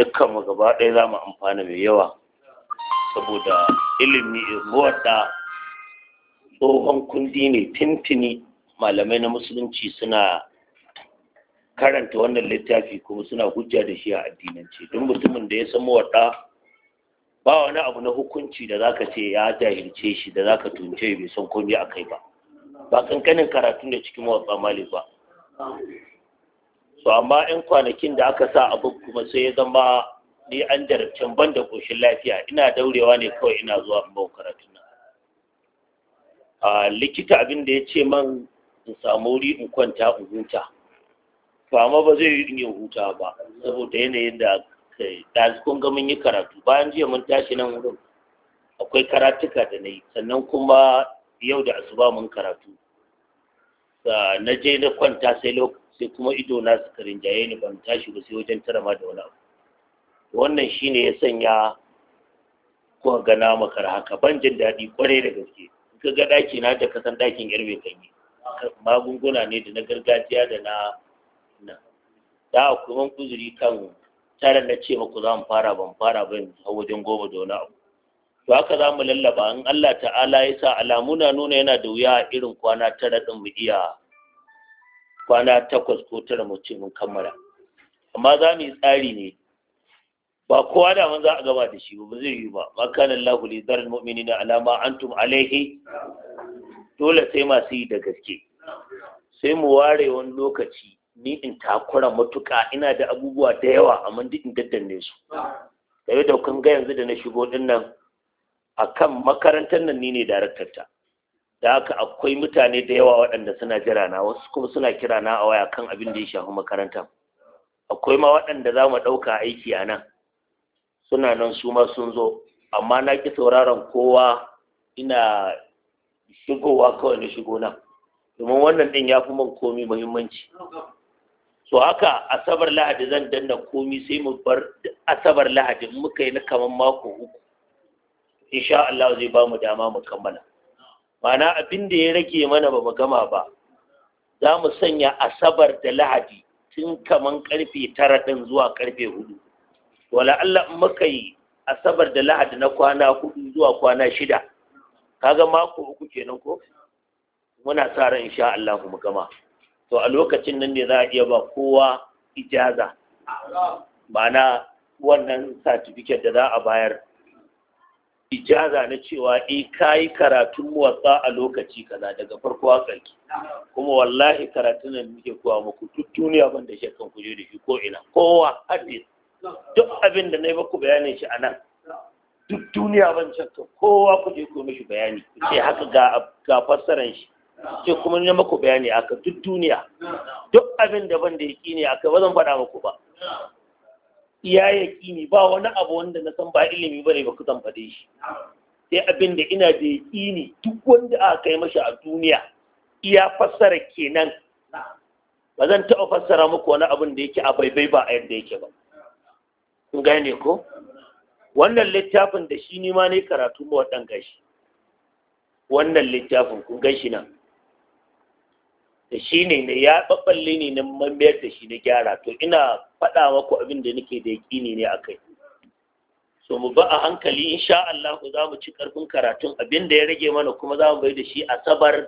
dukkan mu gaba ɗaya za mu amfana mai yawa saboda ilimi da tsohon kundi ne tintini malamai na musulunci suna karanta wannan littafi kuma suna hujja da shi a addinance don mutumin da ya san mawaɗa ba wani abu na hukunci da zaka ce ya jahilce shi da zaka tunce bai san komai a kai ba ba kankanin karatun da cikin mawaɗa malik ba so amma in kwanakin da aka sa abin kuma sai ya zama ni an jarabcin ban da ƙoshin lafiya ina daurewa ne kawai ina zuwa in bau karatu nan a likita abin da ya ce man in samu wuri in kwanta in huta to amma ba zai yi in huta ba saboda yanayin da ɗazu kun ga mun yi karatu bayan jiya mun tashi nan wurin akwai karatuka da na yi sannan kuma yau da asuba mun karatu na je na kwanta sai sai kuma ido na suka rinjaye ni ban tashi ba sai wajen tara ma da wani abu wannan shine ya sanya kuka ga na makar haka ban jin daɗi kwarai da gaske ka ga ɗaki na da kasan ɗakin yar mai magunguna ne da na gargajiya da na na da akwai man kuzuri kan tara na ce maku za mu fara ban fara ban a wajen goma da wani abu to haka za mu lallaba in Allah ta'ala ya sa alamuna nuna yana da wuya irin kwana tara ɗin mu iya kwana takwas ko tara mu ce mun kammala amma za mu yi tsari ne ba kowa da mun za a gaba da shi ba zai yi ba ma kana Allahu li zarul mu'minina ala ma antum alaihi dole sai masu yi da gaske sai mu ware wani lokaci ni in takura matuka ina da abubuwa da yawa amma duk in daddanne su da da kun ga yanzu da na shigo dinnan? akan makarantar nan ni ne daraktarta da haka akwai mutane da yawa waɗanda suna jira na wasu kuma suna kira na a waya kan abin da ya shafi makaranta, akwai ma waɗanda za mu ɗauka aiki a nan suna nan su ma sun zo amma na ƙi sauraron kowa ina shigowa kawai na shigo nan domin wannan ɗin ya fi man komi muhimmanci so haka asabar lahadi zan danna komi sai mu bar asabar lahadi muka yi na kamar mako uku insha Allah zai ba mu dama mu kammala mana abin da ya rage mana ba mu gama ba za mu sanya asabar da lahadi tun kaman karfe tara ɗin zuwa karfe hudu wala Allah in muka yi asabar da lahadi na kwana hudu zuwa kwana shida kaga mako uku kenan ko muna sa ran insha Allah mu gama to a lokacin nan ne za a iya ba kowa ijaza ma'ana wannan satifiket da za a bayar ijaza na cewa e eh, kayi karatun muwatsa a lokaci kaza daga farko a ƙarki kuma wallahi karatun da muke kowa muku duk duniya ban da shakkan ku je da shi ko ina kowa hadis duk abin da na yi baku bayanin shi anan duk duniya ban shakka kowa ku je ku mishi bayani ku ce haka ga ga fassaran shi ce kuma ne maku bayani aka duk duniya duk abin da ban da yaki ne aka ba zan faɗa muku ba iya ni, ba wani abu wanda na san ba ilimi ba ne ba kusan fade shi sai abin da ina da kini duk wanda aka kai mashi a duniya iya fassara kenan ba zan taɓa fassara muku wani abin da yake a baibai ba a yadda yake ba kun gane ko wannan littafin da shi ne ne karatu ma waɗanga gashi wannan littafin kun gashi nan da shi ne na ya ɓaɓɓalle ne na mamayar da shi na gyara to ina faɗa maku abin da nake da yaƙini ne a kai so mu ba a hankali in sha Allah za mu ci ƙarfin karatun abin da ya rage mana kuma za mu bai da shi asabar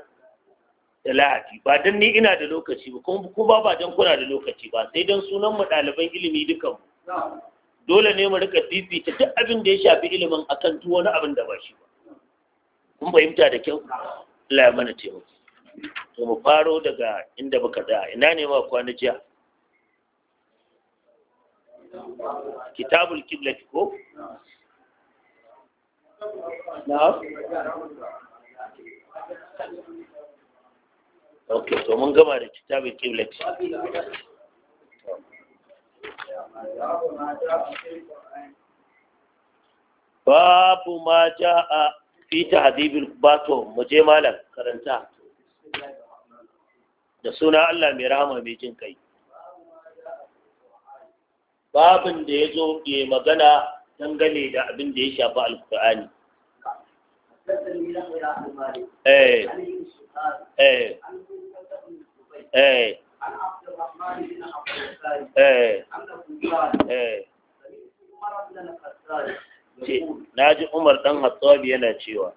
da lahadi ba don ni ina da lokaci ba kuma ba don kuna da lokaci ba sai don sunan mu ɗaliban ilimi dukan dole ne mu rika fifita duk abin da ya shafi ilimin akan duk wani abin da ba shi ba kun fahimta da kyau Allah ya mana taimako to mu faro daga inda muka tsaya ina ne ma kwana jiya kitabul kiblat ko na ok to mun gama da kitabul kiblat babu ma ja'a fi tahdhibil bato mu je malam karanta da suna Allah mai rahama mai jin kai babin da ya zo ya magana dangane da abin da ya shafi alkur'ani eh, eh, eh, na ji umar ɗan hatsabi yana cewa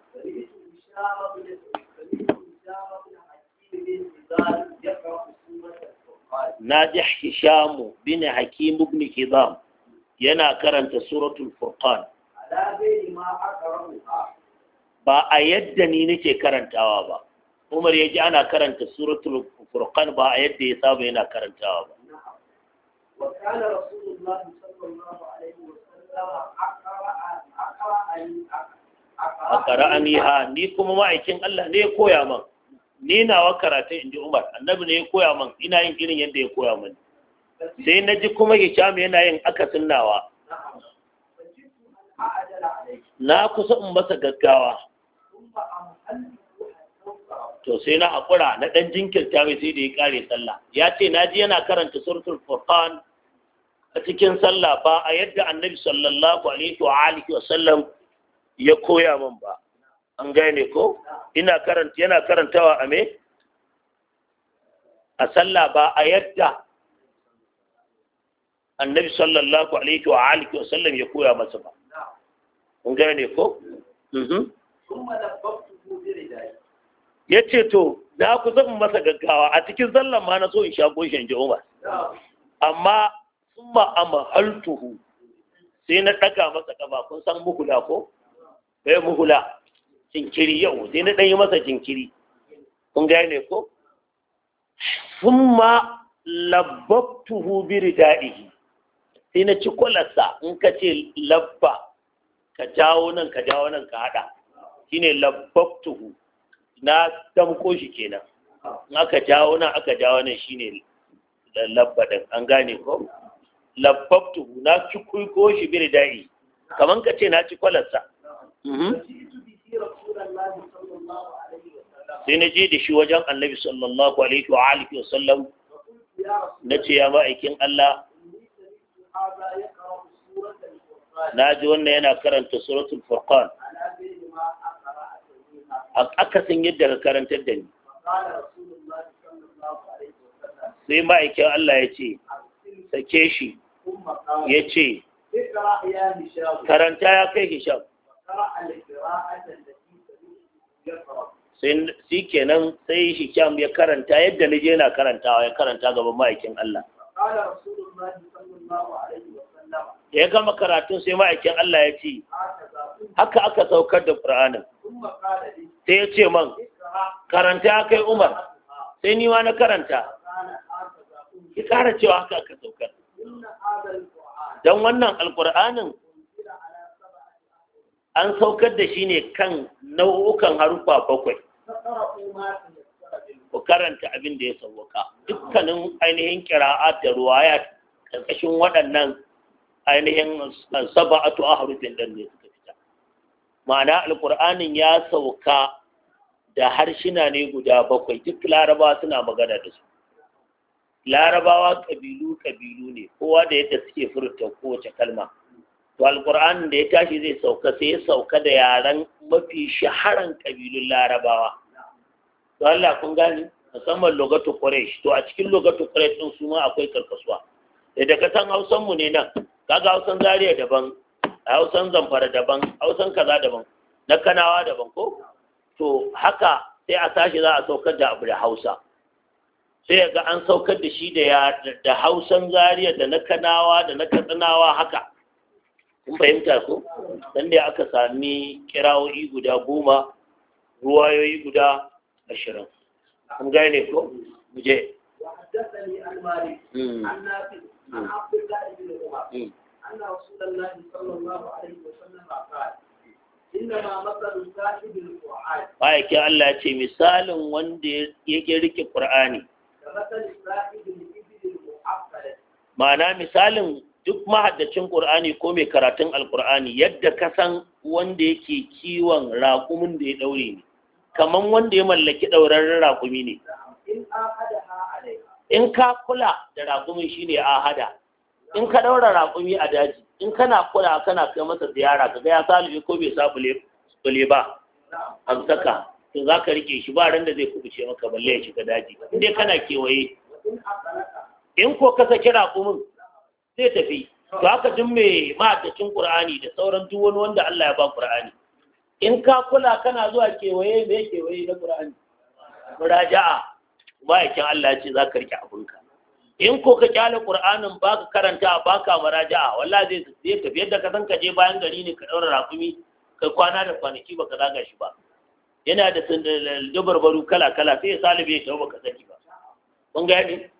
naji hishamu bin hakim ibn kizam yana karanta suratul furqan ba a yadda ni nake karantawa ba umar ya ji ana karanta suratul furqan ba yadda ya saba yana karantawa ba وكان رسول الله صلى الله عليه وسلم أقرأ أقرأ أقرأني ها ni kuma ma'aikin Allah ne ya koya man ni nawa karatun inji Umar annabi ne ya koya min ina yin irin yadda ya koya min sai na ji kuma kyamu yana yin akasin nawa na kusa in masa gaggawa to sai na haƙura na ɗan jinkirta mai sai da ya kare sallah ya ce na ji yana karanta suratul furqan a cikin sallah ba a yadda annabi sallallahu alaihi wa alihi wa sallam ya koya min ba an gane ko ina karanta yana karantawa a me a sallah ba a yadda annabi sallallahu alaihi wa alihi wa sallam ya koya masa ba an gane ko mhm. ya ce to na ku zama masa gaggawa a cikin sallan ma na so in sha goshen ji amma sun ma a mahaltuhu sai na ɗaga masa kafa kun san muhula ko bai eh, muhula jinkiri yau sai na ɗan yi masa jinkiri kun gane ko ma labbabtuhu bi ridaihi sai na ci kwalarsa in ka ce labba ka jawo nan ka jawo nan ka haɗa. ne shine labbabtuhu na damko shi kenan in aka jawo nan aka jawo nan shi ne labba ɗin. an gane ko labbabtuhu na ci kuiko shi bi ridaihi kaman ka ce na ci kwalarsa mhm. sai na je da shi wajen annabi sallallahu alaihi wa alihi wasallam na ce ya ma'aikin Allah na ji wannan yana karanta suratul furqan akasin yadda ka karantar da ni sai ma'aikin Allah ya ce sake shi ya ce karanta ya kai hisham sai kenan sai hikam ya karanta yadda na je na karantawa ya karanta gaban ma'aikin Allah ya gama karatun sai ma'aikin Allah ya ce haka aka saukar da Qur'anin sai ya ce man karanta kai Umar sai ni ma na karanta ya kara cewa haka aka saukar don wannan alƙur'anin an saukar da shi ne kan nau'ukan haruffa bakwai ku karanta abin da ya sauwaka dukkanin ainihin kira'a da ruwaya, ƙarƙashin waɗannan ainihin saba'atu a harufin ɗan ne suka fita ma'ana alƙur'anin ya sauka da harshina ne guda bakwai duk larabawa suna magana da su larabawa ƙabilu ƙabilu ne kowa da yadda suke furta kowace kalma to Alƙur'an da ya tashi zai sauka sai ya sauka da yaren mafi shaharan ƙabilun larabawa to Allah kun gani musamman logatu quraish to a cikin logatu quraish ɗin suma akwai karkasuwa da ka san hausan mu ne nan kaga hausan zaria daban hausan zamfara daban hausan kaza daban na kanawa daban ko to haka sai a tashi za a saukar da abu da hausa sai ga an saukar da shi da hausan zaria da na kanawa da na katsinawa haka kun fahimta ko dan da aka sami kirawoyi guda goma ruwayoyi guda ashirin kun gane ko Muje. je حدثني hmm. hmm. hmm. Allah ce misalin wanda yake rike Ƙur'ani. Ma'ana misalin duk mahaddacin ƙur'ani ko mai karatun alƙur'ani yadda ka san wanda yake kiwon raƙumin da ya ɗaure ne kamar wanda ya mallaki ɗaurarren raƙumi ne in ka kula da raƙumin shi ne hada, in ka ɗaura raƙumi a daji in kana kula kana kai masa ziyara ka ga ya ko bai sa bule ba amsaka to za ka rike shi ba ran da zai kubuce maka balle ya shiga daji in dai kana kewaye in ko ka saki raƙumin sai tafi to haka duk mai ma'addacin qur'ani da sauran duk wanda Allah ya ba qur'ani in ka kula kana zuwa kewaye me kewaye na qur'ani muraja'a ma'aikin Allah ya ce za ka rike ka. in ko ka kyale qur'anin ka karanta baka muraja'a wallahi zai zai tafi yadda ka san ka je bayan gari ne ka daura rakumi ka kwana da kwanaki ba baka zaga shi ba yana da dabarbaru kala kala sai ya salibe ya tawo ka saki ba kun gani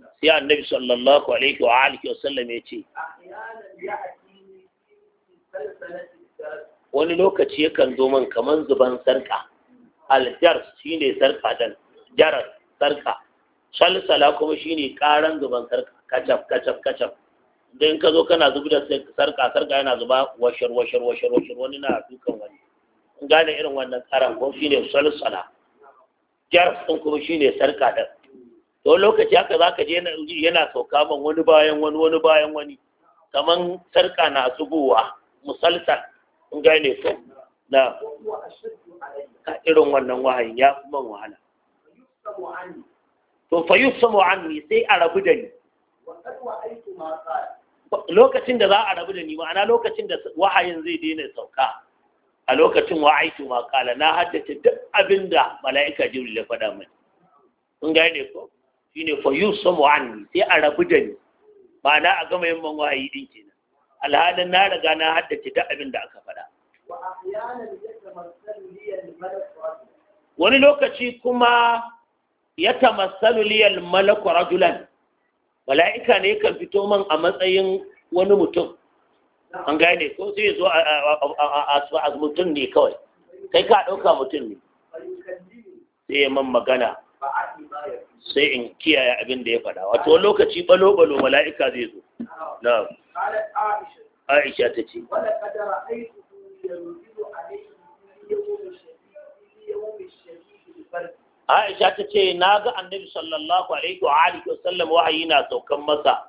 sai annabi sallallahu alaihi wa alihi wa sallam ya ce wani lokaci yakan zo man kaman zuban sarka aljar shine sarka dan jar sarka salsala kuma shine karan zuban sarka kacaf kacaf kacaf idan ka zo kana zubda da sarka sarka yana zuba washar washar washar washar wani na dukan wani gane irin wannan karan ko shine salsala jar kuma shine sarka dan to lokaci haka za ka je yana sauka man wani bayan wani wani bayan wani Kamar sarka na zubowa musalsal in gane ko na ka irin wannan wahayin ya fi man wahala to fa yusamu anni sai a rabu da ni lokacin da za a rabu da ni ma'ana lokacin da wahayin zai daina sauka a lokacin aiki ma kala na haddace duk abin da mala'ika jibril ya faɗa mani kun gane ko shine fa yusamu sai a rabu da ni ba na a gama yin man yi din nan alhalin na riga na haddace duk abin da aka faɗa wani lokaci kuma ya tamassalu liyal malaku rajulan mala'ika ne kan fito man a matsayin wani mutum an gane ko sai zo a mutum ne kawai kai ka ɗauka mutum ne sai man magana sai in kiyaye abin da ya faɗa wato lokaci balo balo mala'ika zai zo na aisha ta ce aisha ta ce na ga annabi sallallahu alaihi wa alihi wa sallam wahayi na saukan masa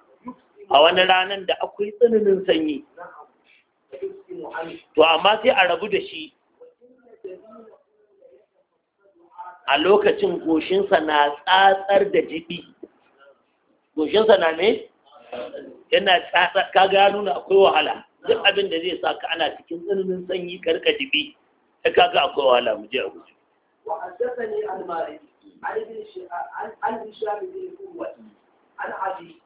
a wani ranar da akwai tsananin sanyi to amma sai a rabu da shi a lokacin goshinsa na tsatsar da jibi goshinsa na ne? yana tsatsar Ka ya nuna akwai wahala duk abin da zai sa ka ana cikin tsananin sanyi karka jibi ta kaga akwai wahala mu je a guji وحدثني عن مالك عن ابن عن هشام بن قوة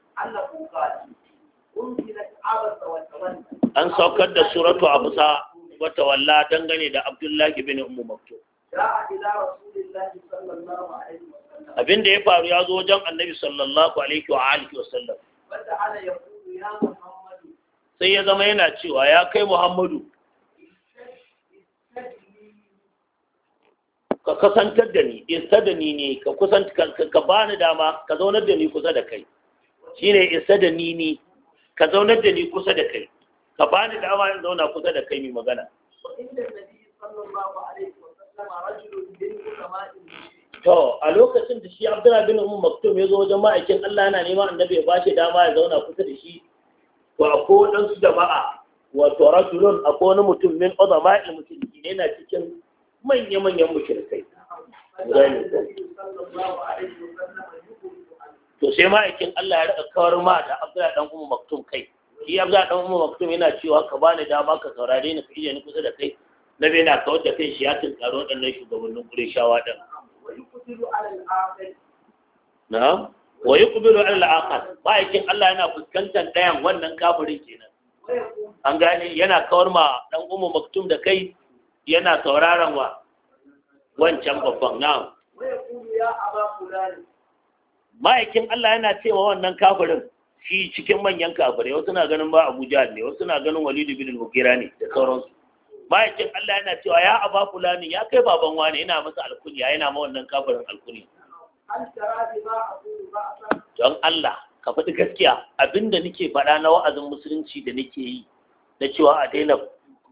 عن da Abdullahi bin Umu Maktum abin da ya faru ya zo wajen annabi sallallahu alaihi wa alihi wa sallam sai ya zama yana cewa ya kai muhammadu ka kasantar da ni isa da ni ne ka kusanta ka bani dama ka zaunar da ni kusa da kai shine isa da ni ne ka zaunar da ni kusa da kai ka bani dama in zauna kusa da kai mai magana To, a lokacin da shi Abdullahi bin Umar Maktum ya zo wajen ma'aikin Allah yana neman annabi ya bashi dama ya zauna kusa da shi, to akwai su jama'a, wato a ko wani mutum min ozama mutum, musulmi ne na cikin manya-manyan mushrikai. To sai ma'aikin Allah ya riƙa kawar ma da Abdullah dan Umar Maktum kai. Shi Abdullahi dan Umar Maktum yana cewa ka bani dama ka saurare ni ka ije ni kusa da kai. na bai na kawar da kai shi ya tunkari waɗannan shugabannin shawa ɗin na wa yi kubiru an la'akar ma'aikin Allah yana fuskantar ɗayan wannan kafirin kenan an gani yana kawar ma ɗan umu maktum da kai yana sauraron wa wancan babban na ma'aikin Allah yana ce wa wannan kafirin shi cikin manyan kafirai wasu na ganin ba abuja ne wasu na ganin walidu bin mugira ne da sauransu ma'aikin Allah yana cewa ya aba fulani ya kai baban wani ina masa ya yana ma wannan kafirin alkuni. don Allah ka faɗi gaskiya abinda nake faɗa na wa'azin musulunci da nake yi na cewa a daina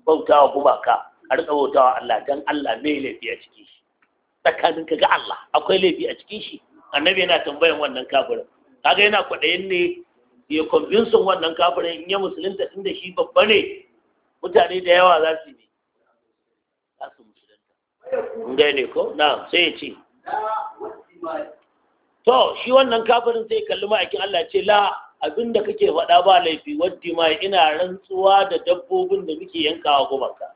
bautawa gubaka a rika bautawa Allah don Allah mai laifi a cikin shi tsakanin ka ga Allah akwai laifi a cikin shi annabi yana tambayan wannan kafirin kaga yana kwaɗayin ne ya convince wannan kafirin in ya musulunta tunda shi babba ne mutane da yawa za su yi za su musulunta ko na sai ya ce to shi wannan kafirin sai kalli ma'aikin Allah ce la abinda kake faɗa ba laifi waddi ma ina rantsuwa da dabbobin da muke yankawa gubanka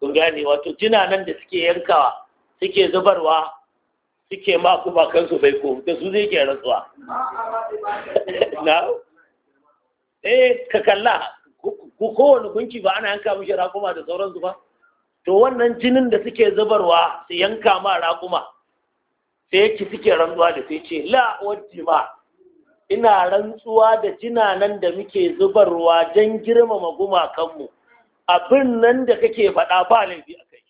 kun gane wato nan da suke yankawa suke zubarwa suke ma kuma kansu bai ko da su zai ke rantsuwa na eh ka kalla ko kowane gunki ba ana yanka mishi raƙuma da sauransu ba to wannan jinin da suke zubarwa su yanka ma raƙuma sai yake suke rantsuwa da sai ce la wajima ina rantsuwa da jinanan da muke zubarwa don girmama gumakanmu abin nan da kake faɗa ba laifi a kai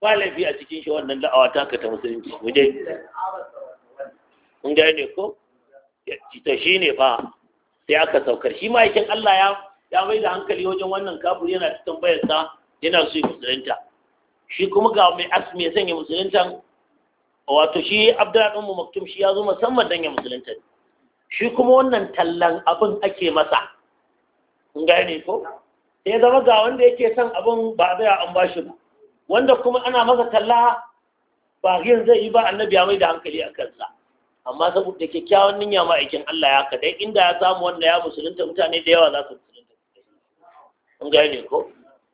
ba laifi a cikin shi wannan da'awa ta ka ta musulunci dai mun gane ko to shi ne fa sai aka saukar shi ma yakin Allah ya ya mai da hankali wajen wannan kafin yana ta tambayar sa yana su musulunta shi kuma ga mai as mai sanya musuluntan wato shi abdullahi mu maktum shi ya zo musamman dan ya musulunta shi kuma wannan tallan abin ake masa in gane ko sai zama ga wanda yake son abin ba zai an bashi ba wanda kuma ana masa talla ba yin zai yi ba annabi ya mai da hankali a kansa amma saboda kyakkyawan niyya aikin Allah ya kada inda ya samu wanda ya musulunta mutane da yawa za su an gane ko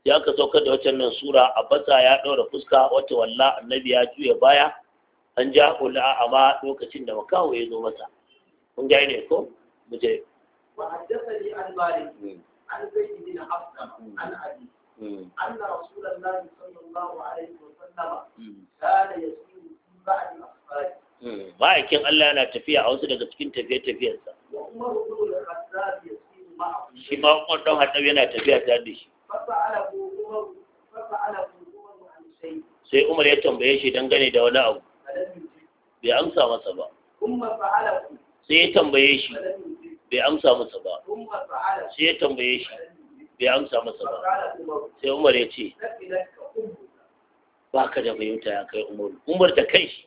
ya ka saukar da waccan nan sura a basa ya ɗaura fuska wata walla annabi ya juya baya an ja ula amma lokacin da makawo ya zo masa kun gane ko mu je ma'aikin Allah yana tafiya a wasu daga cikin tafiye-tafiyarsa. Umar ibn al-Khattab shi ma umar dan hatab yana tafiya ta da shi sai umar ya tambaye shi don gane da wani abu bai amsa masa ba sai ya tambaye shi bai amsa masa ba sai ya tambaye shi bai amsa masa ba sai umar ya ce ba ka da fahimta ya kai umar umar da kai shi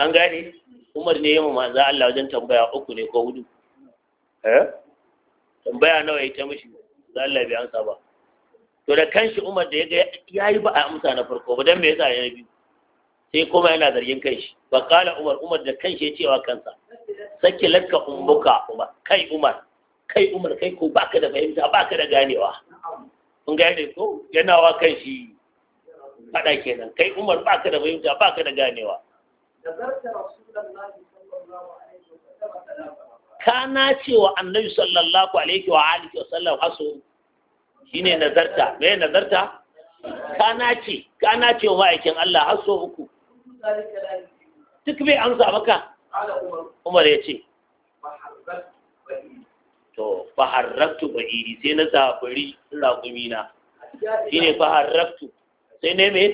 an gane umar ne ya ma manzo Allah wajen tambaya uku ne ko hudu eh tambaya nawa ya ta mishi da Allah bai amsa ba to da kanshi Umar da ya ga ya yi ba a amsa na farko ba dan me yasa ya bi sai kuma yana zargin kanshi ba kala Umar Umar da kanshi ya cewa kansa sake lakka umbuka Umar kai Umar kai Umar kai ko baka da fahimta baka da ganewa kun yadda ko yana wa kanshi faɗa kenan kai Umar baka da fahimta baka da ganewa da zarta rasulullahi sallallahu alaihi wasallam kana cewa annabi sallallahu alaihi wa alihi wa sallam haso shine nazarta me nazarta kana ce kana ce wa ma'aikin Allah haso uku duk bai amsa maka Umar ya ce to ba iri sai na zafiri raƙumi na shine faharraftu sai ne me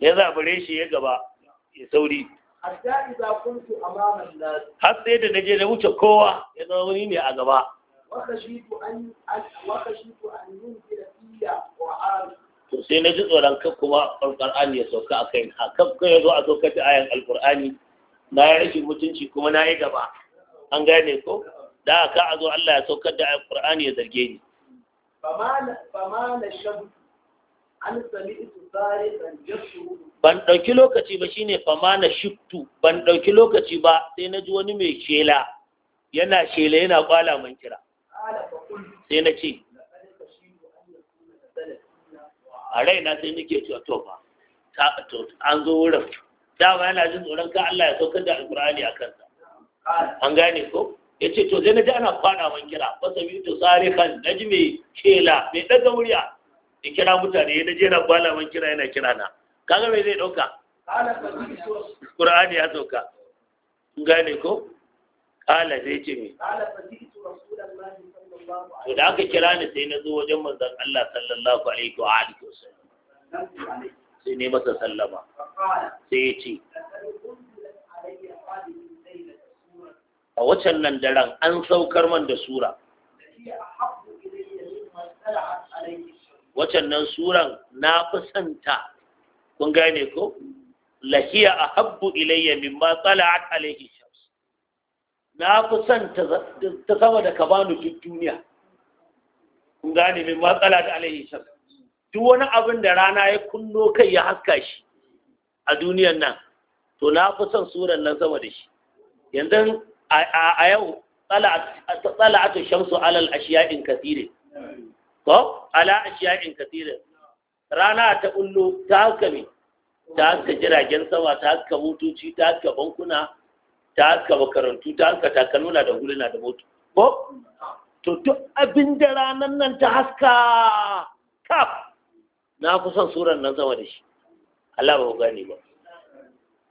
ya zafire shi ya gaba ya sauri har sai da na je na wuce kowa ya zama wuri ne a gaba to sai na ji tsoron kan kuma alƙur'ani ya sauka a kai A kan ya zo a saukar da ayan alƙur'ani na yi rashin mutunci kuma na yi gaba an gane ko da aka a zo Allah ya saukar da ayan alƙur'ani ya zarge ni ba ma na shabu ban ɗauki lokaci ba shine Famana na shiftu ban ɗauki lokaci ba sai na ji wani mai shela yana shela yana kwala man kira sai na ce a raina sai nake cewa to ba an zo wurin dama yana jin tsoron ka Allah ya saukar da alqur'ani a kansa an gane ko ya ce to sai na ji ana kwana man kira wasa biyu sarihan najmi na ji mai shela mai ɗaga wuriya in kira mutane ya daje na gwalaman kira yana kira na kaga mai zai ɗauka ƙur'ani ya sauka gane ko ƙala zai ce mai to da aka kira ni sai na zo wajen manzon Allah sallallahu alaihi wa alihi wasallam sai ne masa sallama sai ya ce a wacan nan daren an saukar man da sura nan suran na kusanta kun gane ko lahiya a habbu ilayya min tala'at alayhi shams na kusanta ta sama da ka bani duk duniya kun gane min tala'at alayhi shams duk wani abin da rana ya kunno kai ya haska shi a duniyan nan to na fi son suran nan sama da shi yanzu a yau tsala'atu shamsu alal ashiya in kasirin ko ala ashiya in katira rana ta ullo ta haka me ta haka jiragen sama ta haka motoci ta haka bankuna ta haka makarantu ta haka takalmuna da huluna da moto ko to duk abin da ranar nan ta haska kaf na kusan suran nan zama da shi Allah ba ku gane ba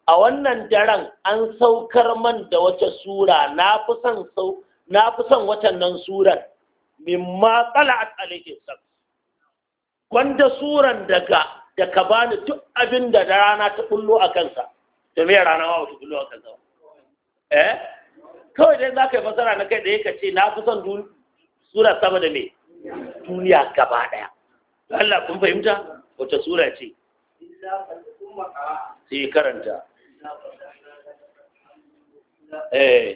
a wannan daren an saukar man da wata sura na fi son watan nan surar mimma tsala'at alaihi sab wanda suran daga da ka bani duk abin da rana ta bullo a kansa da me rana ma wata bullo a kansa eh kawai dai za ka yi fasara na kai da ya ce na fi son sura sama da me duniya gaba daya Allah kun fahimta wata sura ce sai karanta eh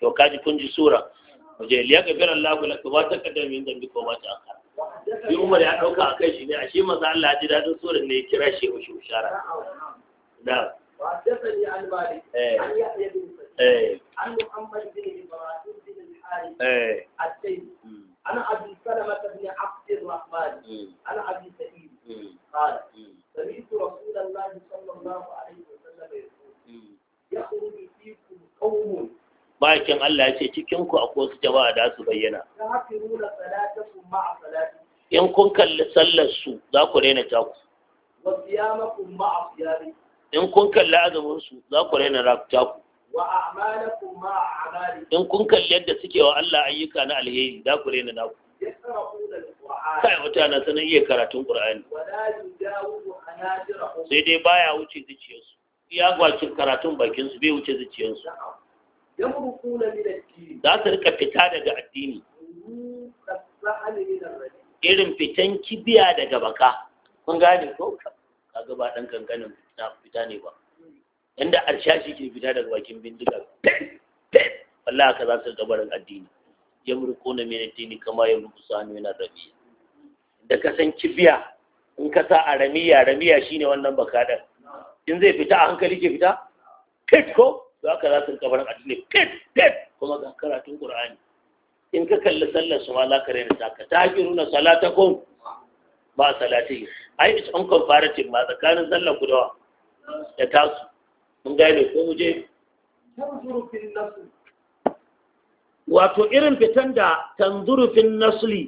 to kaji kun ji sura waje Allah ku laka wa taqaddama min dhanbika wa aka yi Umar ya dauka kai shi ne ashe maza Allah ya ji dadin surin ne ya kira shi wa shushara da وحدثني عن مالك بن عبد الرحمن عن ابي سعيد قال سمعت رسول الله صلى الله عليه وسلم يقول يخرج فيكم قوم bakin Allah ya ce cikin ku akwai wasu jama'a da su bayyana in kun kalli sallar su za ku raina taku in kun kalli azumin su za ku raina taku in kun kalli yadda suke wa Allah ayyuka na alheri za ku raina naku kai mutane sun iya karatun Qur'ani sai dai baya wuce zuciyarsu Ya gwakin karatun bakin su bai wuce zuciyarsu za su rika fita daga addini irin fitan kibiya daga baka kun gane ko ka ba dan kankanin na fita ne ba inda arshashi ke fita daga bakin bindiga wallahi ka za su rika barin addini yamruquna min addini kama yamruqu sahnu min rabiya da ka san kibiya in ka sa a ramiya ramiya shine wannan baka in zai fita a hankali ke fita fit ko za ka za su rika barin addini ket ket kuma ga karatun qur'ani in ka kalli sallar su ma za ka rena ta ka salata salatakum ba salati ai it's on comparative ma tsakanin sallar ku dawa da tasu mun gane ko mu je wato irin fitan da tanzurufin nasli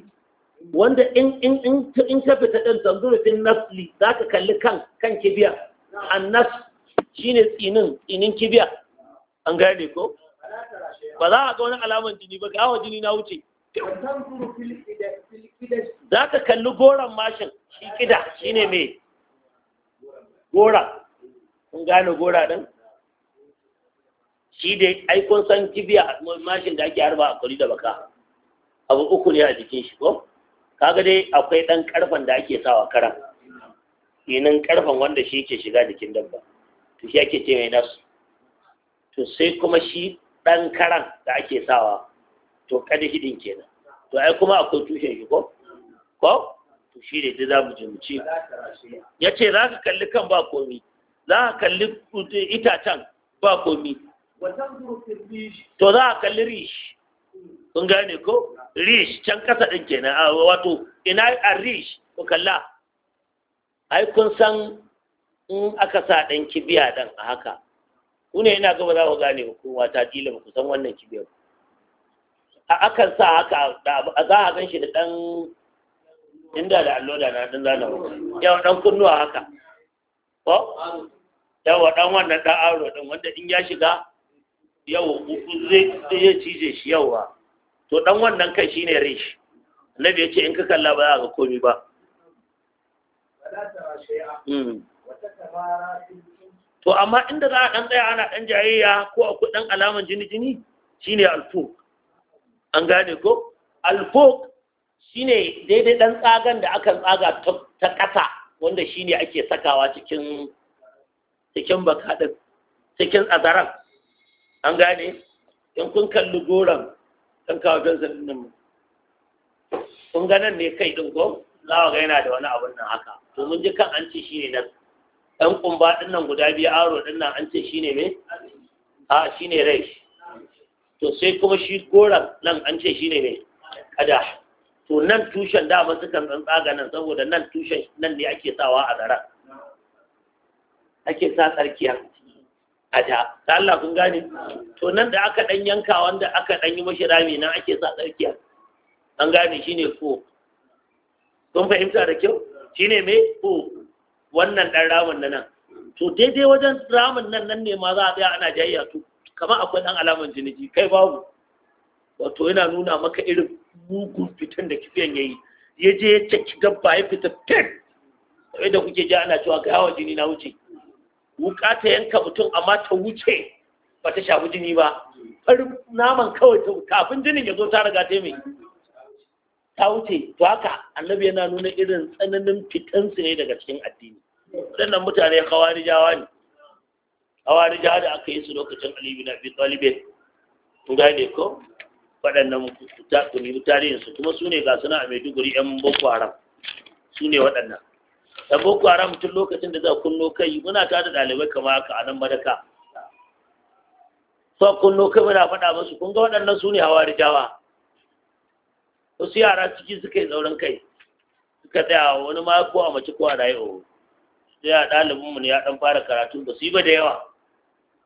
wanda in in in in ka fita din tanzurufin nasli zaka kalli kan kan kibiya annas shine tsinin tsinin kibiya an gane ko ba za a ga wani alaman jini ba gawa jini na wuce za ka kalli goron mashin shi kida shi ne mai gora kun gane gora ɗin shi dai aikon san kibiya mashin da ake harba a kwari da baka abu uku ne a jikin shi ko kaga dai akwai ɗan ƙarfen da ake sawa karan inin ƙarfen wanda shi ke shiga jikin dabba to shi ake ce mai nasu to sai kuma shi ɗan karan da ake sawa to shi hidin kenan to ai kuma akwai tushen shi ko ko to shi ne za mu je mu ci ya ce za ka kalli kan ba komi za ka kalli itacen ba komi to za ka kalli rish kun gane ko rish can ƙasa ɗin kenan a wato ina a rish ko kalla ai kun san in aka sa ɗan kibiya ɗan a haka ku ne ina gaba za ku gane ba ko ta kila ba kusan wannan kibiyar a akan sa haka a za a gan shi da ɗan inda da allo da na ɗan zana yawan ɗan kunnuwa haka ko yawa ɗan wannan ɗan aro ɗan wanda in ya shiga yau zai cije shi yawa to dan wannan kai shine reshi annabi ce in ka kalla ba za ka komi ba hmm. to amma inda za a ɗan tsaya ana ɗan jayayya ko akwai ɗan alaman jini-jini shine alfok an gane ko alfok shine daidai ɗan tsagan da akan tsaga ta ƙasa wanda shine ake sakawa cikin cikin bakaɗin cikin azaran an gane in kun kalli goron ɗan kawo don zanen kun ganin ne kai ɗin ko za ga yana da wani abin nan haka to mun ji kan an ci shine na ɗan ƙumba ɗin nan guda biyu aro ɗin nan an ce shi ne me? a shi ne rai to sai kuma shi goron nan an ce shi ne me? kada to nan tushen dama sukan tsantsa nan saboda nan tushen nan ne ake sawa a zara ake sa tsarkiya a da ta Allah kun gane to nan da aka ɗan yanka wanda aka ɗan yi mashi rami nan ake sa tsarkiya an gane shi ne ko kun fahimta da kyau shi ne me ko wannan ɗan ramin na nan to daidai wajen ramin nan nan ne ma za a tsaya ana jayya to kamar akwai ɗan alamar jiniki kai babu wato yana nuna maka irin mugun fitan da kifiyan yi. ya je ya caki gabba ya fita fit kamar da kuke ji ana cewa ga hawa jini na wuce wuka ta yanka mutum amma ta wuce ba ta shafi jini ba farin naman kawai ta kafin jinin ya zo ta riga ta mai ta wuce to haka annabi yana nuna irin tsananin fitansu ne daga cikin addini waɗannan mutane kawarijawa ne kawarijawa da aka yi su lokacin alibi na fi ɗalibe gane ko waɗannan kuni su kuma su ne ga suna a maiduguri yan boko haram su ne waɗannan da boko haram tun lokacin da za a kunno kai muna ta da ɗalibai kamar haka a nan madaka so kunno kai muna faɗa musu kun ga waɗannan su ne jawa wasu yara ciki suka yi tsaurin kai suka tsaya wani ma a mace ko da yau oh, sai a ɗalibin mu ne ya ɗan fara karatu ba su yi ba da yawa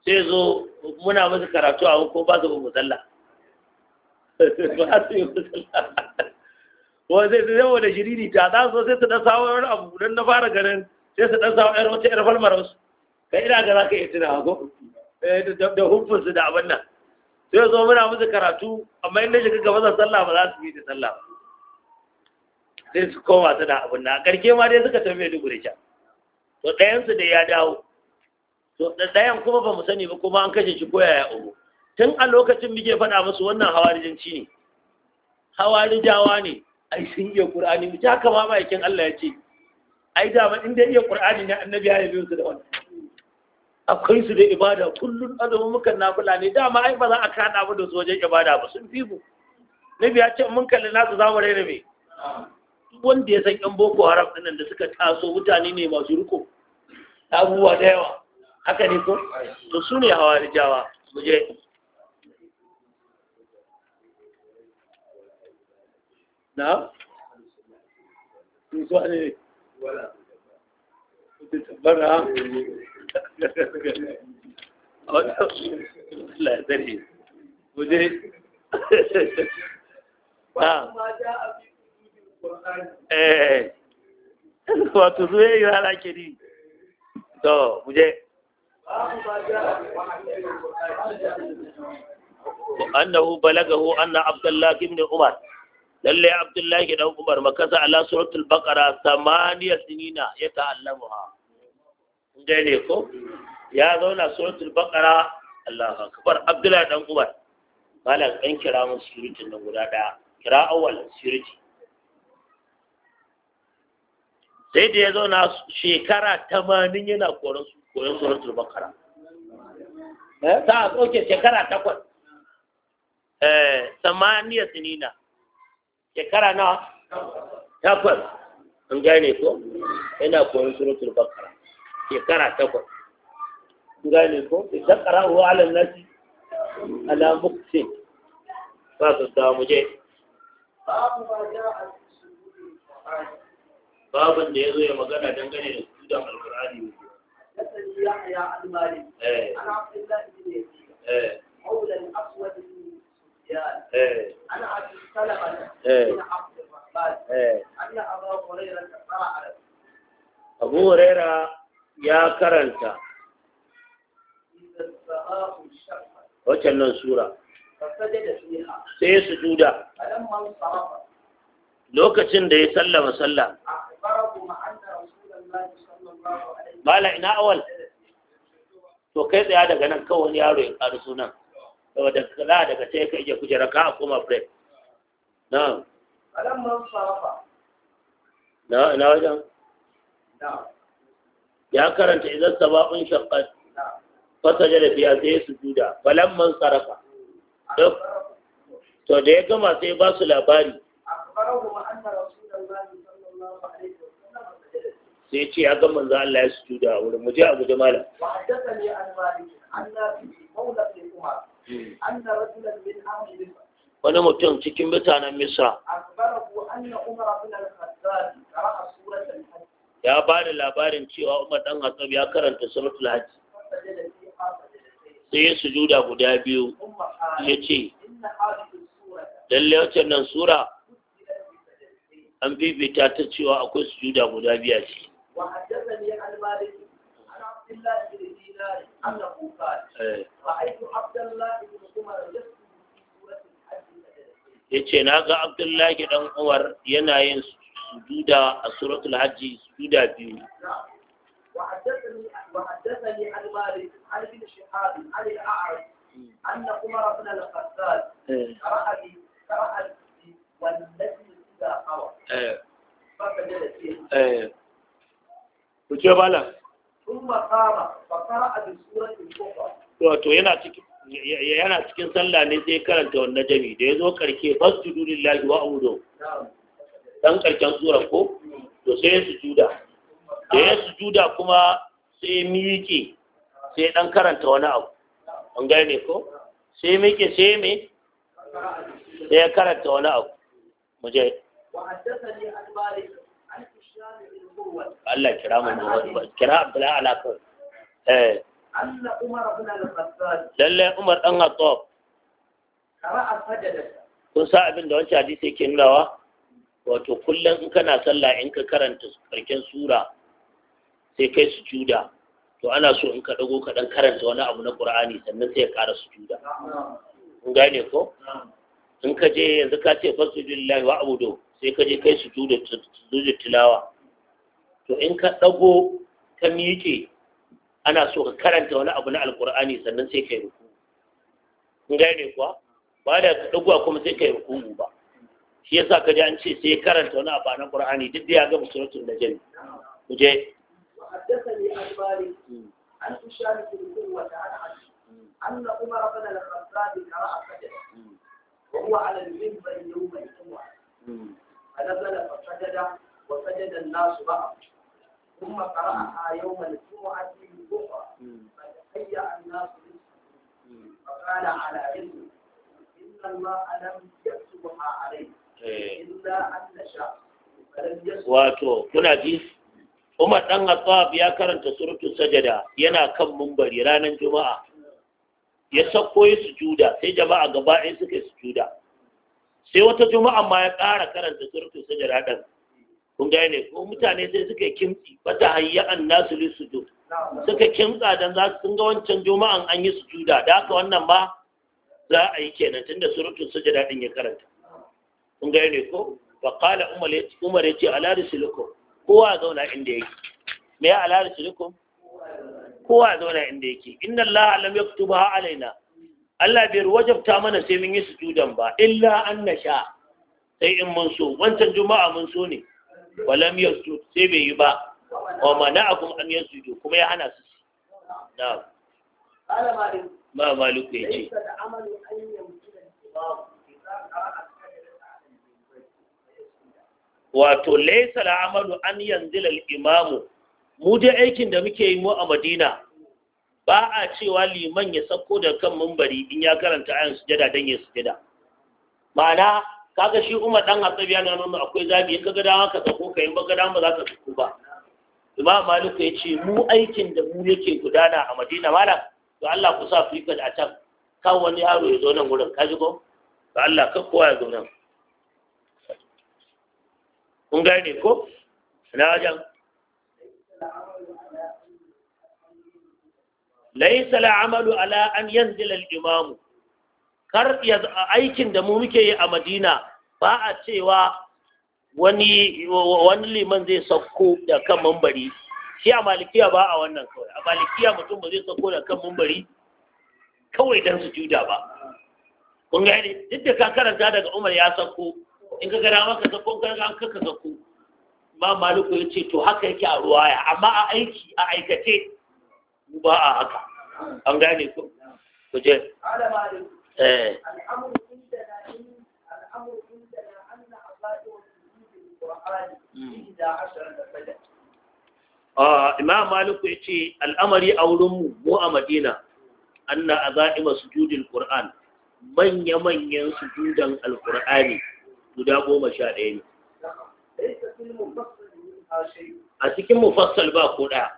sai zo muna masa karatu a ko ba su ba musalla ba su yi musalla wani sai su ta za su sai su ɗan sawo wani abu don na fara ganin sai su ɗan sawo wata ƴar falmar wasu kai ina ga za ka iya tunawa ko eh, da hukunsu da abin nan sai zo muna musu karatu amma inda shiga gaba da sallah ba za su yi da sallah ba sai su koma suna abin na karke ma dai suka tafi duk da can to ɗayansu da ya dawo to ɗayan kuma ba mu sani ba kuma an kashe shi ko yaya tun a lokacin muke faɗa musu wannan hawarijinci ne hawarijawa ne ai sun iya qur'ani mu ta kama yakin Allah ya ce ai da ma inda iya qur'ani ne annabi ya yi su da wannan akwai su da ibada kullum azumin mukan nafila ne dama ai ba za a kada ba da su wajen ibada ba sun fi mu nabi ya ce mun kalli nasu za mu raina wanda ya san yan boko haram dinnan da suka taso mutane ne masu riko abubuwa da yawa haka ne ko to su ne hawa mu je na ne bara لا دري مدري ها ايه هو تزوي يا لكني تو مجھے وانه بلغه ان عبد الله بن عمر لله عبد الله بن عمر مكث على سوره البقره ثمانيه سنين يتعلمها dai ne ko ya zauna suratul baqara Allah akbar Abdullahi dan Umar malam dan kira mun security nan guda daya kira awal security sai da ya zauna shekara 80 yana koyon koyon suratul baqara eh ta oke shekara 8 eh samaniya sinina shekara nawa takwas an gane ko yana koyon suratul baqara shekara takwas gane ko idan qara'u ala nasi ala muqsin ba su da muje babin da ya zo ya magana dangane da su da alqur'ani يحيى ya karanta wacce nan sura sai su juda lokacin da ya sallama sallah Bala ina awal to kai tsaya daga nan kawai yaro ya ƙaru sunan daga daga daga sai ka iya kujera ka a koma fred na na wajen ya karanta idan sababin shaqqat fasaja da biya sai su juda falan man sarafa to da ya gama sai ba su labari sai ce ya gama za Allah ya su juda a wurin muje a guje malam wani mutum cikin mutanen misra ya ba da labarin cewa umar ɗan hatsab ya karanta suratul hajji sai ya sujuda guda biyu ya ce lalle wacce nan sura an bibita ta cewa akwai sujuda guda biya ce eh. ya ce na ga abdullahi dan umar yana yin sujuda a suratul hajji sujuda biyu وحدثني وحدثني عن مالك عن ابن شهاب عن الاعرج ان عمر بن الخطاب قرأ لي قرأ لي اذا قوى Sun wato yana cikin sallah ne zai karanta wannan jami da ya zo karke fasjudu lillahi wa abudu dan karshen tsoron ko to sai ya juda. da ya su juda kuma sai miƙe sai dan karanta wani abu an gane ko sai miƙe sai me sai ya karanta wani abu mu je Allah kira mu kira Abdullahi alaka eh lallai Umar dan Khattab kun sa abin da wancan hadisi yake wa? wato kullum in kana sallah in ka karanta karken sura sai kai sujuda to ana so in ka dago ka dan karanta wani abu na qur'ani sannan sai ka ƙara sujuda in gane ko in ka je yanzu ka ce fasujulillahi wa abudu sai ka je kai sujuda sujuda tilawa to in ka dago ka miƙe ana so ka karanta wani abu na alqur'ani sannan sai kai ruku in gane kuwa ba da ka dago kuma sai kai ruku ba shi yasa ka ji an ce sai karanta wani abu na Qur'ani duk da ya gama suratul Najm ku wato kuna ji Umar dan Khattab ya karanta suratul sajada yana kan mumbari ranar juma'a ya sako yi sujuda sai jama'a gaba ɗaya suka yi sujuda sai wata juma'a ma ya ƙara karanta suratul sajada dan kun ne ko mutane sai suka kimti fata hayya an nasu li sujud suka kimtsa dan za su ga wancan juma'an an yi sujuda da haka wannan ma za a yi kenan tunda suratul sajada din ya karanta kun gane ko Waƙala umar ya ce alari silikon kowa zauna inda yake me ya alari silikon kowa zauna inda yake inna kutu ba yaktuba alaina Allah biyar wajabta mana sai mun yi sujudan ba illa an nasha sai in mun so wancan juma'a mun so ne walam su sai bai yi ba wa mana'akum an yasjudu kuma ya hana su na'am ma ya ce. wato laisa al'amalu an yanzila al-imamu mu dai aikin da muke yi mu a Madina ba a cewa liman ya sako da kan mumbari in ya karanta ayan sujada dan ya sujada ma'ana kaga shi Umar dan Hatsabi yana nuna akwai zabi in kaga dama ka sako kai in baka dama za ka sako ba Imam Malik ya ce mu aikin da mu yake gudana a Madina malam to Allah ku sa fika da can kan wani yaro ya zo nan gurin kaji ko to Allah ka kowa ya zo nan kun gane ko na wajen laisa al'amalu ala an yanzila al-imam kar ya aikin da mu muke yi a Madina ba a cewa wani wani liman zai sauko da kan mambari shi a malikiya ba a wannan kawai a malikiya mutum ba zai sauko da kan mambari kawai dan juda ba kun gane duk da ka karanta daga Umar ya sauko in ka gara maka zakon ka ga kaka zakko ma maluku ya ce to haka yake a ruwaya amma a aiki a aikace mu ba a haka an gane ko ku je eh hmm. ah, Imam Maliku ya ce al'amari a wurinmu mu a Madina anna aza'ima sujudil Qur'an manya-manyan sujudan al-Qur'ani guda goma sha ɗaya ne a cikin mufassal ba ko ɗaya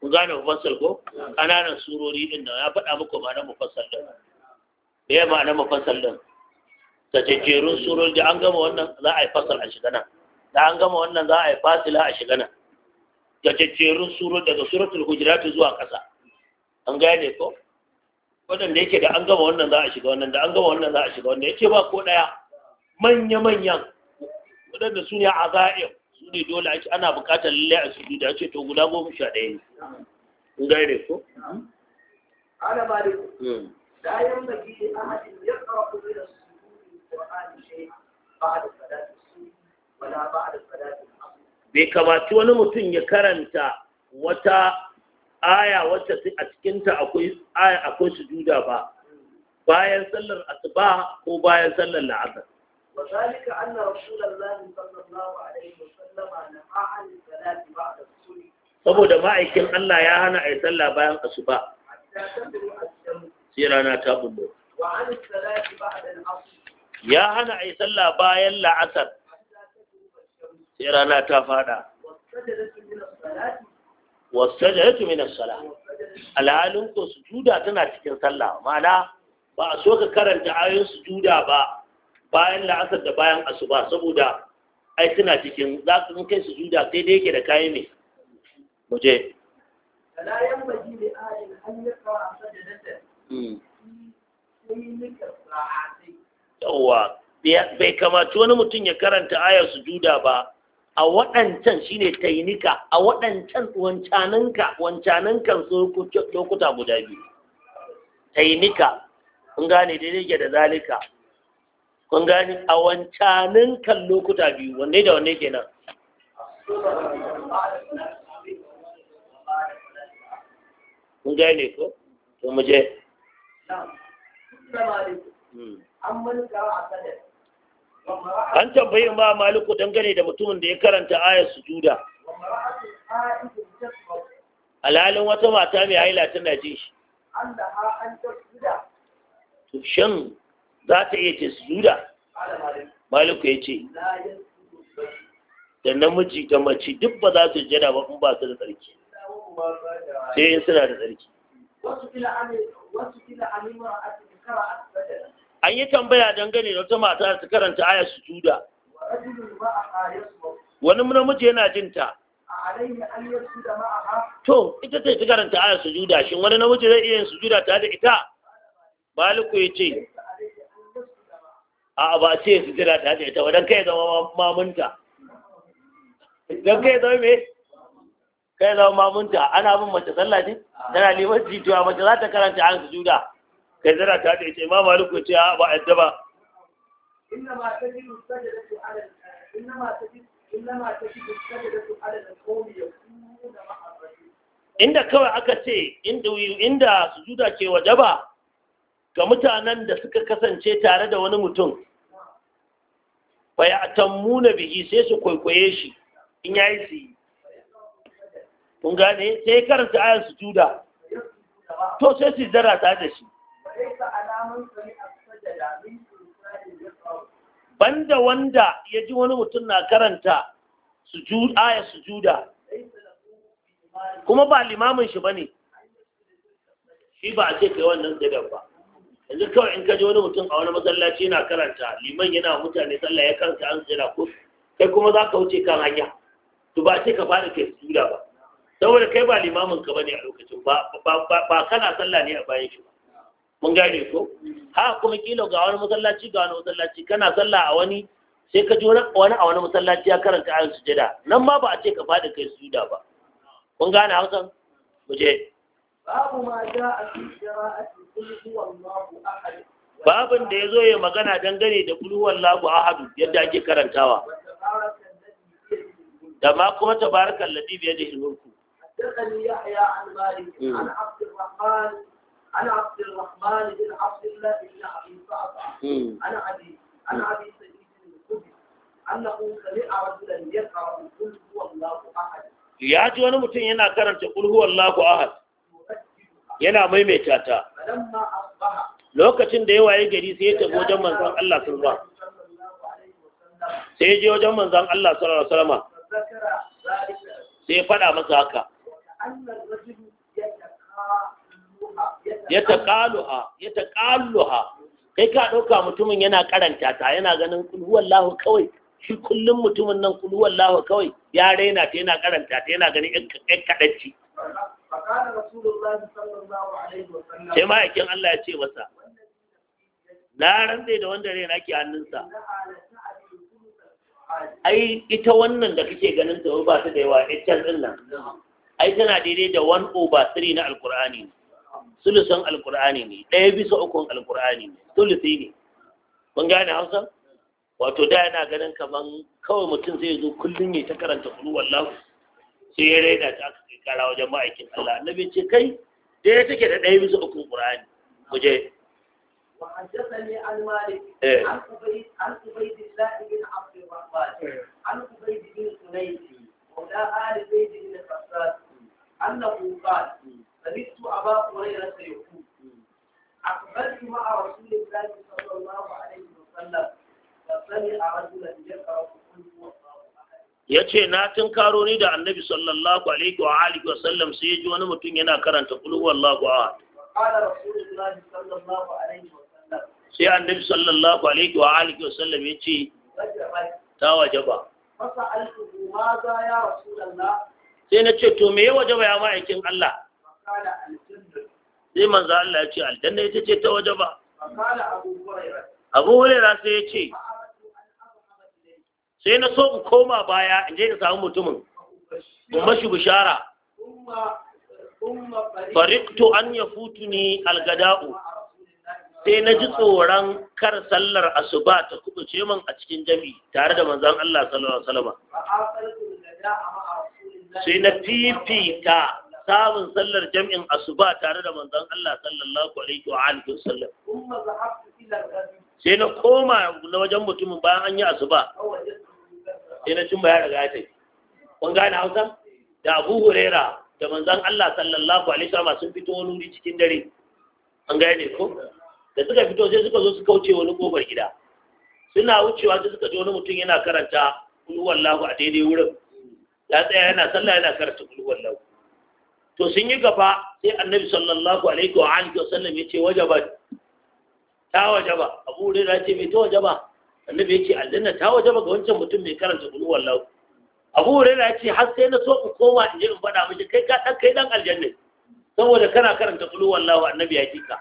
ku gane mufassal ko ƙananan surori ɗin da ya faɗa muku ma'anar mufassal ɗin me ya ma'anar mufassal ɗin da jejjerun surori da an gama wannan za a yi fasal a shiga nan da an gama wannan za a yi fasila a shiga nan da jejjerun surori daga suratul hujurat zuwa ƙasa an gane ko waɗanda yake da an gama wannan za a shiga wannan da an gama wannan za a shiga wannan ya ce ba ko ɗaya manya-manyan waɗanda su ne a za'ir su ne dole ake ana buƙatar lalle a su da ce to guda goma sha ɗaya ne kun gane ko hmm. ya bai kamaci wani mutum ya karanta wata aya wacce a cikinta akwai su juda ba bayan sallar asuba ko bayan sallar la'asar وذلك أن رسول الله صلى الله عليه وسلم نهى عن الصلاة بعد الصلاة saboda ma'aikin Allah ya hana a yi sallah bayan asuba sai rana ta bullo ya hana a yi sallah bayan la'asar sai rana ta fada wasu ya min na sala alhalin ko sujuda tana cikin sallah ma'ana ba a so ka karanta ayoyin sujuda ba bayan la'asar da bayan asuba saboda ai suna cikin za su kai su juda sai dai yake da kayi ne muje yawwa bai kamata wani mutum ya karanta ayar juda ba a waɗancan shi yi nika a waɗancan wancaninka wancaninkan lokuta guda biyu tainika in gane daidai da zalika kun gani a wancanin kan lokuta biyu wanne da wanne kenan kun gane ko to mu je an tambayi ma maliku dangane da mutumin da ya karanta ayar sujuda alhalin wata mata mai haila tana jin shi shin za ta iya ce su juda? maliku ya ce da namiji da mace duk ba za su jada ba in ba su da tsarki sai suna da tsarki an yi tambaya dangane da wata mata ta karanta aya sujuda wani namiji yana jinta to ita ce ta karanta aya sujuda shin wani namiji zai iya yin juda ta da ita maliku ya ce a ba ce su jira ta ce ta wadanka ya zama mamunta don kai yi zama mai ka zama mamunta ana bin mace sallaji? tana neman jituwa mace za ta karanta an su juda Kai yi zara ta ce ce mama duk ce a ba yadda ba inda kawai aka ce inda su juda ke wajaba ba ga mutanen da suka kasance tare da wani mutum fa ya'tammuna bihi sai su kwaikwaye shi in yayi su yi kun gane sai karanta su juda, to sai su zara ta da shi banda wanda ya ji wani mutum na karanta ayar sujuda kuma ba limamin shi ba ne shi ba a ce kai wannan gadon ba yanzu kawai in ka ji wani mutum a wani masallaci yana karanta liman yana mutane sallah ya karanta an tsira ko kai kuma za ka wuce kan hanya to ba ce ka fara kai sujuda ba saboda kai ba limamin ka bane a lokacin ba ba kana sallah ne a bayan shi ba mun gane ko ha kuma kilo ga wani masallaci ga wani masallaci kana sallah a wani sai ka ji wani a wani masallaci ya karanta su jada? nan ma ba a ce ka fada kai sujuda ba mun gane hausan mu je babu ma ja'a fi qira'ati babin da ya zo ya magana dangane da kulhuwan lagu ahadu yadda ake karantawa da ma kuma tabarakan ladibi ya jihil mulku ya ji wani mutum yana karanta qul huwallahu ahad yana maimaita ta lokacin da ya waye gari sai ya tafi wajen manzon Allah sallallahu alaihi wasallam sai ya je wajen manzon Allah sallallahu alaihi wasallam sai ya faɗa masa haka ya taƙaluha ya kai ka ɗauka mutumin yana karanta ta yana ganin kulhuwallahu kawai shi kullum mutumin nan kulhuwallahu kawai ya raina ta yana karanta ta yana ganin ƴan kaɗanci sai ma'aikin Allah ya ce masa na rantse da wanda rena ke hannunsa ai ita wannan da kake ganin ta ba ta da yawa ita din ai tana daidai da 1 over 3 na alkur'ani ne sulusun alkur'ani ne ɗaya bisa ukun alkur'ani ne sulusi ne kun gane hausa wato da yana ganin kamar kawai mutum zai zo kullum ya ta karanta kuluwar wallahu sai ya raina ta aka kai kara wajen ma'aikin Allah annabi ce kai da ya take da ɗaya bisa uku Qur'ani kuje je وحدثني عن مالك عن عبيد عن عبيد الله بن عبد الرحمن عن عبيد بن سنيسي مولى آل بن أنه قال سمعت أبا هريرة يقول أقبلت مع رسول الله صلى الله عليه وسلم فسمع رجلا يقرأ ya ce na tun karo ni da annabi sallallahu alaihi wa alihi wa sallam sai ji wani mutum yana karanta qul huwallahu ahad sai annabi sallallahu alaihi wa alihi wa sallam ya ce ta wajaba sai na ce to me ya wajaba ya ma'aikin Allah sai manzo Allah ya ce aljanna ita ce ta wajaba abu hurairah sai ya ce sai na so in koma baya in je in samu mutumin in mashi bishara fariktu an ya futu ni algada'u sai na ji tsoron kar sallar asuba ta ce min a cikin jami tare da manzan Allah sallallahu alaihi wasallam sai na fifita samun sallar jami'in asuba tare da manzan Allah sallallahu alaihi wa alihi wasallam sai na koma na wajen mutumin bayan an yi asuba sai na cimma ya riga ya kun gane hausa da abu hurera da manzan allah sallallahu alaihi wasallam sun fito wani wuri cikin dare an gane ko da suka fito sai suka zo su kauce wani kofar gida suna wucewa sai suka ji wani mutum yana karanta kulwallahu a daidai wurin ya tsaya yana sallah yana karanta kulwallahu to sun yi gaba sai annabi sallallahu alaihi wa alihi wasallam ya ce wajaba ta wajaba abu hurera ce me ta wajaba annabi ya ce aljanna ta waje ga wancan mutum mai karanta kulu wallahu abu hurairah ya ce har sai na so in koma in je in faɗa miki kai ka dan kai dan aljanna saboda kana karanta kulu wallahu annabi ya kika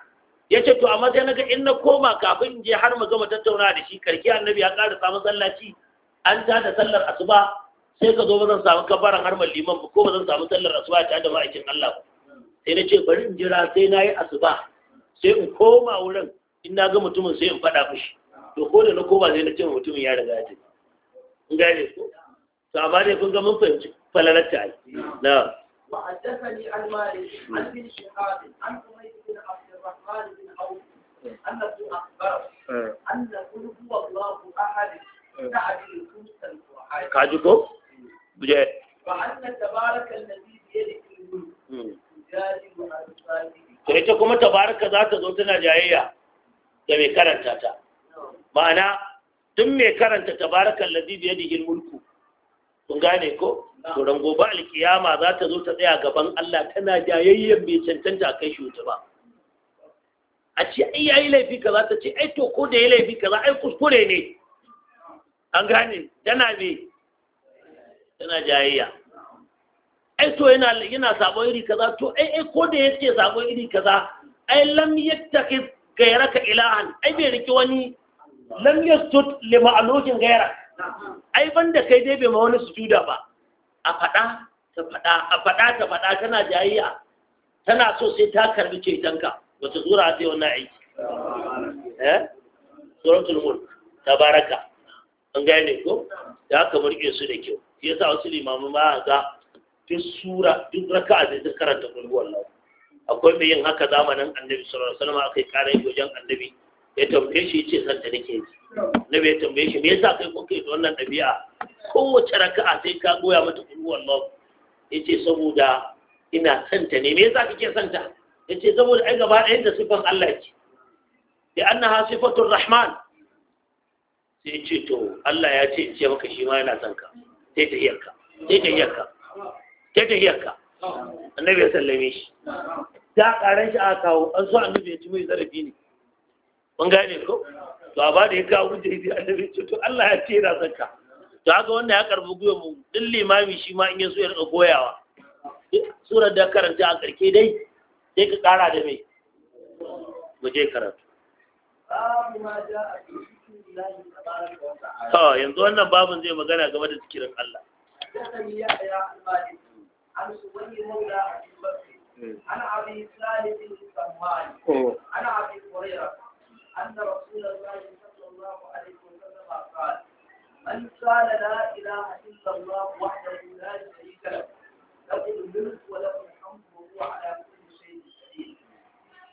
ya ce to amma sai naga in na koma kafin in je har mu gama tattauna da shi karki annabi ya ƙara samun sallaci an ta da sallar asuba sai ka zo ba zan samu kabaran har liman ba ko ba zan samu sallar asuba ta da ma'aikin Allah sai na ce bari in jira sai na yi asuba sai in koma wurin in na ga mutumin sai in faɗa mishi to ko da na koma sai na ce mutumin ya riga ya in gane ko to amma dai kun ga mun fahimci falalar ta yi na وحدثني عن مالك عن ابن شهاب عن حميد بن عبد الرحمن بن عوف انه اخبره ان قل هو الله احد تعدل خمس القران كاجوكو وان تبارك الذي بيده الملك يجادل عن ظالمه ita kuma tabaraka za ta zo tana jayayya da mai karanta ta ma'ana tun mai karanta tabarakan ladibi ya digin mulku kun gane ko to gobe alkiyama za ta zo ta tsaya gaban Allah tana jayayyen mai cancanta a kai shi ba a ce ai yayi laifi kaza ta ce ai to ko da yi laifi kaza ai kuskure ne an gane tana ne tana jayayya ai to yana sabon iri kaza to ai ai ko da yake sabon iri kaza ai lam yattaqiz gairaka ilahan ai bai riki wani lam yasjud li ma'lukin gaira ai banda kai dai bai ma wani sujuda ba a faɗa ta faɗa a faɗa ta faɗa tana jayayya tana so sai ta karbi danka wata zura ta yau wannan aiki eh suratul mulk tabaraka an gane ko da aka murke su da kyau yasa wasu limamu ma ga duk sura duk raka'a da ta karanta kulhu wallahi akwai mai yin haka zamanin annabi sallallahu alaihi wasallam akai karai wajen annabi ya tambaye shi ce santa da nake ji annabi ya tambaye shi me yasa kai kuke da wannan dabi'a kowace raka'a sai ka goya mata kullu wallahu yace saboda ina santa ne me yasa kike santa yace saboda ai gaba ɗayan da sifan Allah ce bi annaha sifatur rahman sai yace to Allah ya ce in ce maka shi ma yana son ka sai ta hiyarka sai ta hiyarka sai ta hiyarka annabi ya sallame shi ta karan shi a kawo an so annabi ya ci mai zarafi ne mun gane ko to a ba da ya kawo hujja sai annabi ce to Allah ya ce yana zakka to haka wannan ya karbi gwiwa mu din limami shi ma in ya so ya rika goyawa surar da karanta a karke dai sai ka kara da mai mu je karatu to yanzu wannan babun zai magana game da zikirin Allah ya a wani cikin عن أبي سالم بن سمعان عن أبي هريرة أن رسول الله صلى الله عليه وسلم قال من قال لا إله إلا الله وحده لا شريك له له الملك وله الحمد وهو على كل شيء قدير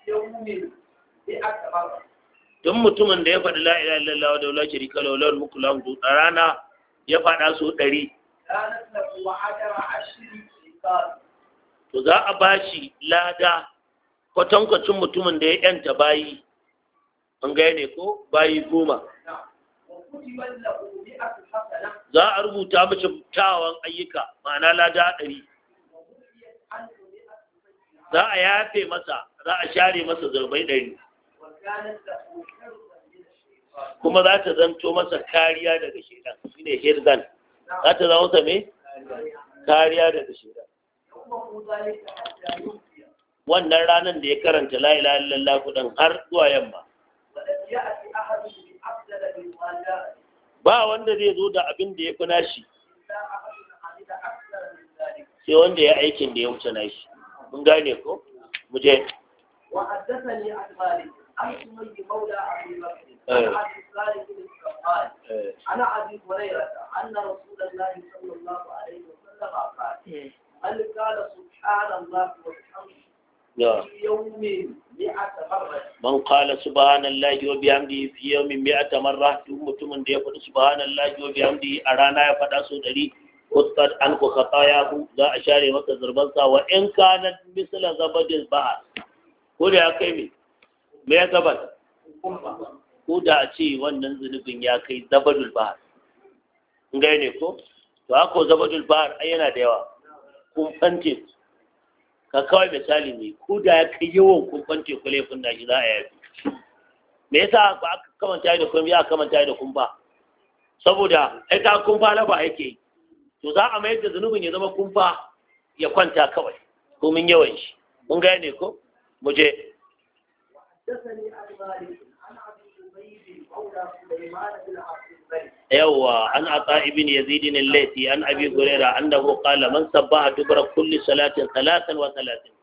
يوم مئة مرة don mutumin da ya faɗi la ilaha illallah wa daula sharika lahu lahul mulku lahu a rana ya faɗa so ɗari ranar da wa hajara ashirin shekaru to za a ba shi lada kwatankwacin mutumin da ya yanta bayi an ne ko bayi goma za a rubuta mace tawon ayyuka ma'ana lada ɗari za a yafe masa za a share masa zarbai ɗari kuma za ta zanto masa kariya daga shaidan ne hirzan za ta zama masa kariya daga shaidan wannan ranar da ya karanta la ilaha illallah kudin har zuwa yamma ba wanda zai zo da abin da ya fi nashi sai wanda ya aikin da ya wuce nashi mun gane ko mu je عبد الصالح بن رسول الله صلى الله عليه وسلم قال هل قال سبحان الله وبحمده في يوم مئة مرة من قال سبحان الله وبحمده في يوم مئة مرة mutumin da ya faɗi subhanallahi wa bihamdihi a rana ya faɗa sau ɗari uskat an ku khatayahu za a share masa zurbansa wa in kanat misla zabadil ba'a ko da ya kai me me ya zabar ko da a ce wannan zunubin ya kai zabadul ba'a ngai ne ko to haka zabadul ba'a ai yana da yawa Kumfante, ka kawai misali ne ko da ya kai yawan kumfante ku laifin da shi za a yafi me yasa ba aka kamanta da kumfa ya kamanta da kumfa saboda ai ta kumfa na ba yake to za a mayar da zunubin ya zama kumfa ya kwanta kawai domin yawan shi mun gaya ne ko mu je حدثني عن مالك عن عبد الزبير مولى سليمان بن عبد Yawwa an ata ibn yazid al-laythi an abi hurairah annahu qala man sabbaha dubra kulli salatin thalathan wa thalathin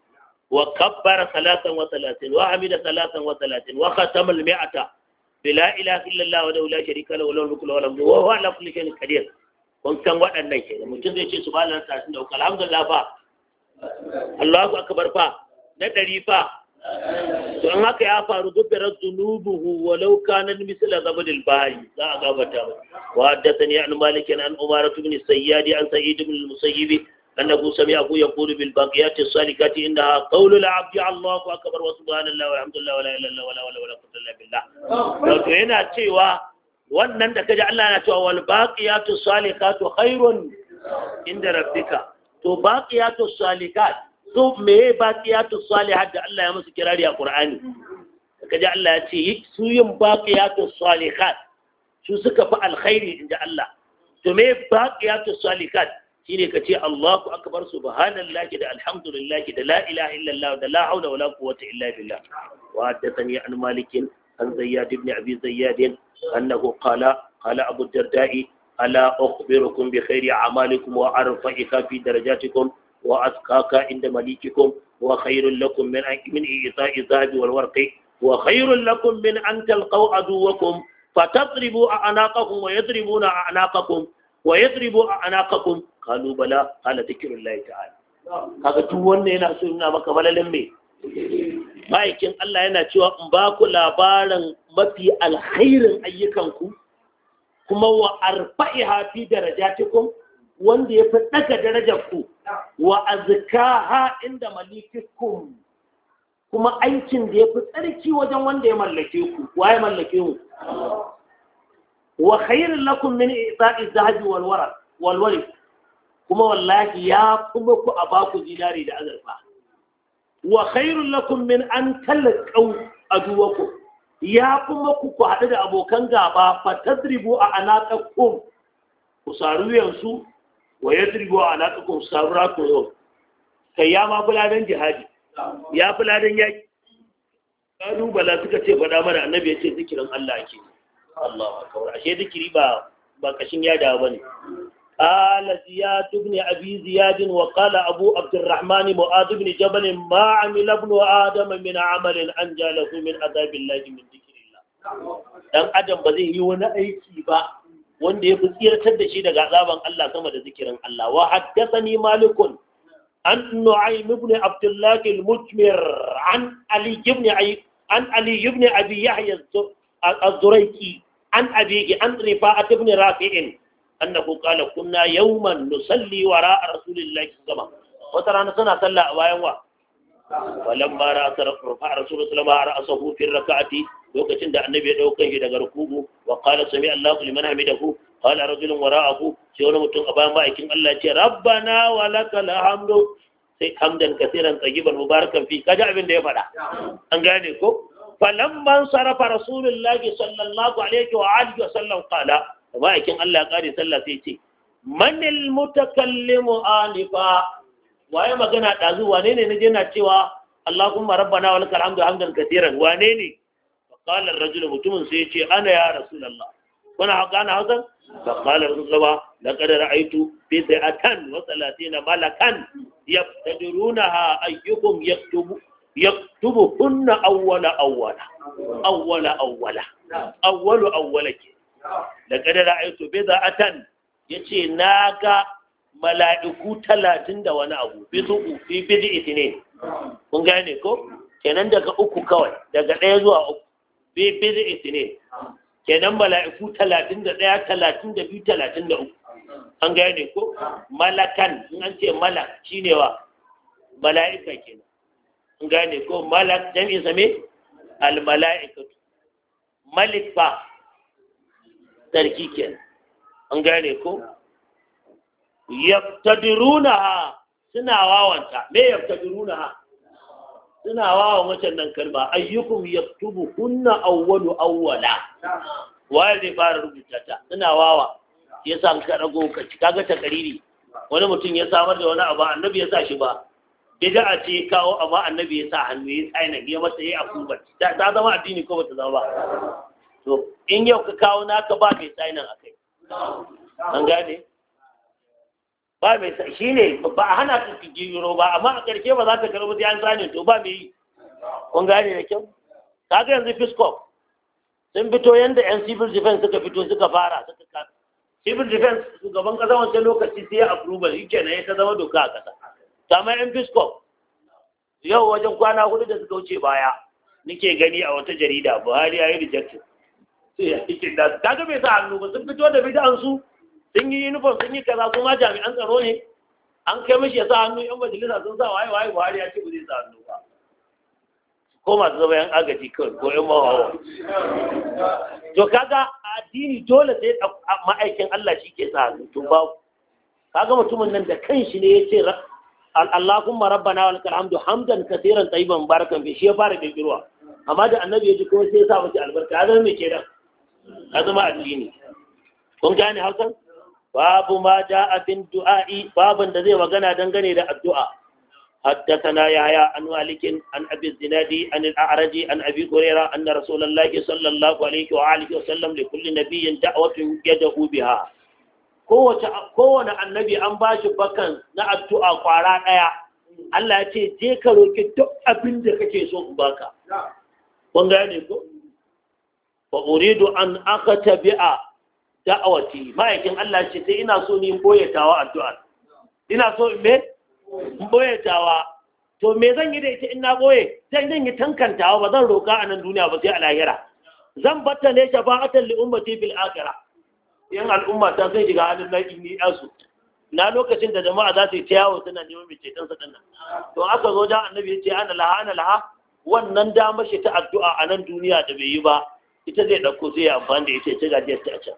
wa kabbara thalathan wa thalathin wa hamida thalathan wa thalathin wa khatama al-mi'ata bila ilaha illallah wa la sharika lahu lahu mulku wa lahu wa huwa ala kulli shay'in qadir kun san waɗannan ke mutum zai ce subhanallahi 33 alhamdulillah fa Allahu akbar fa na ɗari fa to in haka ya faru gubira zunubuhu walau kanan misla zabadil bayi za a gabata wa ni an malik an umar ibn sayyadi an sa'id ibn al-musayyib annahu sami'ahu yaqulu bil baqiyat as-salikati innaha qawlu al-abdi Allahu akbar wa subhanallahi walhamdulillahi wala ilaha illallah wala wala quwwata illa billah to yana cewa wannan da kaji Allah yana cewa wal baqiyatu salikatu khairun inda rabbika to baqiyatu salikat su meye baqiyatu salihat da Allah ya musu kirari a Qur'ani kaje Allah ya ce su yin baqiyatu salihat su suka fi alkhairi inda Allah to me baqiyatu salihat shine ka ce Allahu akbar subhanallahi da alhamdulillahi da la ilaha illallah da la haula wala quwwata illa billah wa haddathani an malikin عن زياد بن أبي زياد أنه قال قال أبو الدرداء ألا أخبركم بخير أعمالكم وأرفعها في درجاتكم وأزكاك عند مليككم وخير لكم من من إيطاء الذهب والورق وخير لكم من أن تلقوا عدوكم فتضربوا أعناقهم ويضربون أعناقكم ويضربوا أعناقكم قالوا بلى قال ذكر الله تعالى kaga duk wannan yana so yana maka malalin me ma'aikin Allah yana cewa in ba ku labarin mafi alkhairin ayyukanku kuma wa arfa'i hafi darajatikum wanda ya fi ɗaga darajar ku wa azkaha inda malikikum kuma aikin da ya fi tsarki wajen wanda ya mallake ku wa ya mallake mu wa khairin lakum min isa'i zahabi wal walwari kuma wallahi ya kuma ku a baku dinari da azurfa wa khairul lakum min an talqaw aduwakum ya kuma ku ku haɗu da abokan gaba fa tadribu a anaqakum ku saru yansu wa ya zirgo a alaƙaƙon sabura ko yau kai ya ma fuladen jihadi ya fuladen yaƙi kanu bala suka ce faɗa mana annabi ya ce zikirin Allah ake Allah ashe zikiri ba ba yada ba ne قال زياد بن أبي زياد وقال أبو عبد الرحمن معاذ بن جبل ما عمل ابن آدم من عمل أنجى له من عذاب الله من ذكر الله dan adam ba zai yi wani aiki ba wanda ya fi tsirtar da shi daga azaban Allah sama da zikirin Allah wa haddathani malikun an nu'aym ibn abdullah al-mujmir an ali ibn an ali ibn abi yahya az-zuraiki an abihi an rifa'at ibn rafi'in annahu qala kunna yawman nusalli Wara, rasulillahi sallallahu alaihi wasallam wata rana suna sallah a bayan wa falamma ra'a rafa'a rasulullahi sallallahu alaihi wasallam ra'asahu fi rak'ati lokacin da annabi ya ɗaukan shi daga rukuku wa qala sami ku, liman hamidahu qala rajulun wara'ahu sai wani mutum a bayan ma'aikin Allah ce rabbana wa lakal hamdu sai hamdan kaseeran tayyiban mubarakan fi kaji abin da ya faɗa an gane ko falamman sarafa rasulullahi sallallahu alaihi wa alihi wa sallam qala ma'aikin Allah ya kare sallah sai ce manil mutakallimu alifa waye magana dazu wane ne naje na cewa Allahumma rabbana wa lakal hamdu hamdan kaseeran wane ne قال الرجل متمن سيتي أنا يا رسول الله وانا حقان هذا فقال رسول الله لقد رأيت بضعة وثلاثين ملكا يبتدرونها أيكم يكتب يكتبهن أول أول أول أول أول أول لقد رأيت بضعة يتي ناقة mala'iku talatin da wani abu bizu fi bizi ne kun gane ko kenan daga uku kawai daga ɗaya zuwa uku bi bid'i ne? kenan mala'iku talatin da ɗaya talatin da biyu talatin da uku an gaya ne ko malakan in an ce malak shi ne wa mala'ika kenan an gaya ne ko malak jami'in same almala'ikatu malik fa sarki kenan an gaya ne ko yaftadiruna suna wawanta me yaftadiruna ha suna wa macen nan kalma ayyukum yaktubu kunna awwalu awwala waye zai fara rubuta ta suna wawa yasa an ka rago ka kaga kariri wani mutum ya samar da wani abu annabi ya sa shi ba bid'a ce kawo amma annabi ya sa hannu ya tsaina ya masa yayi akuba ta zama addini ko bata zama ba to in yau ka kawo naka ba mai tsainin akai an gane ba mai sa shi ne ba a hana ka giro ba amma a ƙarshe ba za ka karɓi sai an zane to ba mai yi kun gane da kyau ga yanzu fiskop sun fito yadda yan civil defense suka fito suka fara suka kasa civil defense shugaban ƙasa wancan lokaci sai ya approval shi kenan ya ta zama doka a ƙasa Kama yan fiskop yau wajen kwana hudu da suka wuce baya nike gani a wata jarida buhari ya yi rejected sai ya yi kinda kaga bai sa hannu ba sun fito da an su sun yi uniform sun yi kaza kuma jami'an tsaro ne an kai mashi ya sa hannu yan majalisa sun sa waye waye buhari ya ce ba zai sa hannu ba ko masu zama yan agaji kawai ko yan mawawa to kaga addini dole sai ma'aikin Allah shi ke sa hannu to ba kaga mutumin nan da kanshi ne ya ce Allahumma rabbana wa lakal hamdu hamdan kaseeran tayyiban barakan bi shi ya fara kirkirwa amma da annabi ya ji kuma sai ya sa mace albarka ya zama mai kenan ya zama addini kun gane Hausa? babu ma ja'a abin du'a'i babun da zai magana dangane da addu'a حدثنا يحيى عن مالك عن ابي الزنادي عن الاعرج عن ابي هريره ان رسول الله صلى الله عليه واله وسلم لكل نبي دعوه يدعو بها kowane annabi an ba bakan na addu'a kwara ɗaya Allah ya ce je ka roki duk abin kake so in baka kun gane ko an aka tabi'a da'awati ma'aikin Allah ce sai ina so ni boyatawa addu'a ina so me boyatawa to me zan yi da ita in boye zan yi tankantawa ba zan roka a nan duniya ba sai a lahira zan batta ne shafa'atan li ummati fil akhirah yan al'umma ta sai shiga halin nan inni asu na lokacin da jama'a za su yi ta yawo suna neman mai ceton sa dinnan to aka zo da annabi ya ce ana laha ana laha wannan damar shi ta addu'a a nan duniya da bai yi ba ita zai ɗauko zai amfani da ita ta gajiyar ta a can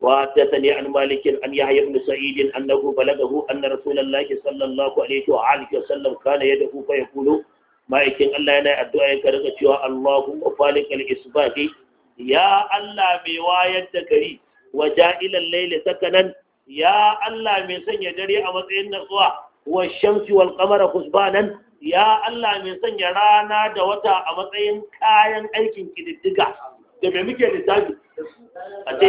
وحدثني عن مالك عن يحيى بن سعيد انه بلغه ان رسول الله صلى الله عليه واله وسلم كان يدعو فيقول ما يكن الله yana addu'a ya karga cewa Allahumma falik al-isbaqi ya Allah mai wayar da gari wa ja'ilan layli sakanan ya mai sanya dare a matsayin natsuwa wa shamsi wal qamara ya Allah mai sanya rana da wata a matsayin kayan aikin kididdiga daga me muke lissafi a ce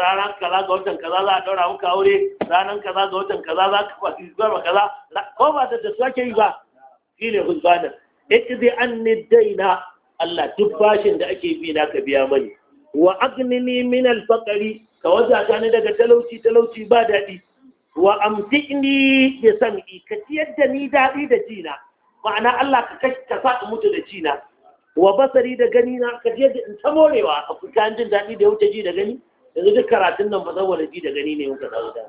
ranar kaza ga watan kaza za a daura muka aure ranar kaza ga watan kaza za ka zuwa kaza ko ba da da su yi ba shi ne husbanin ikzi an ni daina Allah duk bashin da ake bi na ka biya mani wa agnini min alfaqari ka wadata ni daga talauci talauci ba daɗi wa amsini ya sam'i ka ciyar da ni daɗi da jina ma'ana Allah ka ka sa mutu da jina wa basari da gani na ka je in ta morewa a kayan jin daɗi da ya wuce ji da gani yanzu duk karatun nan ba saboda ji da gani ne muka dawo da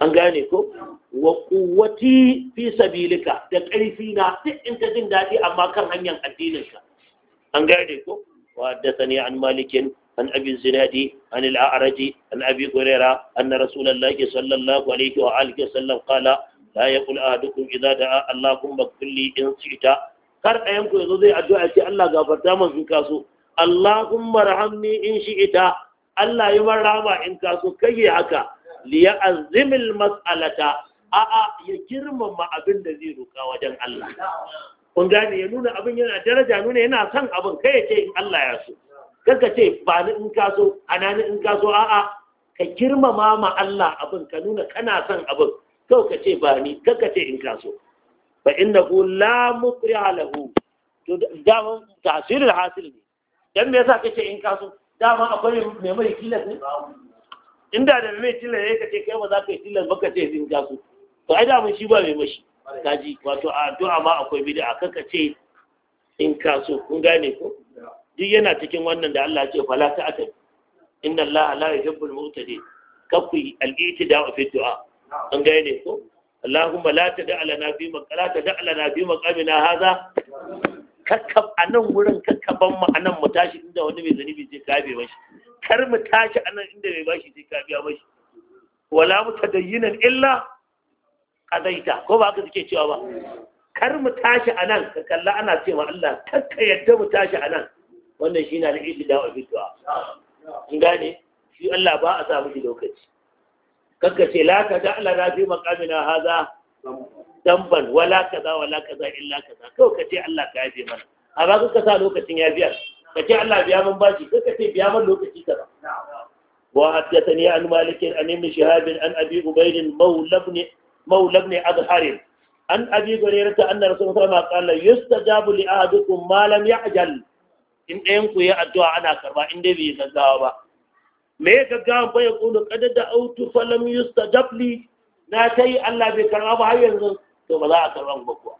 an gane ko wa quwwati fi sabilika da ƙarfi na duk in jin daɗi amma kan hanyar addinin ka an gane ko wa sani an malikin an abin الزناد an الأعرج عن أبي هريرة أن رسول الله صلى الله عليه وآله وسلم قال لا يقول أحدكم إذا دعا اللهم اغفر لي kar a ku yanzu zai addu'a ce Allah gafarta man in kaso Allahumma rahamni in shi'ita Allah yi man rahama in kaso kai haka li azimil mas'alata a a ya girmama abin da zai roka wajen Allah kun gane ya nuna abin yana daraja nuna yana son abin kai ya ce in Allah ya so kaka ce ba ni in kaso ana ni in kaso a a ka girmama ma Allah abin ka nuna kana son abin Kau ka ce ba ni kaka ce in kaso fa innahu la mukriha lahu to dama tasirul hasil ne dan me yasa kace in kaso dama akwai mai mai tilas ne inda da mai tilas ne kace kai ba za ka yi tilas ba kace in kaso to ai da mun shi ba mai mashi kaji wato a addu'a ma akwai da aka kace in kaso kun gane ko duk yana cikin wannan da Allah ya ce fala ta akai inna Allah la yuhibbul mu'tadin kafi al-i'tida fi du'a an gane ko Allahumma تدع لنا alana fi لا تدع لنا في maqamina hadha kakkab anan gurin kakkaban mu anan mu tashi inda wani mai zanibi zai kabe be mashi kar mu tashi anan inda mai bashi zai kabe biya mashi wala mutadayyinan illa qadaita ko ba haka suke cewa ba kar mu tashi anan ka kalla ana cewa Allah kakka yadda mu tashi anan wannan shine da wa bidu'a in gane shi Allah ba a samu lokaci kakka ce laka da Allah fi makamina haza damban wala kaza wala kaza illa kaza kawai ka ce Allah ka yafe mana a ba ka sa lokacin ya biya ka ce Allah biya man bashi kakka ce biya man lokaci kaza وحدثني عن مالك عن ابن شهاب عن an عبيد مولى ابن مولى ابن ازهر عن ابي هريره ان رسول الله صلى الله عليه وسلم قال يستجاب لاحدكم in ɗayan ku ya addu'a ana karba in dai bai gaggawa ba me ya gaggawa ba ya kulu kada da autu falam yustajab li na ta yi Allah bai karba ba har yanzu to ba za a karba ba kuwa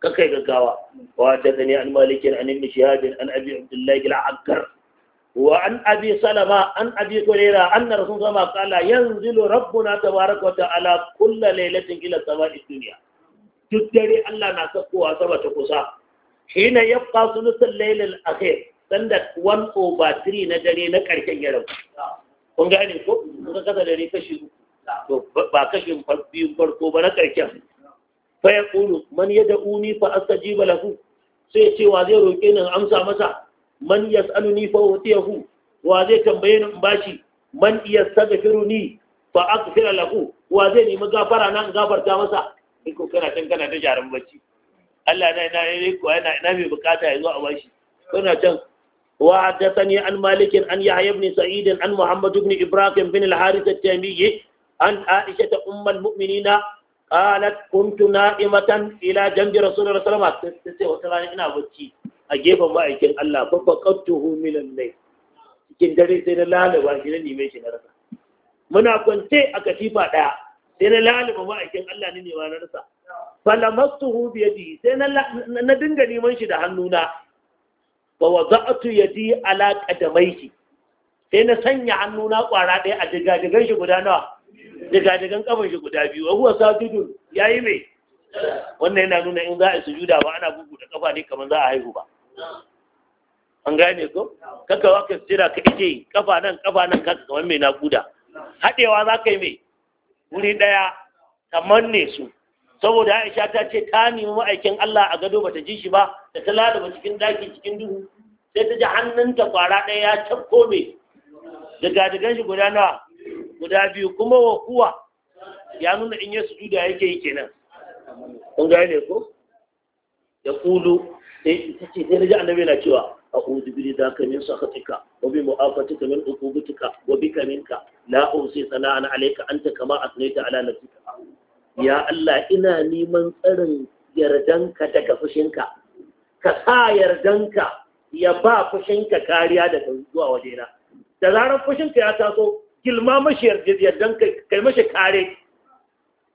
ka kai gaggawa wa ta zani an malikin an ibn shihab an abi abdullahi Gila akkar wa an abi salama an abi kurera anna rasul sama qala yanzilu rabbuna tabaraka wa ta'ala kulla lailatin ila sama'i duniya. duk dare Allah na sakkowa sama ta kusa hina yabqa sulusul layl al-akhir sanda 1 over 3 na dare na karshen yaro, kun gane ko kun kasa dare kashi to ba kashin biyu farko ba na karshen fa ya kulu man ya da'uni fa jiba lahu sai ya ce wa zai roƙe ni amsa masa man ni fa utiyahu wa zai tambaye ni in bashi man ni, fa aghfira lahu wa zai nemi gafara na in gafarta masa in ko kana can kana ta jaran bacci Allah na na yi ko yana ina mai bukata ya zo a bashi kana can وحدثني عن مالك عن يحيى بن سعيد عن محمد بن إبراهيم بن الحارث التيمي عن عائشة أم المؤمنين قالت كنت نائمة إلى جنب رسول الله صلى الله عليه وسلم ina bacci a gefen ma'aikin Allah fa faqattuhu min al-layl dare sai na lalaba shi na shi na rasa muna kwance a katifa daya sai na lalaba ma'aikin Allah ne ma na rasa falamastuhu bi sai na dinga neman shi da hannuna wa wada'tu yadi ala qadamayhi sai na sanya hannuna kwara ɗaya a digadigan shi guda nawa digadigan kafan shi guda biyu wa huwa sajidun yayi mai wannan yana nuna in za a sujuda ba ana bugu da kafa ne kamar za a haihu ba an gane ko kaka waka ka sira ka ije kafa nan kafa nan kaka kamar mai nakuda haɗewa za ka yi mai wuri ɗaya kamar ne su saboda Aisha ta ce ta nemi ma'aikin Allah a gado bata ji shi ba da ta lalaba cikin daki cikin duhu sai ta ji hannunta kwara ɗaya ya cakko mai daga daga shi guda nawa guda biyu kuma wa kuwa ya nuna in ya da yake yi kenan kun gane ko da kulu sai ta ce sai ji annabi na cewa biri bi ka min sakhatika wa bi mu'afatika min uqubatika wa minka sana'an anta kama asnayta ala nafsika ya Allah ina neman tsarin yardanka daga fushinka ka sa yardanka ya ba fushinka kariya daga zuwa wajena da zarar fushinka ya taso gilma mashi yardanka kai mashi kare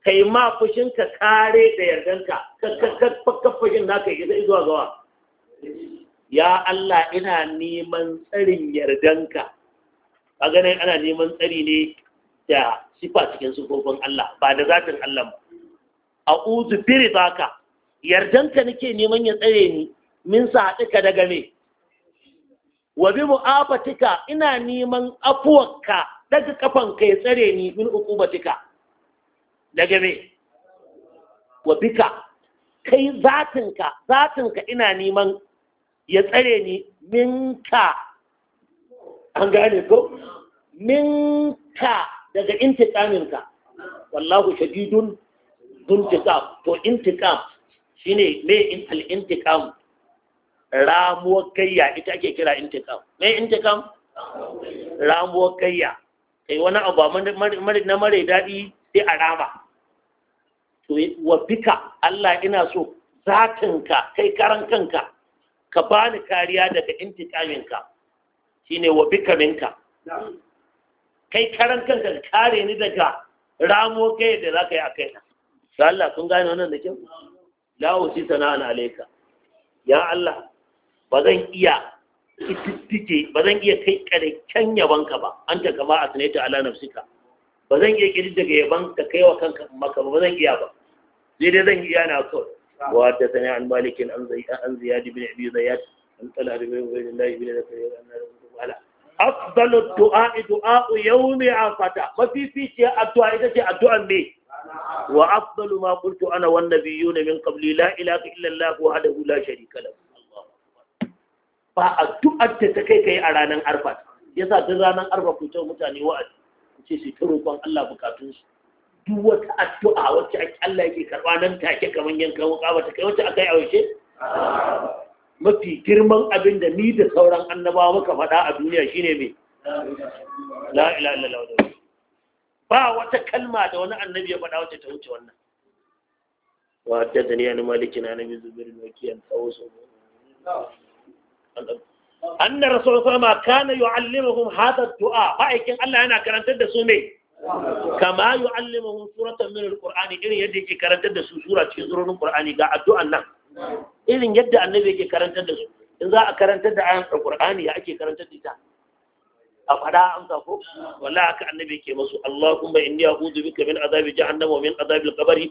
kai ma fushinka kare da yardanka ka fushin naka ya zuwa zuwa ya Allah ina neman tsarin yardanka a ganin ana neman tsari ne da sifa cikin sufofin Allah ba da zatin Allah ba a uzu biri baka yardanka nake neman ya tsare ni min ka daga me wa bi mu'afatika ina neman afuwarka daga kafan ka ya tsare ni min uqubatika daga me wa bika kai zatinka zatinka ina neman ya tsare ni minka an gane ko minka daga intikaminka, wallahu shadidun duntiqam to intikam shine me al intikam ramuwar kayya ita ake kira intikam me intikam ramuwar kayya kai wani abu na mare daɗi sai a rama to wa bika Allah ina so zatinka kai karan kanka ka bani kariya daga Shi shine wa bika minka kai karan kanka kare ni daga ramo kai da za ka yi a kaina sa Allah kun gane wannan da kyau lawo shi sana'an alaika ya Allah ba zan iya kitittike, ba zan iya kai karekken yabanka ba an ta kama a sanaita ala nafsika ba zan iya kiri daga yaban ka kai wa kanka maka ba zan iya ba sai dai zan iya na kawai wa ta sani an malikin an ziyadi bin abi zayat an tsala da bin gairin lahi bin da kare an na rubuta ala afdalu du'a du'a yawmi afata mafifi ce addu'a ita ce addu'a me wa afdalu ma qultu ana wan nabiyuna min qabli la ilaha illa allah wahdahu la sharika lahu ba addu'a ta kai kai a ranar arfa yasa duk ranar arfa ku ce mutane wa'azi ku ce su ta roƙon Allah bukatun su duk wata addu'a wacce Allah yake karba nan take kamar yankan wuka ba ta kai wacce aka yi a mafi girman abin da ni da sauran annabawa muka faɗa a duniya shine me la ilaha ba wata kalma da wani annabi ya faɗa wacce ta wuce wannan wa haddathani an malik an nabi zubair bin wakiyan tawassul anna rasul sallama kana yu'allimuhum hadha ad-du'a ma'aikin Allah yana karantar da su me kama yi yu'allimuhum suratan min al-qur'ani irin yadda yake karantar da su sura cikin surorin qur'ani ga addu'an nan irin yadda annabi yake karantar da su in za a karantar da ayan alqur'ani ya ake karantar da ita a fada amsa ko wallahi aka annabi yake musu allahumma inni a'udhu bika min adhabi jahannam wa min adhabi al-qabri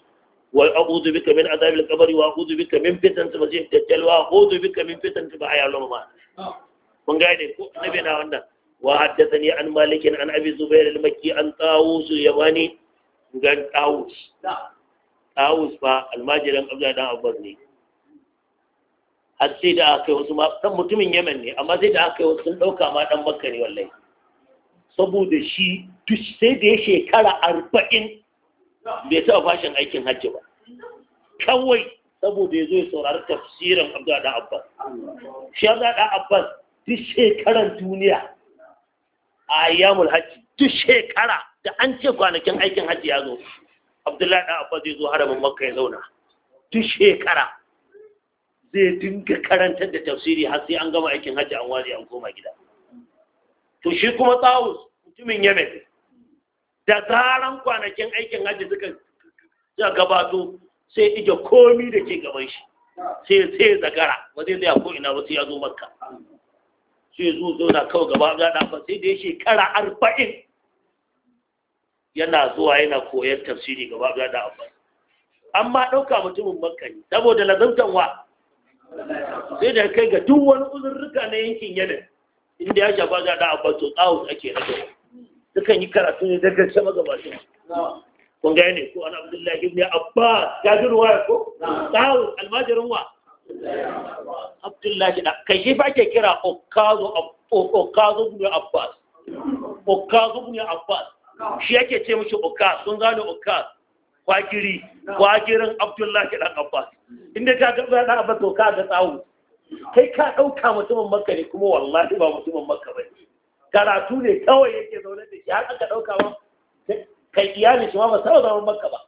wa a'udhu bika min adhabi al wa a'udhu bika min fitnati al-masih dajjal wa a'udhu bika min fitnati al-hayal mun ga dai ko annabi na wannan wa haddathani an malik an abi zubair al-makki an tawus yamani ga tawus tawus fa almajiran abdullah dan abbas ne har sai da aka yi wasu ma mutumin Yemen ne amma sai da aka yi wasu sun dauka ma dan Makka ne wallahi saboda shi duk sai da ya shekara arba'in bai taɓa fashin aikin hajji ba kawai saboda ya zo ya saurari tafsirin Abdullahi da Abbas shi Abdullahi Abbas duk shekaran duniya a ayyamul hajji duk shekara da an ce kwanakin aikin hajji ya zo Abdullahi Dan Abbas zai zo haramin Makka ya zauna duk shekara zai dinga karantar da tafsiri har sai an gama aikin hajji an ware an koma gida to shi kuma tsawus mutumin yamen da zaran kwanakin aikin hajji suka gabato sai ije komi da ke gaban shi sai sai zagara ba zai zai ko ina ba sai ya zo makka sai zo zo na kawai gaba ga da ba sai da ya shekara arba'in yana zuwa yana koyar tafsiri gaba ga da amma amma ɗauka mutumin makka ne saboda lazantan wa sai da kai ga duk wani uzurruka na yankin yanin inda ya shafa za da abba to tsawon ake rage dukan yi karatu ne daga sama ga shi kun ga ne ko an abdullahi ibn abba ya zuru ruwa ko tsawon almajirin wa abdullahi da kai shi fa ke kira okazo okazo ibn abbas okazo ibn abbas shi yake ce mashi okazo sun gane okazo kwakiri kwakirin abdullahi dan abbas inda ka ga dan abbas to ka ga tsawo kai ka dauka mutumin makka ne kuma wallahi ba mutumin makka ba karatu ne kawai yake zaune da shi har aka dauka ba kai iyali shi ma ba sai zaman makka ba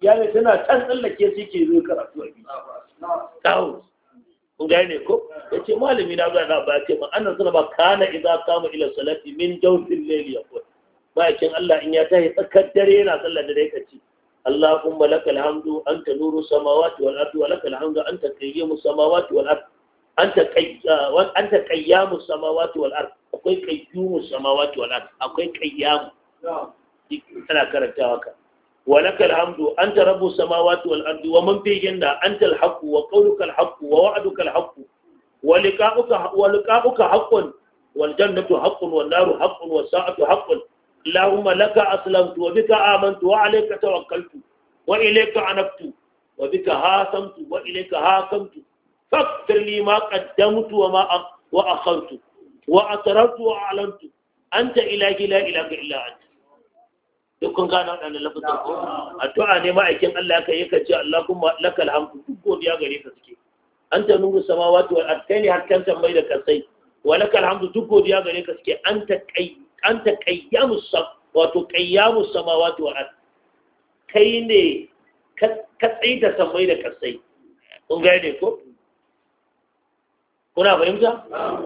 iyali tana can tsallake su ke zo karatu a gida tsawo kun gane ko ya ce malami na zuwa na ba ce ma annan suna ba kana idza kama ila salati min jawfil ba yaqul bayan Allah in ya tahi tsakar dare yana sallar da dai kace اللهم لك الحمد أنت نور السماوات والأرض ولك الحمد أنت قيام السماوات والأرض أنت كي أنت قيام السماوات والأرض أكوي قيوم السماوات والأرض أكوي قيام أنا كرتاك ولك الحمد أنت رب السماوات والأرض ومن فيهن أنت الحق وقولك الحق ووعدك الحق ولقاؤك ولقاؤك حق والجنة حق والنار حق والساعة حق اللهم لك أسلمت وبك آمنت وعليك توكلت وإليك عنبت وبك هاثمت وإليك هاكمت فاغفر لي ما قدمت وما وأخرت وأسررت وأعلنت أنت إلهي لا إله إلا أنت dukkan gano waɗannan lafazin addu'a ne ma'aikin Allah ka yi ka ce Allahumma laka alhamdu duk godiya gare ka suke anta nuru samawati wal ardi kai ne hakkan tambayi da kasai wa laka alhamdu duk godiya gare ka suke anta kai anta qayyamus sam wato qayyamus samawati wal ard kai ne ka tsayi da samai da kasai kun ne ko kuna fahimta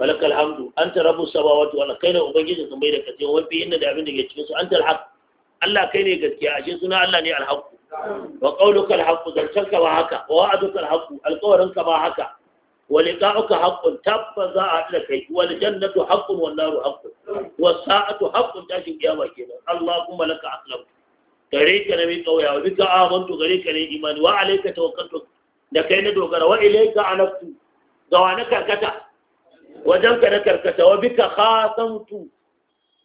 walaka alhamdu anta rabbus samawati wal ard kai ne ubangiji samai da kasai wa bi inna da abin da ke cikin su anta alhaq Allah kai ne gaskiya cikin suna Allah ne alhaq wa qawluka alhaq zancanka ba haka wa wa'aduka alhaq alqawarinka ba haka ولقاؤك حق تبا za a haɗu kai wal jannatu haqqun wan naru haqqun was sa'atu haqqun tashin kiyama kenan Allahumma laka aslamtu gare ka ne mai kauya wa bika gare ka ne imani wa alayka tawakkaltu da kai na dogara wa ilayka anabtu na karkata wajen ka na karkata wa bika khasamtu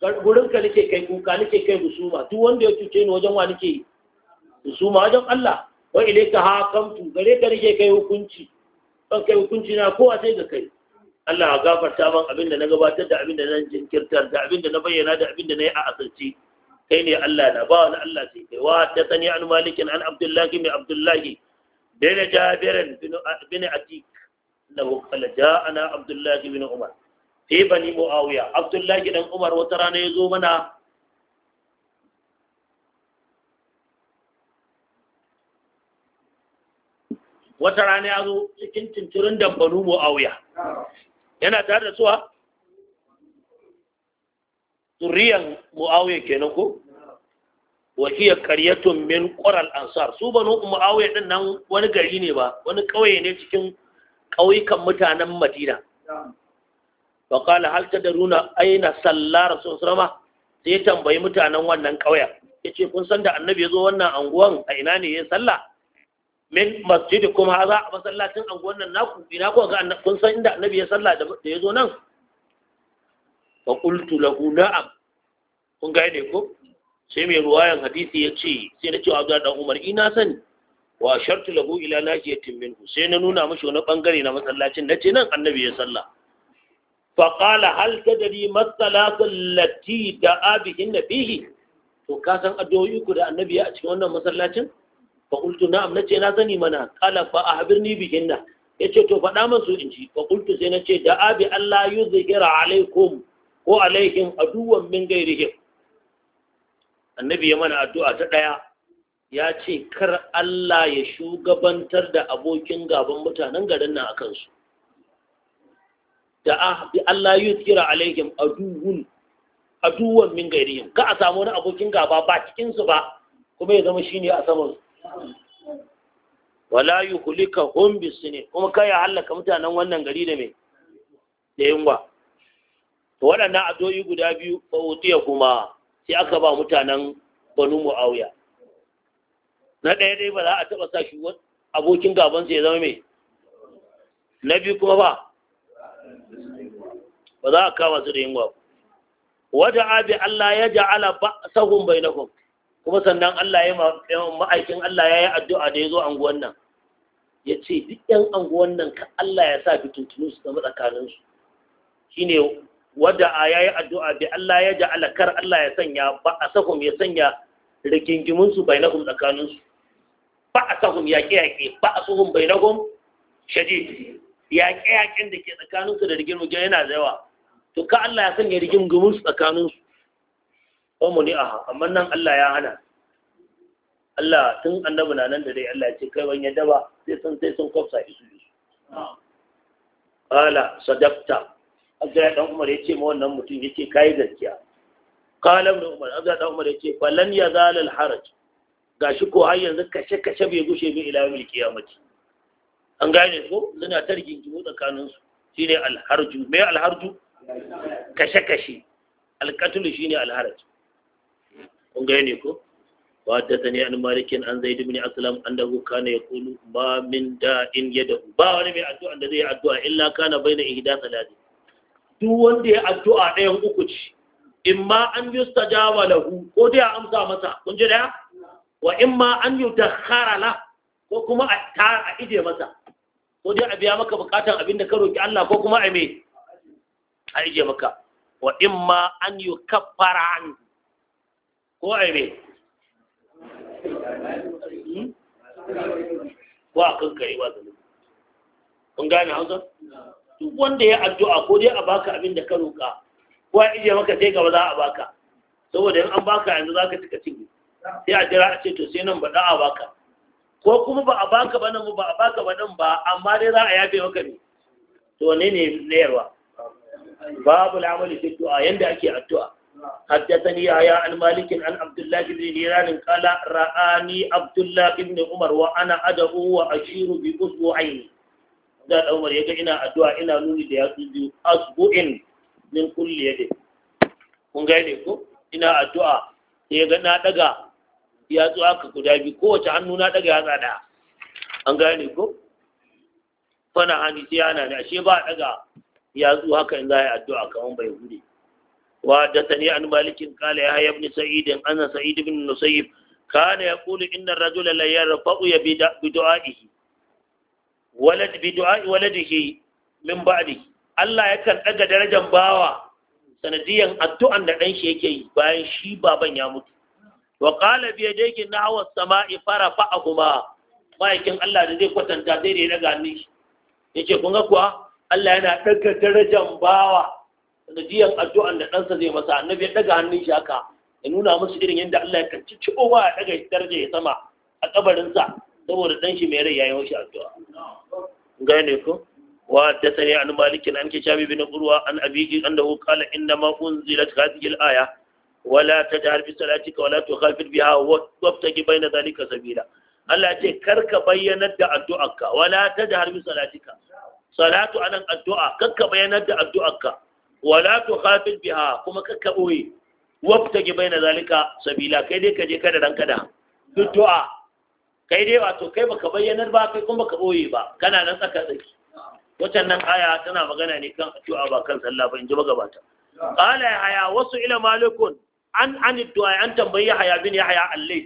nake kai kuka nake kai musuma duk wanda ya cuce ni wajen wa nake musuma wajen Allah wa ilayka hakamtu gare ka nake kai hukunci ban kai hukunci na kowa sai ga kai Allah gafarta man abinda na gabatar da abinda na jinkirtar da abinda na bayyana da abinda na yi a asirci kai ne Allah na ba wani Allah sai kai wa ta sani an malikin an abdullahi mai abdullahi bin jabirin bin atik na hukala ana abdullahi bin umar fi bani muawiya abdullahi dan umar wata rana ya zo mana wata rana ya zo cikin cincirin dambanu mu'awiya yana tare da suwa zuriyan mu'awiya kenan ko wa hiya qaryatun min qural ansar su banu mu'awiya din nan wani gari ne ba wani kauye ne cikin kauyukan mutanen madina fa har hal tadruna aina salla rasul sallama sai ya tambayi mutanen wannan kauyen yace kun san da annabi ya zo wannan anguwan a ina ne ya sallah min masjidikum haza a masallacin anguwan nan naku ina ku ga kun san inda annabi ya salla da ya zo nan fa qultu lahu na'am kun ga ne ko sai mai ruwayan hadisi ya ce sai na ce wa Abdullahi Umar ina sani wa shartu lahu ila najiyatin minhu sai na nuna mishi wani bangare na masallacin nace nan annabi ya salla fa qala hal tadri masallatu allati da'a bihi nabihi to ka san addu'o'i ku da annabi a cikin wannan masallacin fa qultu na'am ce na sani mana qala fa ahbirni bihinna yace to faɗa masu in ji fa sai sai ce da abi Allah yuzhira alaikum ko alaikin aduwan min ghairihim annabi ya mana addu'a ta ɗaya, ya ce kar Allah ya shugabantar da abokin gaban mutanen garin nan akan su da abi Allah yuzhira alaihim aduwun aduwan min ghairihim ka a samu wani abokin gaba ba cikin su ba kuma ya zama shine a saman su wala yuhlikahum ne, kuma kai halaka mutanen wannan gari da me da yunwa to waɗannan adoyi guda biyu fa ya kuma sai aka ba mutanen banu muawiya na ɗaya dai ba za a taɓa sa shi abokin gaban ya zama mai na biyu kuma ba ba za a kama su da yunwa wata abi Allah ya ja'ala ba sahun bainakum kuma sannan Allah ya ma'aikin Allah ya yi addu'a da ya zo anguwan nan ya ce duk ‘yan anguwan nan ka Allah ya sa fitintunu su zama tsakaninsu shi ne wadda a ya yi addu'a da Allah ya ja'ala alakar Allah ya sanya ba a sahum ya sanya rigingiminsu bai na tsakaninsu ba a sahum yaƙe-yaƙe ba a sahum bai na gum shadid yaƙe-yaƙen da ke tsakaninsu da rigingimin yana da yawa to ka Allah ya sanya su tsakaninsu omu ni aha amma nan Allah ya hana Allah tun annabi na nan da dai Allah ya ce kai wani yadda ba sai sun sai sun kofsa isu qala sadaqta Abdullahi dan Umar ya ce ma wannan mutum yace kai gaskiya Kala ibn Umar Abdullahi dan Umar ya ce falan yazal al haraj gashi ko har yanzu kashe kashe bai gushe bi ila yawmil qiyamati an gane ko suna targin gimu tsakanin su shine al harju me al harju kashe kashe al shine al haraj kun ne ko an وحدثني عن aslam an da بن ne ya kulu ba min da in يده Ba wani mai addu'a da zai addu'a illa kana baina ihda salati duk wanda ya addu'a ɗayan uku ci, in ma an yustajaba lahu ko dai a amsa masa kun ji da wa in ma an yi ta la ko kuma a ta a ije masa ko dai a biya maka bukatan abinda ka roki Allah ko kuma a me a ije maka wa in ma an yi yukaffara anhu ko a ne hmm? ko a kan ba zanen kun gane hausa duk wanda ya addu'a ko dai a baka abin da ka roƙa ko a ije maka sai gaba za a baka saboda in an baka yanzu za ka cika cinye sai a jira a ce to sai nan ba za a baka ko kuma ba a baka ba nan ba a baka ba nan ba amma dai za a yafe maka ne to ne ne yarwa babu lamari sai du'a yanda ake addu'a حدثني يا عن مالك عن عبد الله بن نيران قال رآني عبد الله بن عمر وأنا أدعو وأشير بأسبوعين da Umar ya ga ina addu'a ina nuni da yatsu biyu asbu'in min kulli yadi kun gane ko ina addu'a ya ga na daga yatsu aka guda biyu kowace hannu na daga yatsa daya an gane ko fana hani sai ana ne ashe ba daga yatsu haka in za a yi addu'a kamar bai hude وحدثني عن مالك قال يا ابن سعيد انا سعيد بن النسيب كان يقول ان الرجل لا يرفع بدعائه ولد بدعاء ولده من بعده الله يكن أجا درجه باوا sanadiyan addu'an da ɗan shi yake yi bayan shi baban ya mutu wa qala bi yadayki nahwa samai farafa'ahuma ma'aikin Allah da zai kwatanta dai da ya daga ni yace kun ga kuwa Allah yana daga darajar bawa jiyan addu'an da ɗansa zai masa annabi ya ɗaga hannun shi haka ya nuna musu irin yadda Allah ya kanci ciɓowa ya ɗaga daraja ya sama a ƙabarinsa saboda ɗan shi mai rai ya yi mashi addu'a gane ko wa da sani an malikin an ke shabi bin urwa an abiji an da hukala inda ma unzilat hadhihi al-aya wala tajhar bi salatika wala tukhafir biha na baina dhalika sabila Allah ce karka bayyanar da addu'arka wala tajhar bi salatika salatu anan addu'a karka bayyanar da addu'arka wala تخافل بها kuma kakka boye wabtaji baina zalika sabila kai dai kaje kada ranka da du'a kai dai wato kai baka bayyanar ba kai kuma baka boye ba kana nan tsaka tsaki wacan nan aya tana magana ne kan addu'a ba kan sallah ba in ji magabata qala ya haya wasu ila malikun an an du'a an tambayi haya bin yahya allai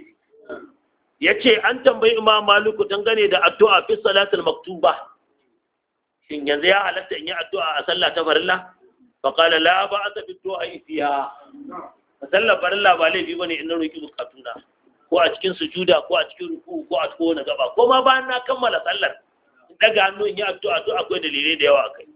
yace an tambayi imam maliku dangane da addu'a fi salatul maktuba shin yanzu ya halatta in yi addu'a a sallah ta farilla faƙala la ba a tafi to a isiya a sallar bari labarai bi bane ina roƙi bukatuna ko a cikin sujuda ko a cikin ruku ko a cikin wani gaba ko ma ba na kammala sallar daga hannu in yi a to a to akwai dalilai da yawa kai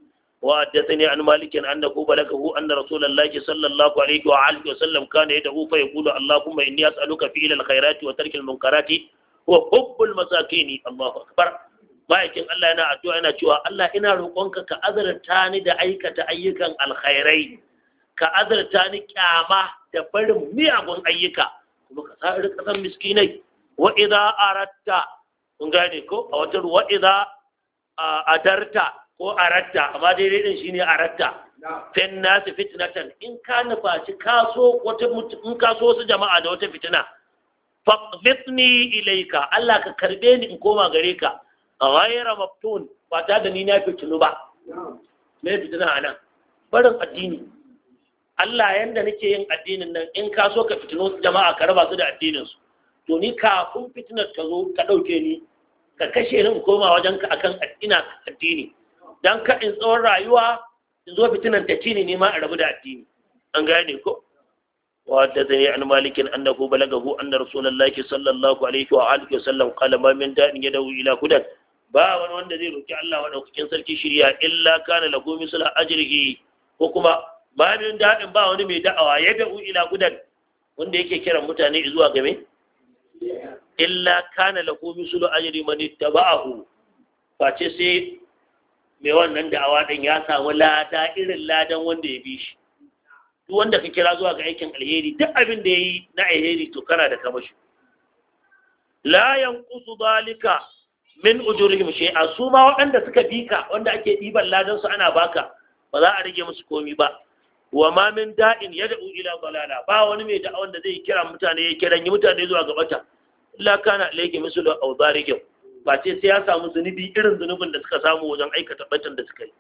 wa da sani an malikin an da kuma laka hu an da rasulun sallallahu alaihi wa alihi wa sallam kana ya dahu fa ya kula allah kuma in yi a tsaluka fi ilal khairati wa tarkin munkarati wa hubbul masakini allahu akbar ma'aikin Allah yana addu'a yana cewa Allah ina roƙonka ka azarta ni da aikata ayyukan alkhairai ka azarta ni kyama da barin miyagun ayyuka kuma ka sa ri kasan miskinai wa idza aratta kun gane ko a wata wa idza adarta ko aratta amma dai-dai daidai din shine aratta fin nasu fitnatan in ka nufaci kaso wata in ka so su jama'a da wata fitina faqfitni ilayka Allah ka karbe ni in koma gare ka ghayra maftun ba ta da ni na fitinu ba me fitina anan barin addini Allah yanda nake yin addinin nan in ka so ka fitino jama'a ka raba su da addinin su to ni kafin fitinar ta zo ka dauke ni ka kashe ni in koma wajen ka akan ina addini dan ka in tsawon rayuwa in zo fitinar ta ci ni ma a rabu da addini an gane ko وحدثني عن مالك أنه بلغه أن رسول الله صلى الله عليه وآله وسلم قال ما من داء يدعو إلى هدى ba wani wanda zai roki Allah wa ɗaukakin sarki shirya illa kana lahu misl ajrihi ko kuma ba daɗin ba wani mai da'awa ya u ila gudan wanda yake kiran mutane zuwa game illa kana lahu misl ajri man ittaba'ahu face sai mai wannan da'awa din ya samu lada irin ladan wanda ya bi shi duk wanda ka kira zuwa ga aikin alheri duk abin da yayi na alheri to kana da kamashi la yanqusu dalika min ujurihim shay'a su ma waɗanda suka bika wanda ake ɗiban ladan su ana baka ba za a rage musu komi ba wa ma min da'in yad'u ila dalala ba wani mai da'awan da zai kira mutane ya kiran yi mutane zuwa gabata. bata illa kana alayhi mislu aw darikum ba ce sai ya samu zunubi irin zunubin da suka samu wajen aikata batan da suka yi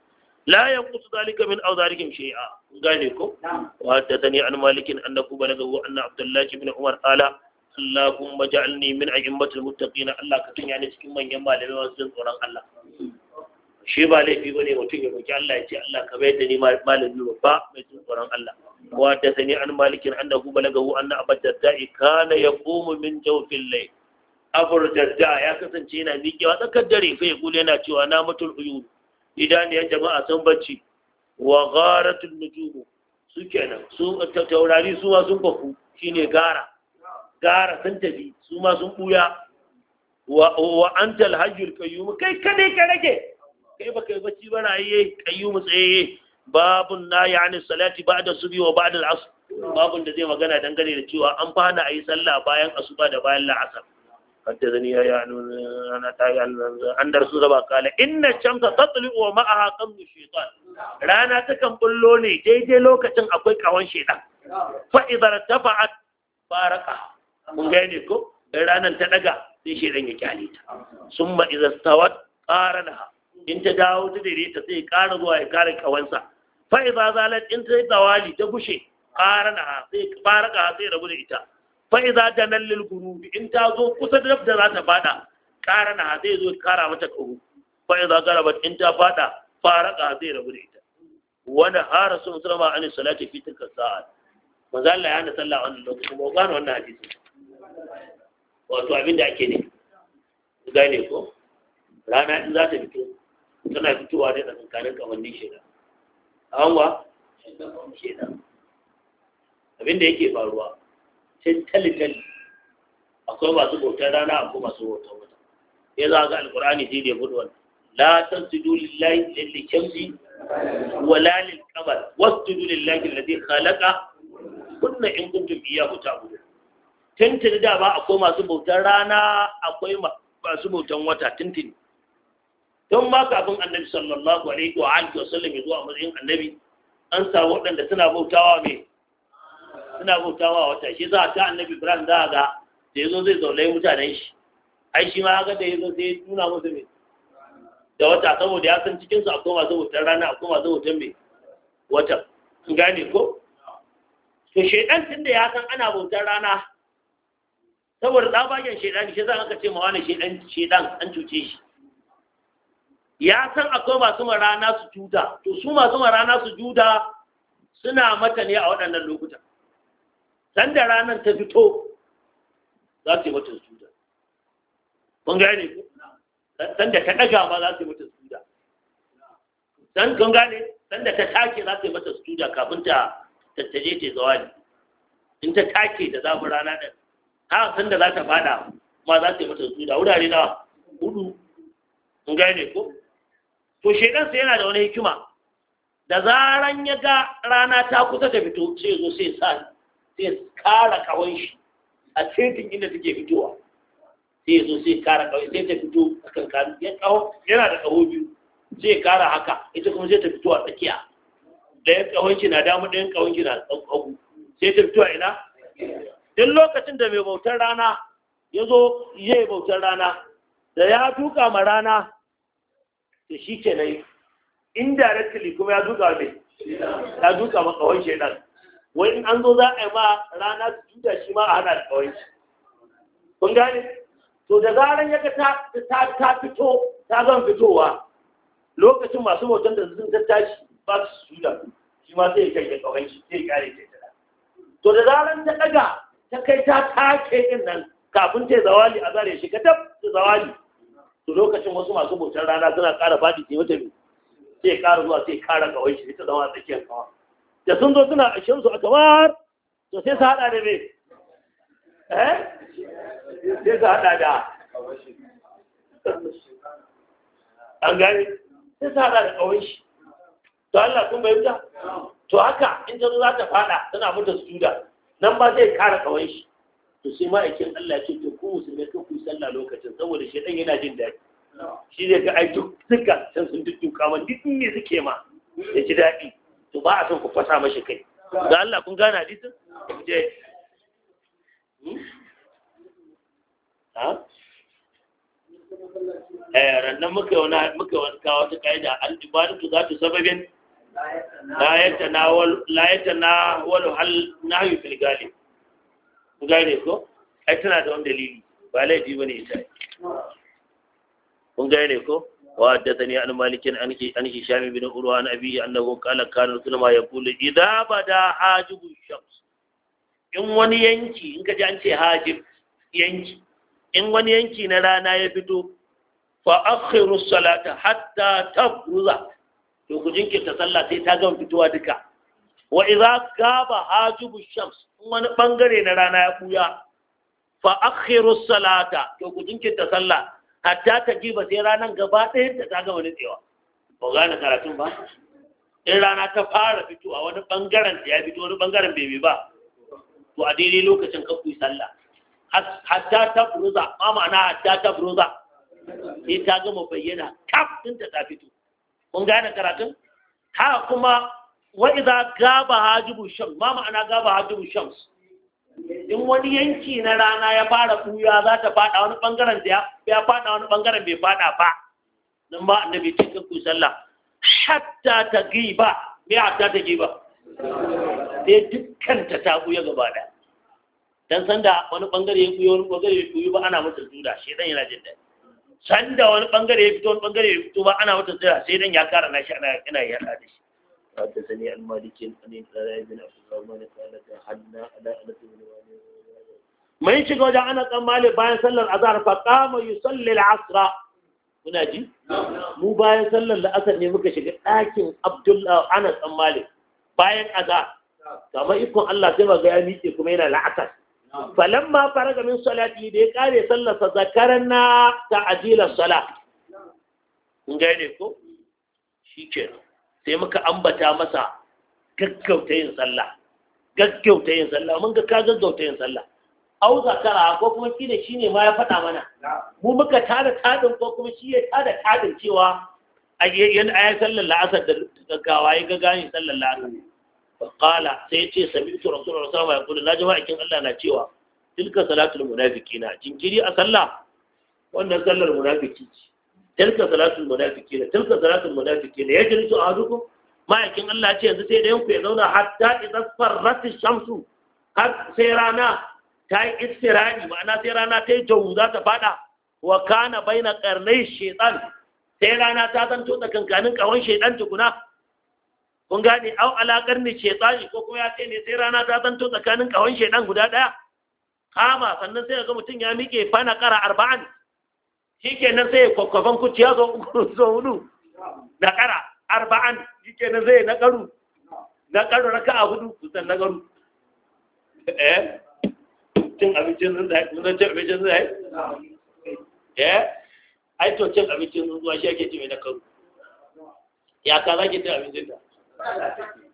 la yanqutu zalika min awzarikum shay'a gane ko wa hadathani an malikin annahu balagahu anna abdullahi ibn umar qala اللهم اجعلني من أئمة na الله كتن يعني cikin manyan malamai masu jin tsoron Allah shi ba laifi bane mutum ya baki Allah ya ce Allah ka bayar da ni malamin babba mai jin tsoron Allah wa da sani an malikin annahu balagahu anna abad daddai kana yaqumu min jawfil layl abur ya kasance yana miƙewa tsakar dare fa ya kula yana cewa na mutul uyun idan ya jama'a sun bacci wa gharatul nujum su kenan su taurari su ma shine gara gara sun tafi su ma sun buya wa antal hajjul qayyum kai kadai ka rage kai baka yi bacci ba raye qayyum tsaye babun na yani salati ba'da subhi wa ba'da al-asr babun da zai magana dangane da cewa an fana ayi sallah bayan asuba da bayan la'asar حدثني يا انا kala. درس ربا قال ان wa ma'aha ومعها قرن Rana ta kan bullo ne daidai lokacin akwai kawan shedan fa idza rtafa'at baraka. mun gane ko in ranar ta daga sai dan ya kyale ta sun idza iza stawat qaranaha in ta dawo ta daidaita sai ƙara zuwa ya kara kawansa fa idza zalat in ta tawali ta gushe qaranaha sai faraka sai rabu da ita fa iza tanallil gurubi in ta zo kusa da da za ta fada qaranaha sai zo kara mata kuru fa idza garabat in ta fada faraka sai rabu da ita wani harasun sulama an salati fi tilka sa'a manzo Allah ya hana sallah wannan lokacin ba wannan hadisi wato abin da ake ne gane ko rana in za ta fito tana fitowa ne tsakankanin kamannin shida a hanwa shida abin da yake faruwa sai talitali akwai masu bautar rana akwai masu bautar wata ya za ga alkur'ani shi ne gudu wannan la tasjudu lillahi lil wa wala kamar wasu wasjudu lillahi lalli khalaqa kunna in kuntum ta ta'budun tintini da ba akwai masu bautan rana akwai masu bautan wata tuntuni don ma kafin annabi sallallahu alaihi wa alihi wasallam ya zo a matsayin annabi an samu waɗanda suna bautawa me suna bautawa wata shi za ta annabi ibrahim za ga da yazo zai zaulai mutanen shi ai shi ma ga da yazo sai nuna musu me da wata saboda ya san cikin su akwai masu bautan rana akwai masu bautan me wata gane ko to shedan tunda ya san ana bautan rana saboda tsabagen shaidani shi zan aka ce ma wani shaidan an cuce shi ya san akwai masu marana su juda to su masu marana su juda suna mata ne a waɗannan lokutan dan da ranar ta fito za su yi mata juda kun gane ku da ta ɗaga ma za su yi mata juda dan kun gane dan da ta take za su yi mata juda kafin ta tattaje ta zawani in ta take da zafin rana ɗin a sun da za ta fada ma za ta yi mata da wurare na hudu in gane ko to shedan sai yana da wani hikima da zaran ya ga rana ta kusa ta fito sai zo sai sa sai kara kawon shi a cikin inda take fitowa sai zo sai kara kawai sai ta fito a kan kanu ya kawo yana da kawo biyu sai kara haka ita kuma sai ta fito a tsakiya ɗayan kawon na damu da ya kawon na hagu sai ta fito a ina duk lokacin da mai bautar rana ya zo yi bautar rana da ya tuka ma rana da shi ke nai indirectly kuma ya duka mai ya duka ma kawai nan, wai in an zo za a yi ma rana su juda shi ma a hana da kawai shi kun gane to da zaran ya ta ta fito ta zan fitowa lokacin masu bautar da sun ta tashi ba su juda shi ma sai ya kai ya kawai shi sai ya kare ke to da zaran ta ɗaga. ta kai ta take din nan kafin ta zawali a zare shi kadab ta zawali to lokacin wasu masu bautar rana suna ƙara faɗi ce wata ne sai ƙara zuwa sai ƙara kawai shi ta zama tsakiyar kawa da sun zo suna ashirin su a kamar to sai su haɗa da me eh sai su haɗa da an gane sai su haɗa da kawai shi to Allah kun bayyana to haka in ta zo za ta faɗa tana mutu juda. nan ba zai kara kawai shi to sai ma'aikin Allah ce to ku musulmi ka ku sallah lokacin saboda shi dan yana jin daɗi shi zai ga ai duk duka san sun dukka man duk ne suke ma ya ji daɗi to ba a son ku fasa mashi kai ga Allah kun gane hadisin je hmm? ha eh rannan muka wani muka wani kawo ta kaida al-ibadatu zatu sababin la yatanawal hal fil gane ko ai tana da wani dalili ba laifi bane ita kun gane ko عن مالك عن عن بن عروة أبيه أنه قال كان رسول ما يقول إذا بدا حاجب الشمس in wani yanki in ka an ce hajib yanki in wani yanki na rana ya fito fa akhiru salata hatta tabruza to ku jinkirta sallah sai ta gama fitowa duka wa idza gaba hajibu shams wani bangare na rana ya buya fa akhiru salata to ku jinkirta sallah hatta ta giba sai ranan gaba ɗaya ta ta gama nutsewa ba gane karatun ba in rana ta fara fitowa wani bangaren ta ya fito wani bangaren bai ba to a daidai lokacin ka kuyi sallah hatta ta buruza ma ma'ana hatta ta buruza sai ta gama bayyana kaf din ta ta fito kun gane karatun haka kuma wa idza gaba hajibu shams ma ma'ana gaba hajibu shams in wani yanki na rana ya fara buya za ta fada wani bangaren da ya fada wani bangaren bai fada ba nan ba annabi ce ku sallah hatta ta giba me hatta ta giba sai dukkan ta ta buya gaba da dan sanda wani bangare ya buya wani bangare ya buya ba ana masa juda shedan yana jin daɗi Sanda wani bangare ya fito wani bangare ya fito ba ana wata tsira sai dan ya kara nashi ana yana yada da shi sani al-mali حدثني عن مالك عن القلاء بن da الرحمن قال تحدنا على wani. بن مالك من ana وجا انا bayan sallar azhar fa qama yusalli al asra kuna ji mu bayan sallar la'asar ne muka shiga ɗakin abdullah anas dan bayan azhar kamar ikon Allah sai ga ya miƙe kuma yana la'asar falamma faraga min salati da ya kare sallarsa zakaran na ta'jilan sala kun gane ko shikenan sai muka ambata masa gaggauta yin sallah gaggauta yin sallah mun ga ka gaggauta yin sallah au zakara ko kuma shi ne shine ma ya faɗa mana mu muka tada tadin ko kuma shi ya tada tadin cewa a yayin ayat sallar la'asar da gaggawa ya ga gani sallar la'asar qala sai yace sami'tu rasulullahi sallallahu alaihi wasallam ya ji ma'aikin Allah na cewa tilka salatul munafiqina jinkiri a sallah wannan sallar munafiki ce tilka salatul munafiqina tilka salatul munafiqina a ahadukum ma'aikin Allah ce yanzu sai da yanku ya zauna hatta idza farrat shamsu har sai rana ta yi istirani ma'ana sai rana ta yi jawu za ta fada wa kana baina qarnai shaytan sai rana ta zanto tsakankanin kawon shaytan tukuna kun gane au alakar ne ce shaytani ko kuma ya ce ne sai rana ta zanto tsakanin kawon shaydan guda daya kama sannan sai ga mutum ya miƙe fana ƙara arba'an shikenan sai kwakwafan kuciya zo hudu da ƙara arba'an shikenan zai na ƙaru na ƙaru raka a hudu kusan na ƙaru eh cin abincin tsuntsaye kusan cin abincin tsuntsaye eh ai to cin abincin zuwa shi ake ci mai na ƙaru ya ka zaki ki cin abincin ta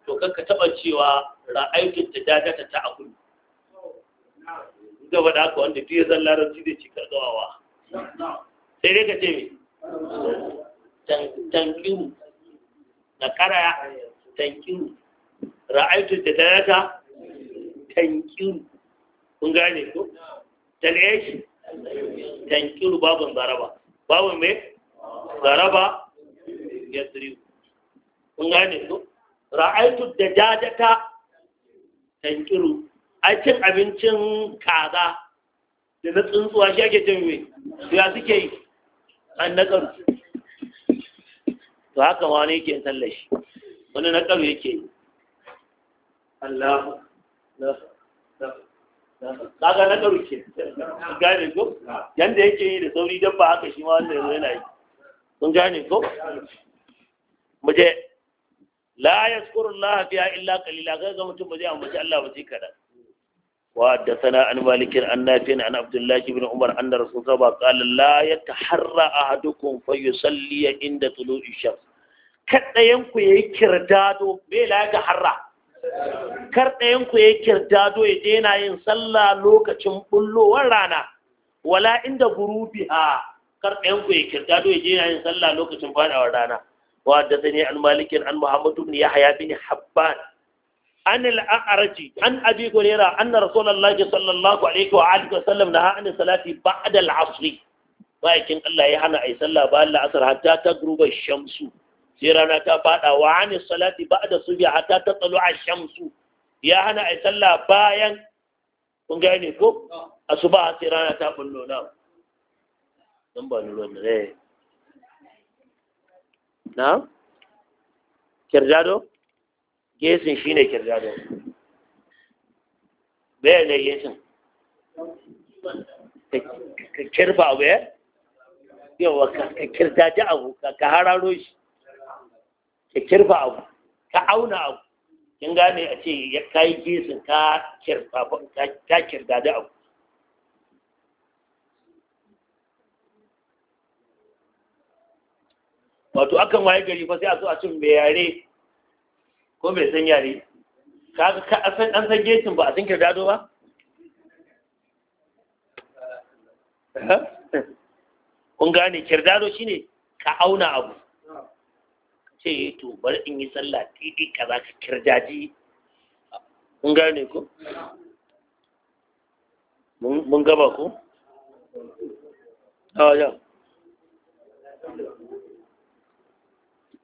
to kanka taba cewa ra'ayin ta dadata ta akulu gaba da ko wanda duk ya zan larabci zai ci kargawawa sai dai ka ce me tankiru na karaya tankiru ra'aitu da dadata tankiru kun gane ko taleshi tankiru babin baraba babin me baraba ya tsiri kun gane ko ra'aitu da jajata tankiru ai cin abincin kaza da na tsuntsuwa shi ake cin me ya suke yi an na karu to haka wani yake sallar wani na karu yake yi Allah kaga na karu ke gane ko yanda yake yi da sauri dabba haka shi ma wanda yana yi Sun gane ko mu je la yazkurullah fiha illa kalila ga ga mutum ba zai ambaci Allah ba zai kada wa sana an malikin an nafi an Abdullahi ibn umar anna rasul sallallahu alaihi wasallam qala la yataharra ahadukum fayusalli inda tulu'i shams kaddayan ku yayi kirdado me la ga harra kar ɗayan ku yayi kirdado ya daina yin sallah lokacin bullowar rana wala inda gurubiha kar ɗayan ku yayi kirdado ya daina yin sallah lokacin fadawar rana وحدثني عن مالك عن محمد بن يحيى بن حبان عن الأعرج عن أبي هريرة أن رسول الله صلى الله عليه وآله وسلم نهى عن الصلاة بعد العصر ولكن الله يهنا أي صلى بعد العصر حتى تغرب الشمس سيرنا تفادا وعن الصلاة بعد الصبح حتى تطلع الشمس يا هنا أي صلى باين kun gane ko asuba sai rana ta bullo na dan ba ni ruwan ne na kirjado gesin shine kirjado bai ne gesin ka kirba abu ya eh? yawa ka kirjaji abu ka hararo shi ka kirba abu ka auna abu kin gane a ce ya yi gesin ka kirdaji abu wato akan waye gari fa sai a zo a cin mai yare ko bai san yare kaga ka an san gecin ba a san kirdado ba kun gane kirdado shine ka auna abu ce eh to bar in yi sallah tidi za ka kirdaji kun gane ko mun gaba ko a wajen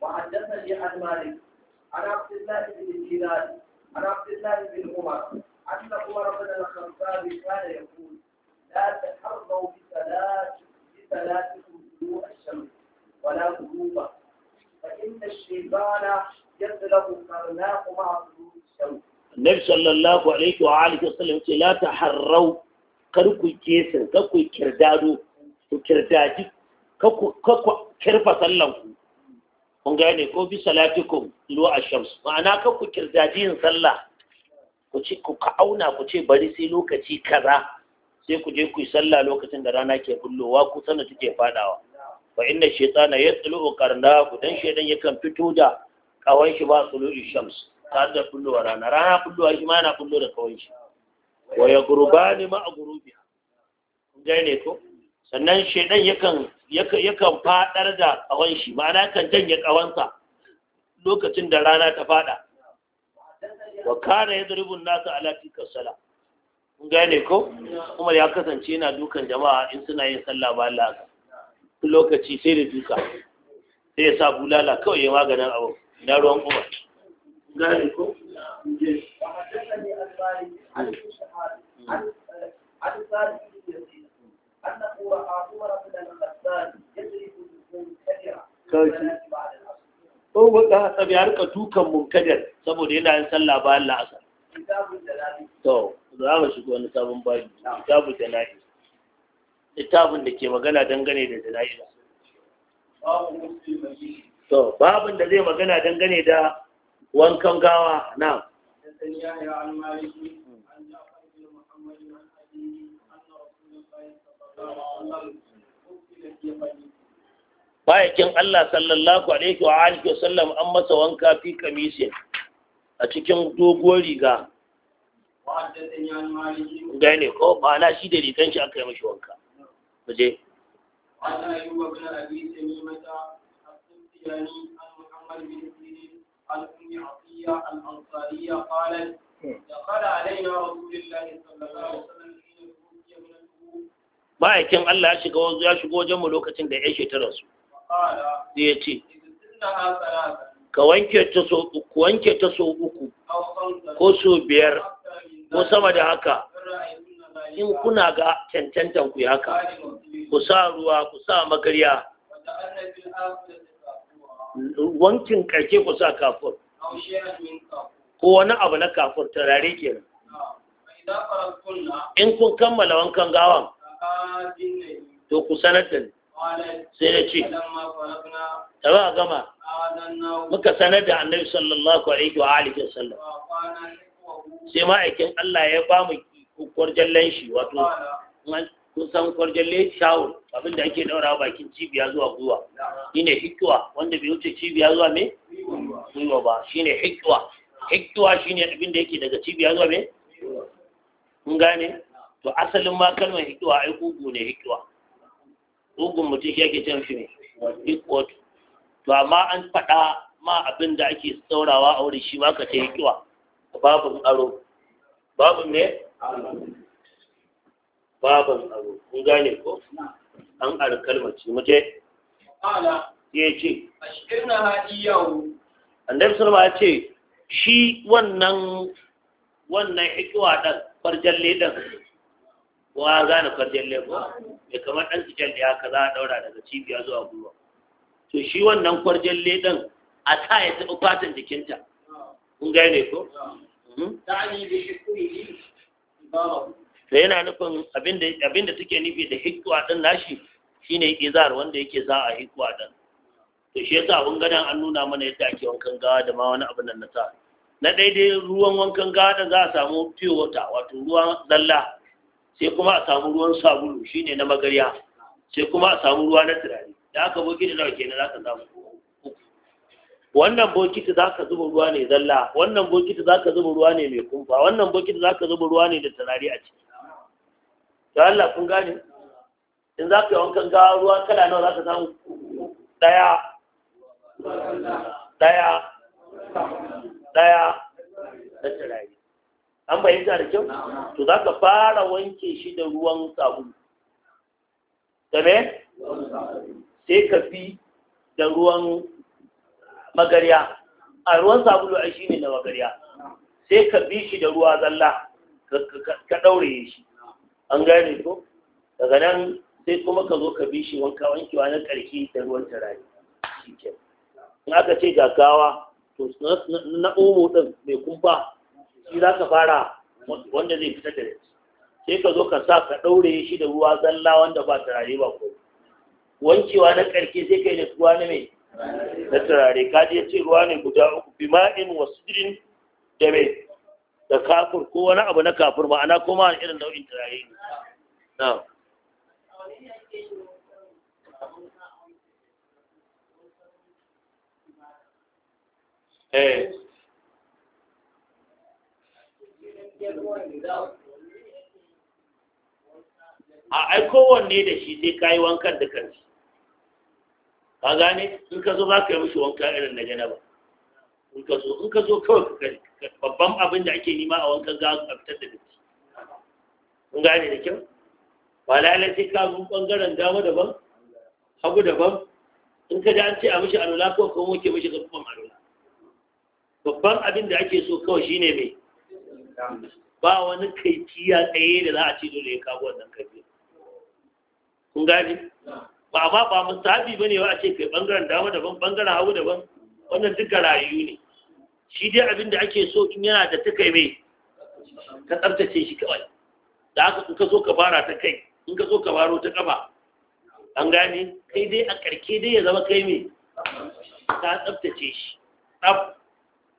وحدثني عن مالك عن عبد الله بن الهلال عن عبد الله بن عمر أن عمر بن الخطاب كان يقول لا تحروا بثلاث بثلاثكم طلوع الشمس ولا غروبها فإن الشيطان يضرب قرناه مع طلوع الشمس النبي صلى الله عليه وآله وسلم لا تحروا karku kesin karku kirdado ku kirdaji karku kirfa sallan kun gane ko bi salatikum lu ashams ma'ana ka ku kirdaji yin sallah ku ce ku ka auna ku ce bari sai lokaci kaza sai ku je ku yi sallah lokacin da rana ke bullowa ku sanar take fadawa fa inna shaytana yatlu qarna ku dan shaydan yakan fito da kawai shi ba tsulu shams ta da bullowa rana rana bullowa shi ma yana bullo da kawai shi wa ya ma a gurubiya kun gane ko sannan shedan yakan yakan fadar da kawon shi ma'ana kan janye kawonsa lokacin da rana ta fada wa kana yadribun nasu ala tilka sala kun gane ko kuma ya kasance yana dukan jama'a in suna yin sallah ba Allah lokaci sai da duka sai ya sa bulala kawai ya maganin abu na ruwan umar gane ko kawai ko wanda hasab har ka dukan munkadir saboda yana yin sallah bayan la'asar to za mu shiga wani sabon babi kitabu jana'i littafin da ke magana dangane da jana'iza to babin da zai magana dangane da wankan gawa na Thank you. bayakin Allah sallallahu alaihi wa alihi wasallam an masa wanka fi kamisin a cikin doguwar riga gane ko ba na shi da rikan shi aka yi mashi wanka waje عن دخل علينا رسول الله صلى الله عليه وسلم ma'aikin Allah ya shiga ya shigo wajen mu lokacin da ya shekara su sai ya ce ka wanke ta so uku wanke ta so uku ko so biyar ko sama da haka in kuna ga cancantan ku haka ku sa ruwa ku sa makarya. wankin karke ku sa kafur ko wani abu na kafur turare kenan in kun kammala wankan gawan to ku sanar da ni sai ya ce da ba gama muka sanar da annabi sallallahu alaihi wa alihi wa sallam sai ma'aikin Allah ya ba mu kwarjallen shi wato kun san kwarjalle shawul abinda ake daura bakin cibiya zuwa gwiwa shine hikwa wanda bai wuce cibiya zuwa me gwiwa ba shine hikwa hikwa shine abinda yake daga cibiya zuwa me kun gane to asalin ma kalmar hikiwa ai gugu ne hikiwa gugun mutum shi yake cin shi ne hikwatu to amma an faɗa ma abin da ake saurawa a wurin shi ma ka ce hikiwa babin aro babin ne babin aro kun gane ko an ari kalmar ce muje ya ce annabi sallama ya ce shi wannan wannan hikiwa ɗan farjalle ɗan kowa gane kwarjan lebo mai kamar ɗan cikin da ya ka za a ɗaura daga cibiya zuwa gwiwa to shi wannan kwarjan leɗen a sa ya taɓa fatan jikinta kun ne ko da mhm. yana nufin abinda take nufi da hikwa ɗin nashi shine izar wanda yake za a hikwa ɗin to shi yasa abin gadon an nuna mana yadda ake wankan gawa da ma wani abin nan na sa na daidai ruwan wankan gawa da za a samu fiye wata wato ruwan zalla sai kuma a samu ruwan sabulu shi ne na magarya sai kuma a samu ruwa na turare da aka bokiti nawa kenan za ka samu wannan bokiti za ka zuba ruwa ne zalla wannan bokiti za ka zuba ruwa ne mai kumfa wannan bokiti za ka zuba ruwa ne da turare a ciki da Allah kun gane in za ka yi wankan gawa ruwa kala nawa za ka samu ɗaya ɗaya ɗaya da turare an bayyanta da kyau to za ka fara wanke shi da ruwan sabulu da sai ka fi da ruwan magarya a ruwan sabulu a ne na magarya sai ka bi shi da ruwa zalla ka ɗaure shi an gane ko daga nan sai kuma ka zo ka bi shi wanka wankewa na ƙarshe da ruwan tarari shi ke in aka ce gaggawa to na umu ɗin mai kumfa shi za ka fara wanda zai fitar da shi sai ka zo ka sa ka ɗaure shi da ruwa zalla wanda ba turare ba ko wancewa na ƙarke sai ka yi da ruwa na mai na turare ka je ce ruwa ne guda uku bi ma'in wasu irin da mai da kafur ko wani abu na kafur ma'ana kuma wani irin nau'in turare ne a ai kowanne da shi sai kayi wankan da kansu ka gane in ka zo za ka yi mishi wanka irin na janaba in ka zo in ka zo kawai ka babban abin da ake nima a wankan za a fitar da dukki In gane da kyau ba lalai sai ka zo bangaren dama daban hagu daban in ka ji an ce a mishi anula ko kuma ke mishi gaban anula babban abin da ake so kawai shine mai ba wani ya tsaye da za a ce dole ya kawo wannan kafi kun gane ba ba ba musabi bane ba a ce kai bangaren dama daban bangaren hagu daban wannan duka rayu ne shi dai abin da ake so in yana da ta kai mai ka tsabtace shi kawai da haka in ka so ka fara ta kai in ka zo ka baro ta kafa an gane kai dai a karke dai ya zama kai mai ka tsabtace shi tsab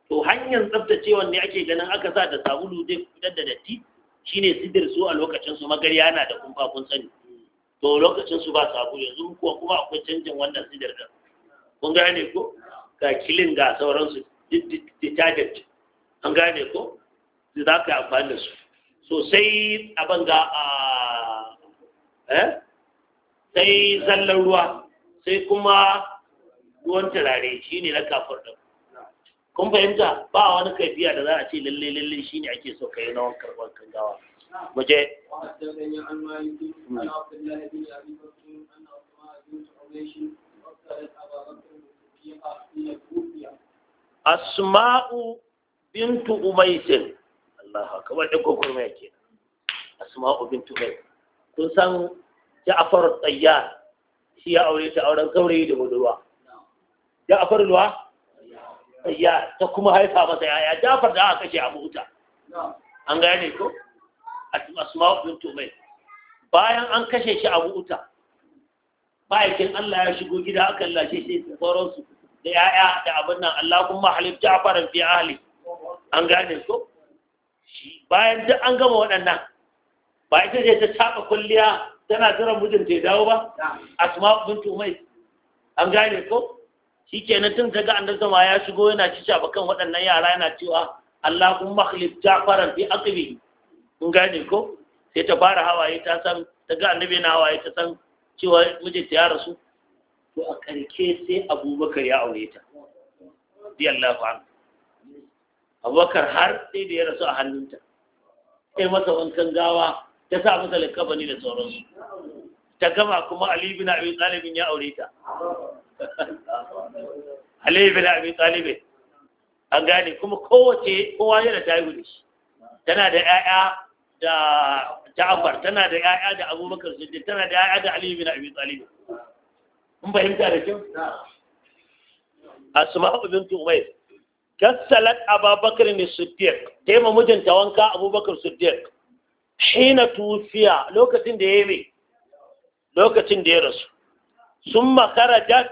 to hanyar tsaftacewan ne ake ganin aka sa da sabulu zai fitar da datti shine sidir su a lokacin su magarya na da kumfa kun sani to lokacin su ba sabulu yanzu kuwa kuma akwai canjin wannan sidir da kun gane ko ga kilin ga sauransu detergent an gane ko su za ka yi amfani da su sosai abin ga a eh? sai zallar ruwa sai kuma ruwan turare shine na kafin ku. kun fahimta ba wani kaifiya da za a ce lalle lalle shi ne ake so kai na wani wankan gawa waje asma'u bintu umaisin Allah kamar da kokurma yake asma'u bintu mai kun san ja'far tsayyar shi ya aure ta auren saurayi da budurwa ja'far luwa ya ta kuma haifa masa yaya jafar da aka kashe a mota an gane ko asma bin tumai bayan an kashe shi a mota ma'aikin Allah ya shigo gida aka lashe shi da sauransu da yaya da abin nan Allah kun ma halif jafar fi ahli an gane ko bayan duk an gama waɗannan ba ita ce ta saba kulliya tana jiran mijinta ya dawo ba asma bin tumai an gane ko shikenan tun kaga annabi sama ya shigo yana ci a bakan waɗannan yara yana cewa Allahumma ta Ja'faran fi bi in gane ko sai ta fara hawaye ta san daga annabi na hawaye ta san cewa ta ya rasu to a karke sai abubakar ya aure ta radiyallahu anhu abubakar har sai da ya rasu a hannunta sai masa wankan gawa ta sa masa likabani da sauransu ta gama kuma ali bin abi ya aure ta Ali bin Abi Talib an gane kuma kowace kowa yana ta yi shi tana da ya'ya da Ja'far tana da ƴaƴa da Abubakar Siddiq tana da ƴaƴa da Ali bin Abi Talib mun fahimta da kyau Asma'u bint Umayr kassalat Abubakar ne Siddiq ma mijinta wanka Abubakar Siddiq Shina tufiya lokacin da ya yi lokacin da ya rasu sun makarajat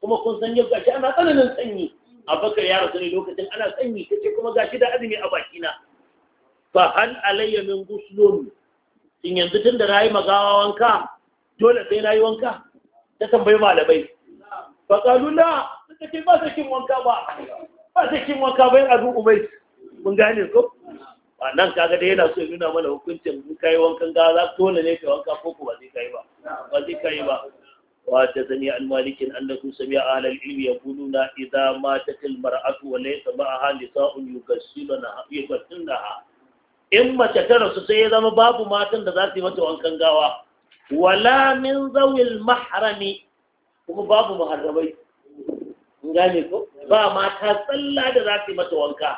kuma kun san yau gashi ana tsananin sanyi bakar ya rasu ne lokacin ana sanyi ce kuma gashi da azumi a bakina fa hal alayya min guslun in yanzu tun da nayi magawa wanka dole sai nayi wanka ta tambayi malamai fa qalu la suka ce ba sakin wanka ba ba sakin wanka ba azu umai mun gane ko nan kaga da yana so nuna mana hukuncin kai wankan gaza dole ne kai wanka ko ba zai kai ba ba zai kai ba وحدثني عن مالك أنه سمع أهل العلم يقولون إذا ماتت المرأة وليس معها نساء يغسلنها يغسلنها in mace ta rasu sai ya zama babu matan da za su yi mata wankan gawa wala min zawil mahrami kuma babu muharramai ko ba mata tsalla da za su yi mata wanka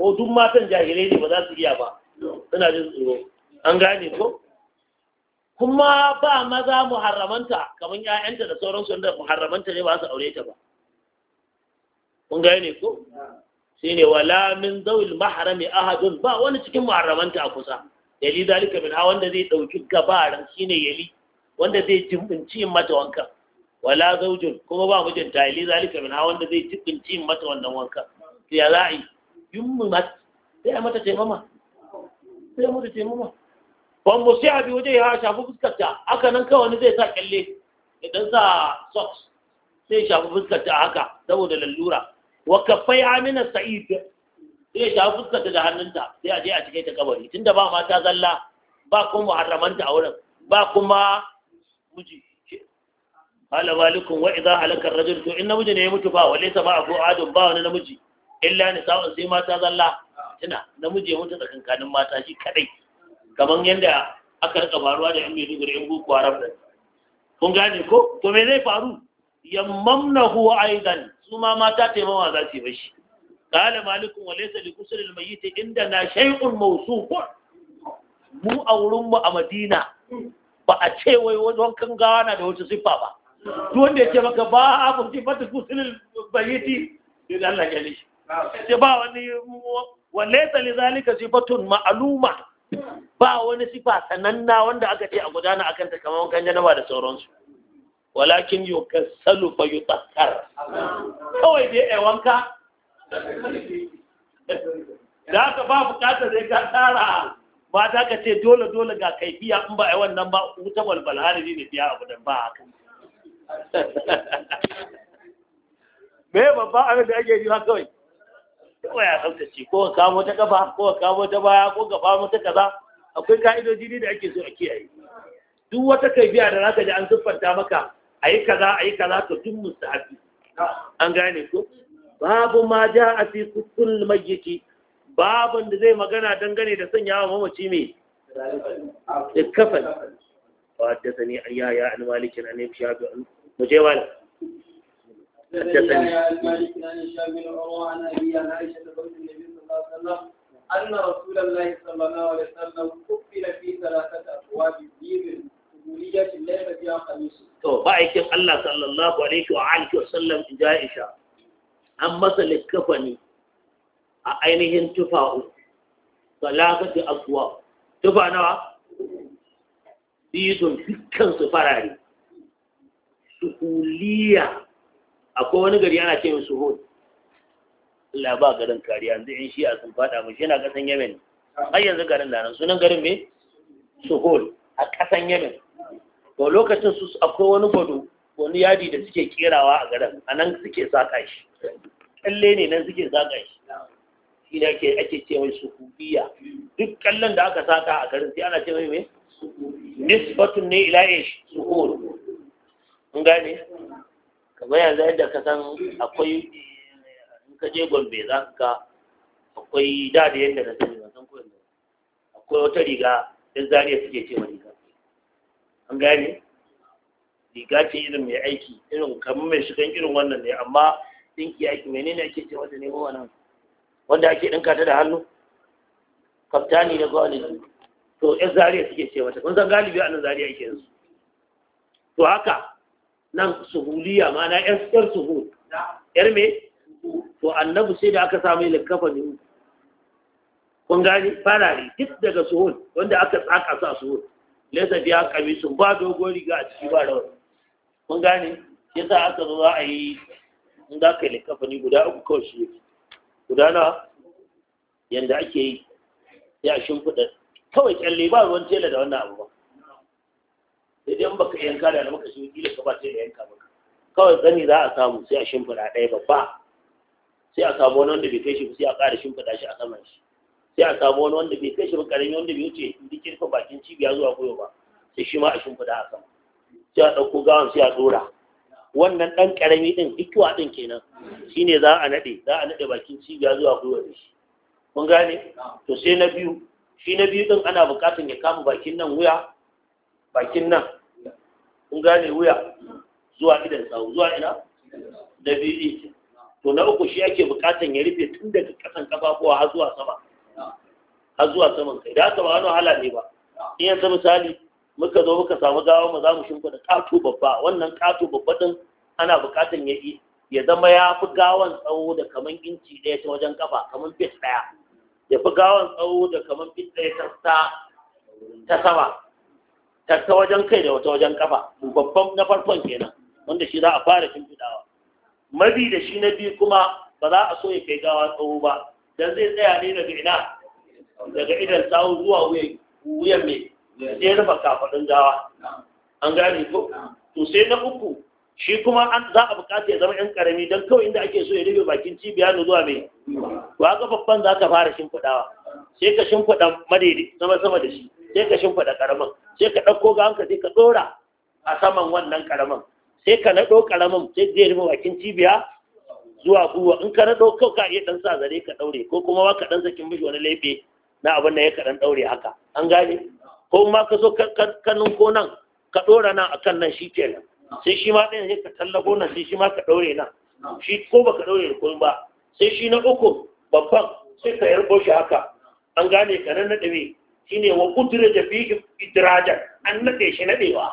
ko duk matan jahilai ne ba za su iya ba suna jin kuma ba maza muharramanta kamar ‘ya'yanta da sauransu da muharramanta ne ba su aure ta ba kun gaya ne ko shi ne wala min zawil maharami ahadun ba wani cikin muharramanta a kusa yali zalika min ha wanda zai ɗauki gabaran ne yali wanda zai jimbinci mata wanka. wala zaujun kuma ba mijinta yali zalika min ha wanda zai jimbinci mata wannan wanka. ya za a yi yun mu sai a mata mama. sai a mata taimama wan musi abi waje ya shafi fuskarta haka nan kawai zai sa kyalle idan sa socks sai shafi fuskarta haka saboda lallura wa kaffai amina sa'id sai shafi fuskarta da hannunta sai a je a cike ta kabari tunda ba mata zalla ba kuma muharramanta a wurin ba kuma miji ala walikum wa idza halaka ar-rajul to in namiji ne ya mutu ba walaysa ba abu adam ba wani namiji illa nisa'un sai mata zalla tuna namiji ya mutu tsakankanin mata shi kadai kamar yadda aka rika faruwa da yan maiduguri yan boko haram da kun gane ko to me zai faru huwa aidan su ma mata taimawa za su yi bashi قال kusur وليس inda na shaikun mausu ko. mu a wurinmu a madina ba a ce wai wankan gawa na da wata siffa ba duk wanda ya ce maka ba a kurci fata kusurin bayiti sai da Allah ya lishi ba wani wallaisa li zalika sifatun ma'aluma ba wani sifa sananna wanda aka ce a gudana a kanta kamar wankan janaba da sauransu walakin ba yi tsakar kawai dai ai wanka da aka ba bukata zai ka tsara ba ta ka ce dole dole ga kaifiya in ba a wannan ba wuta walbal hali ne biya abu da ba haka me babba abin da ake yi kawai kawai a tsaftace ko kamo ta kafa ko kamo ta baya ko gaba ta kaza akwai ka'idoji ne da ake so a kiyaye duk wata kaifiya da za ka ji an siffanta maka a yi kaza yi kaza to tun mustahabi an gane ko babu ma ja a fi kusul mayyiti babun da zai magana dangane da sanya wa mamaci mai da kafan wadda sani an yaya an malikin an yi shafi an muje wani حدثني عن أن رسول الله صلى الله عليه وسلم كفر في ثلاثة أبواب دير قبولية ليس فيها قميص. تو بايكن الله صلى الله عليه وآله وسلم جائشة an masa likkafani a ainihin tufa'u salatati aswa tufa nawa biyun dukkan su farare suhuliya akwai wani gari ana ce suhud Allah ba garin kariya yanzu in a sun fada shi yana kasan yemen har yanzu garin da nan sunan garin me Suhul a kasan yemen to lokacin su akwai wani gwado wani yadi da suke kerawa a garin anan nan suke saƙa shi kalle ne nan suke saƙa shi shi ne ake ake ce mai suhubiya duk kallon da aka saka a garin sai ana ce mai me nisbatun ne ila ish suhul mun gane kamar yanzu yadda ka san akwai ka je gombe za ka akwai da da yadda na sani ban san ko yanzu akwai wata riga ɗan zariya suke ce riga an gane riga ce irin mai aiki irin kamar mai shigan irin wannan ne amma ɗinki aiki mai menene ake ce wata ne ko nan wanda ake ɗinka ta da hannu kaftani da kwaliki to yan zariya suke ce mata kun san galibi a nan zariya ake yanzu to haka nan suhuliya ma na ƴar suhul yar me to annabi sai da aka samu likafa ne kun gani farare duk daga suhul wanda aka tsaka sa suhul laisa biya sun ba dogon riga a ciki ba rawar kun gane yasa aka zo za a yi in za ka yi likafa ne guda uku kawai shi yake guda na yanda ake yi ya shimfiɗa kawai kyalle ba ruwan tela da wannan abu ba sai dai in baka yanka da almakashi shi kila ka ba tela yanka maka kawai zani za a samu sai a shimfiɗa ɗaya babba sai a samu wani wanda bai kai shi ba sai a ƙara shimfiɗa shi a saman shi sai a samu wani wanda bai kai shi ba ƙarami wanda bai wuce duk kirfa bakin cibiya zuwa koyo ba sai shi ma a shimfiɗa a sama sai a ɗauko gawan sai a ɗora wannan ɗan ƙarami ɗin ikiwa ɗin kenan shine za a naɗe za a naɗe bakin cibiya zuwa koyo da shi kun gane to sai na biyu shi na biyu ɗin ana buƙatar ya kama bakin nan wuya bakin nan kun gane wuya zuwa idan tsawo zuwa ina da biyu ɗin to na uku shi ake bukatan ya rufe tun daga kasan kafafuwa har zuwa sama har zuwa saman kai da haka ba wani wahala ne ba in yanzu misali muka zo muka samu gawa mu za mu da ƙato babba wannan ƙato babba din ana bukatan ya yi ya zama ya fi gawan tsawo da kaman inci ɗaya ta wajen kafa kaman fit ɗaya ya fi gawan tsawo da kaman fit ɗaya ta ta sama ta wajen kai da wata wajen kafa babban na farkon kenan wanda shi za a fara shimfiɗawa mabi da shi na biyu kuma ba za a so ya kai gawa tsawo ba don zai tsaya ne daga ina daga idan tsawo zuwa wuyan mai sai rufa kafaɗin gawa an gane ko to sai na uku shi kuma an za a bukata ya zama yan karami don kawai inda ake so ya rufe bakin cibiya na zuwa mai ba ga babban za ka fara shimfiɗawa sai ka shimfiɗa madaidai sama sama da shi sai ka shimfiɗa karamin sai ka ɗauko ga hankali ka ɗora a saman wannan karamin sai ka naɗo ƙaramin sai zai rufe bakin cibiya zuwa gwiwa in ka naɗo kau ka iya ɗan sa zare ka ɗaure ko kuma ma ka ɗan sakin mishi wani laifi na abin da ya ka ɗan ɗaure haka an gane ko ma ka so ka ninko nan ka ɗora nan akan nan shi nan sai shi ma ɗaya sai ka tallafo nan sai shi ma ka ɗaure nan shi ko ka ɗaure da kun ba sai shi na uku babban sai ka yarko shi haka an gane ka nan naɗe shi ne wa kudura da fi idirajar an naɗe shi naɗewa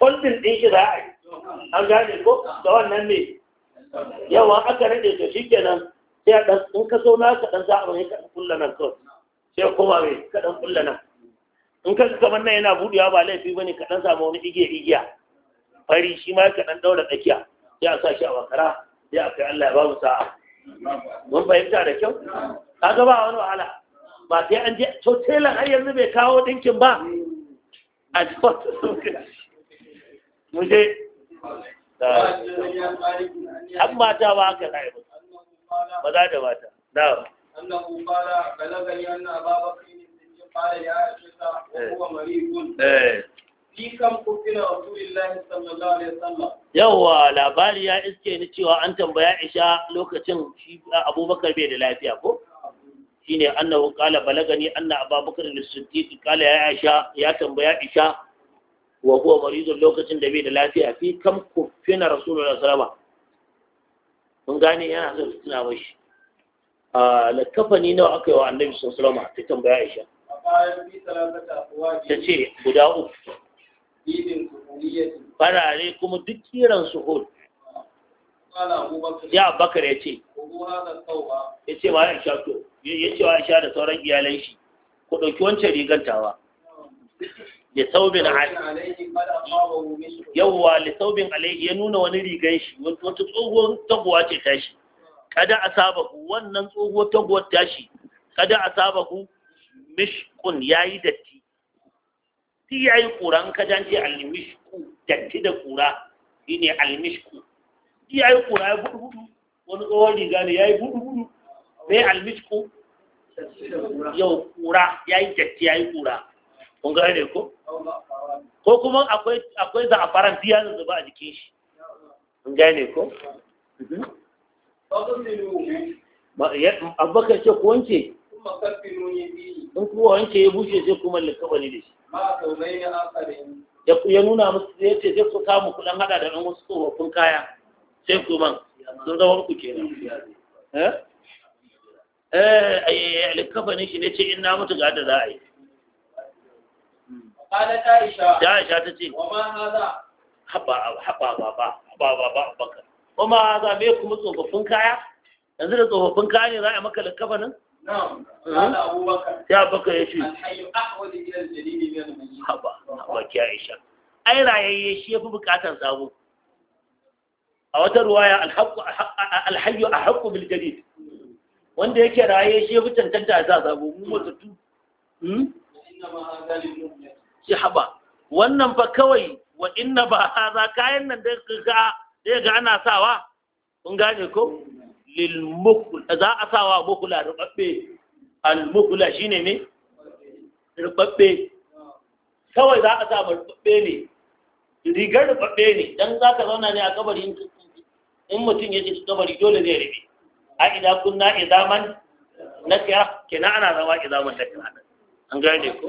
kundin ɗin shi za a yi an gane ko da wannan ne yawa aka rage ta shi kenan sai a ɗan in ka so na ka ɗan za a kaɗan kulla nan kawai sai kuma mai kaɗan kulla nan in ka kamar nan yana buɗewa ba laifi ba ne ka ɗan samu wani igiya igiya fari shi ma ka ɗan ɗaura tsakiya sai a sa shi a makara sai a kai Allah ya ba mu sa'a mun fahimta da kyau kaga ba wani wahala ba sai an je to telan har yanzu bai kawo ɗinkin ba a mu an mata ba aka na yi ba za da mata na أنه قال labari ya iske ni cewa an tambaya isha lokacin shi abubakar bai da lafiya ko shine annahu qala balagani anna abubakar as-siddiq qala ya isha ya tambaya isha wa huwa marizun lokacin da bai da lafiya fi kam kufina rasulullah sallallahu mun gane yana son su tuna mashi a lakafani nawa aka yi wa annabi sallallahu alaihi wasallam ta tambaya Aisha ta ce guda uku farare kuma duk kiran su suhud ya bakar ya ce ya ce wa aisha to ya ce wa aisha da sauran iyalan shi ku ɗauki wancan rigantawa lisaubin yawwa lisaubin alaihi ya nuna wani rigan shi wata tsohuwar taguwa ce tashi kada asabahu wannan tsohuwar taguwar tashi kada asabahu mishkun yayi datti ti yayi kura in ka janje almishku datti da kura shine almishku ti yayi kura ya budu budu wani tsohon riga ne yayi budu budu me almishku yau kura yayi datti yayi kura kun gane ko ko kuma akwai za a faran biya da zuba a jikin shi kun gane ko abubakar ce ko wance in kuwa wance ya bushe sai kuma likawa ne da shi ya nuna musu ya ce zai ku mu kuɗin hada da ɗan wasu tsofaffin kaya sai ku man sun zama ku ke nan eh eh alikafa ne shi ne ce in na mutu ga da za a yi قالت Aisha. يا عائشة تتي وما هذا حبا حبا بابا حبا بابا بكر وما هذا ميكم yanzu da tsofaffin kaya ne za a maka lakafa nan? Ya baka ya ce. Haba, haba Aisha. Ai rayayye shi ya fi bukatar sabo. A wata ruwaya alhayyu a haƙƙu bil jadid. Wanda yake raye shi ya fi cancanta a sabo mu mutattu. ce haba wannan fa kawai wa inna ba haza kayan nan da ga da ga ana sawa kun gane ko lil mukul za a sawa mukula rubabbe al mukula shine ne rubabbe kawai za a sa rubabbe ne rigar rubabbe ne dan ka zauna ne a kabari in mutum ya ce kabari dole zai rubi a idan kunna idaman nakira kenan ana zama idaman nakira an gane ko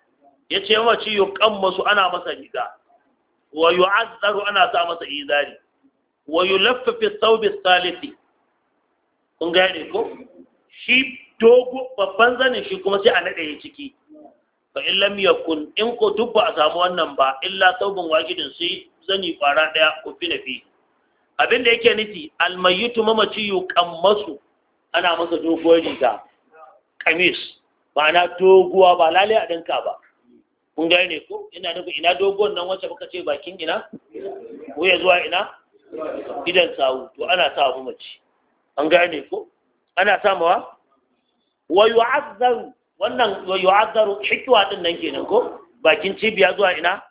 ya ce mace yi masu ana masa riga wa yi ana sa masa izari wa yi laffafi saubis salifi kun gane ko shi dogo babban zanin shi kuma sai a naɗa ya ciki Ba illam kun in ko dubba a samu wannan ba illa saubin su yi zani kwara daya ko fi na abin da yake nufi almayitu mamaci masu ana masa dogon riga kamis ba na doguwa ba lalai a ɗinka ba kun ne ko ina nufin ina dogon nan wacce muka ce bakin ina ko ya zuwa ina idan sawu to ana sa mu mace an ne ko ana samawa wa yu'azzaru wannan wa yu'azzaru hikwa din nan kenan ko bakin cibiya zuwa ina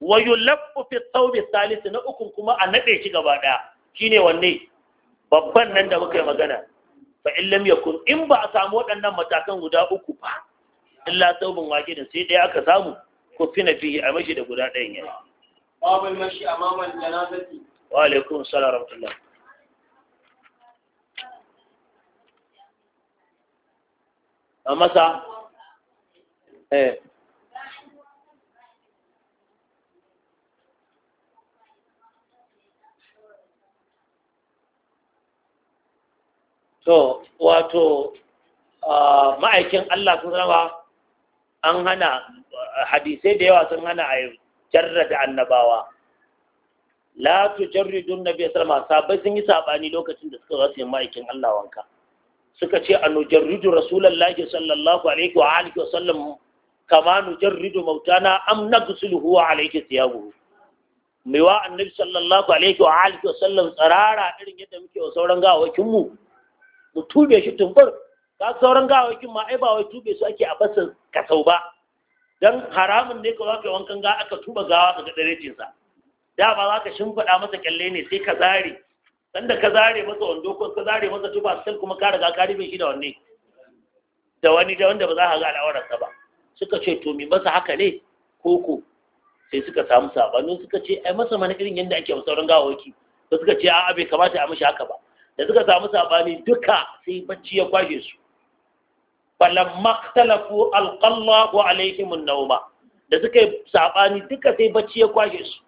wa yulaqqu fi thawbi thalith na ukun kuma a nade shi gaba daya shine wanne babban nan da muka yi magana fa illam yakun in ba a samu waɗannan matakan guda uku ba illa wake wakilin sai ɗaya aka samu ko fina fi a mashi da guda ɗayan yana babul mashi a maman janazati wa alaikum salam rahmatullah a masa eh to wato ma'aikin Allah sun zama an hana hadisai da yawa sun hana a jarrada annabawa la tu jarridu nabi sallama sabai sun yi sabani lokacin da suka zasu yi ma'aikin Allah wanka suka ce anu jarridu rasulullahi sallallahu alaihi wa alihi wasallam kama nu jarridu mautana am nagsuluhu alaihi thiyabuhu mai wa annabi sallallahu alaihi wa alihi wasallam tsarara irin yadda muke wa sauran gawakin mu mu tube shi tumbar ka sauran gawakin ma ai ba wai tube su ake a fasa kasau ba dan haramun ne ka za ka wankan ga aka tuba gawa ka ga darejin sa da ba za ka shimfiɗa masa kyalle ne sai ka zare sanda ka zare masa wando ko ka zare masa tuba sai kuma ka riga ka rufe shi da wanne da wani da wanda ba za ka ga sa ba suka ce to mi masa haka ne koko sai suka samu sabanin suka ce ai masa mana irin yadda ake sauran gawawaki da suka ce a'a bai kamata a mishi haka ba da suka samu sabani duka sai bacci ya kwashe su falan maktalafu alƙalla wa alaihimun nauma da suka yi saɓani duka sai bacci ya kwashe su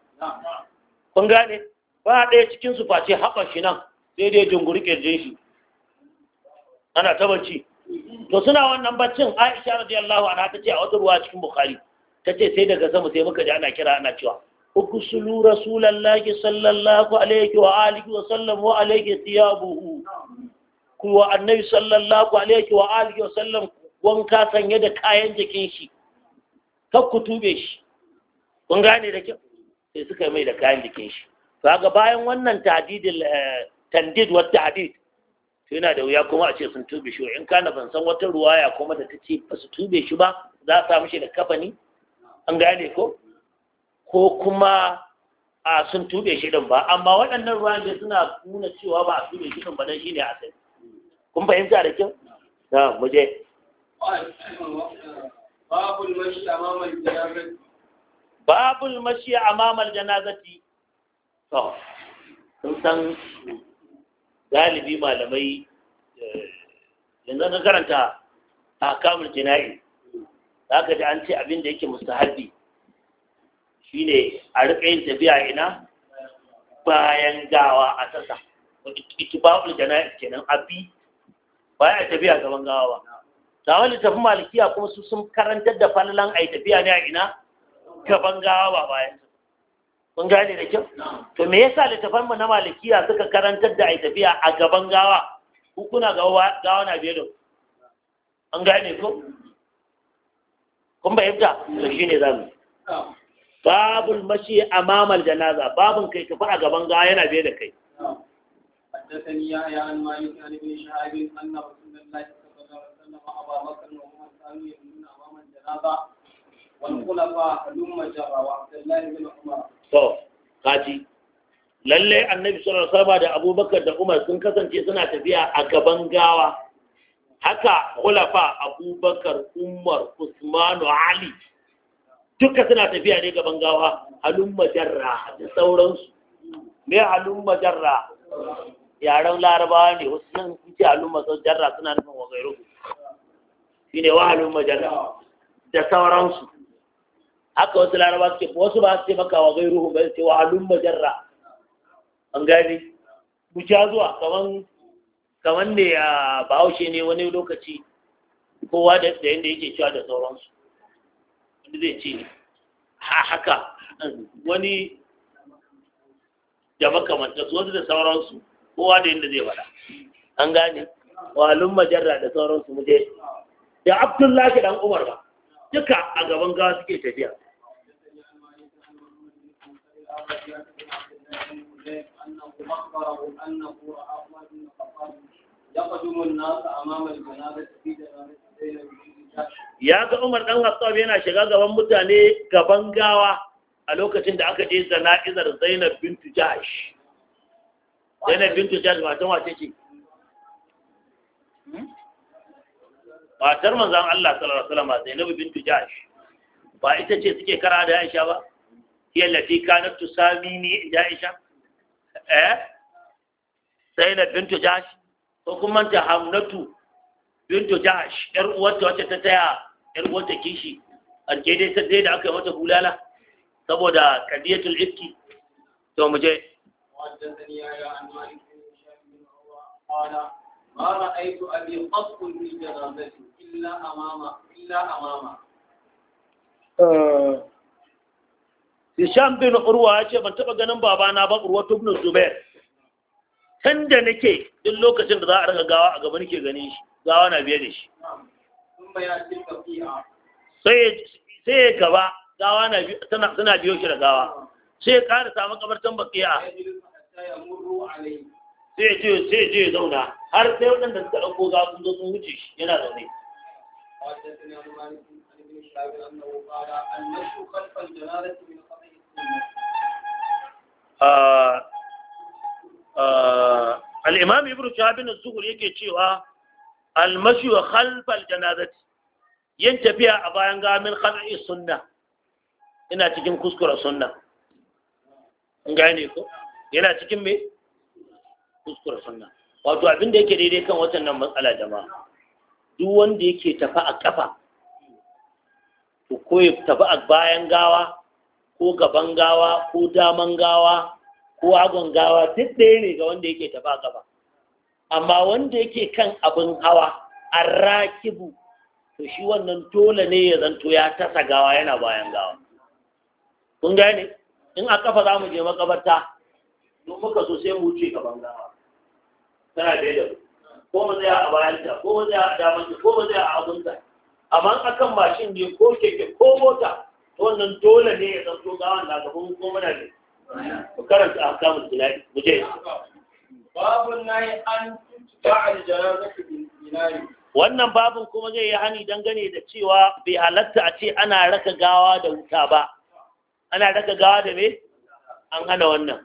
kun gane ba ɗaya cikin su face haɓa shi nan sai dai junguri ƙirjin shi ana ta bacci to suna wannan baccin aisha radiyallahu anha ta ce a wata ruwa cikin bukhari ta ce sai daga sama sai muka ji ana kira ana cewa ukusulu rasulallahi sallallahu alaihi wa alihi wa sallam wa alaihi tiyabuhu kuwa annabi sallallahu alaihi wa alihi wasallam wanka sanye da kayan jikin shi kar ku tube shi kun gane da kyau sai suka yi mai da kayan jikin shi kaga bayan wannan tadidil eh, tandid wa tadid to yana da wuya kuma a ce sun tube shi in kana ban san wata ruwaya kuma da tace ba su tube shi ba za a samu shi da kafani an gane ko ko kuma a sun tube shi din ba amma waɗannan ruwayan suna nuna cewa ba a tube shi din ba dan shine asali kun fahimta da kyau na muje babul mashi a mamar janazati to sun san galibi malamai eh, yanzu na karanta a kamar jina'i za ka ji an ce abin da yake mustahabi shine a riƙa yin tafiya ina bayan gawa a sassa ita babul jana'i kenan abi ba ya tafiya gaban gawa ba ta wani tafi malikiya kuma su sun karantar da falalan a yi tafiya ne a ina gaban gawa ba bayan mun gane da kyau to me yasa littafan mu na malikiya suka karantar da a yi tafiya a gaban gawa hukuna gawa gawa na biye da an gane ko kun fahimta to shine zamu babul mashi amamal janaza babun kai tafi a gaban gawa yana biye da kai حدثني يحيى عن مالك عن ابن شهاب ان رسول الله صلى الله عليه وسلم ابا بكر وعمر كانوا يمنون امام الجنابه والخلفاء هلم جرى وعبد الله بن عمر. قاتي lalle annabi sallallahu alaihi wasallam da abubakar da umar sun kasance suna tafiya a gaban gawa haka khulafa abubakar umar usmanu ali duka suna tafiya ne gaban gawa halumma jarra da sauransu me halumma jarra yaren larabawa ne wasu nan sun ce halin jarra suna nufin wa gairu shi ne wa alumma jarra? da sauransu haka wasu laraba suke wasu ba su ce maka wa gairu ba su ce wa alumma jarra an gane buca zuwa kaman kaman a ya bahaushe ne wani lokaci kowa da yadda yake cewa da sauransu wanda zai ce Ha haka wani da makamantarsu wasu da sauransu kowa da yadda zai faɗa an gane walun majarra da sauransu mu je da abdullahi dan umar ba duka a gaban gawa suke tafiya ya ga umar dan hattab yana shiga gaban mutane gaban gawa a lokacin da aka je zana'izar zainab bintu jahash wà bintu wà matan wace ce? Matar zan hmm? Allah sallallahu alaihi wasallam Zainab bintu Jahsh ba ita ce suke kara da Aisha ba? Hiya lati kanat tusamini da Aisha? Eh? Zainab bintu Jahsh ko kuma ta Hamnatu bintu Jahsh yar uwarta wacce ta taya yar uwarta kishi alke dai sai da aka yi mata hulala, saboda kadiyatul iski to mu je وحدثني يا عن مالك بن هشام قال ما قط في Hisham bin Urwa ya ce ban taɓa ganin babana ba Urwa ibn Zubair can da nake duk lokacin da za a raka gawa a gaba nake gani, shi gawa na biye da shi sai ya gaba gawa na suna biyo shi da gawa sai ya ƙara samu kabartan bakiya sai je sai je zauna har sai waɗanda suka dauko za su zo sun wuce shi yana zaune al'imam Ibrahim shahabin zuhur yake cewa almashi wa khalfal janazati yin tafiya a bayan gamin khana'i sunna ina cikin kuskura sunna gane ko yana cikin mai kuskure sunna wato abinda yake daidai kan watan nan matsala jama'a duk wanda yake tafi a kafa ko ya tafi a bayan gawa ko gaban gawa ko daman gawa ko agon gawa duk ɗaya ne ga wanda yake tafi a kafa amma wanda yake kan abin hawa arrakibu to shi wannan dole ne ya zanto ya tasa gawa yana bayan gawa kun gane in a kafa za mu je makabarta in muka so sai mu wuce gaban bangawa tana da yadda ko mu tsaya a bayanta ko mu tsaya a ta, ko mu tsaya a abunta amma akan mashin ne ko keke ko mota wannan dole ne ya zanto gawan na gaban ko muna ne ku karanta a kamun tunani mu je babun nayi an ba'al janazatu bil jinani wannan babun kuma zai yi hani dangane da cewa bai halatta a ce ana raka gawa da wuta ba ana raka gawa da me an hana wannan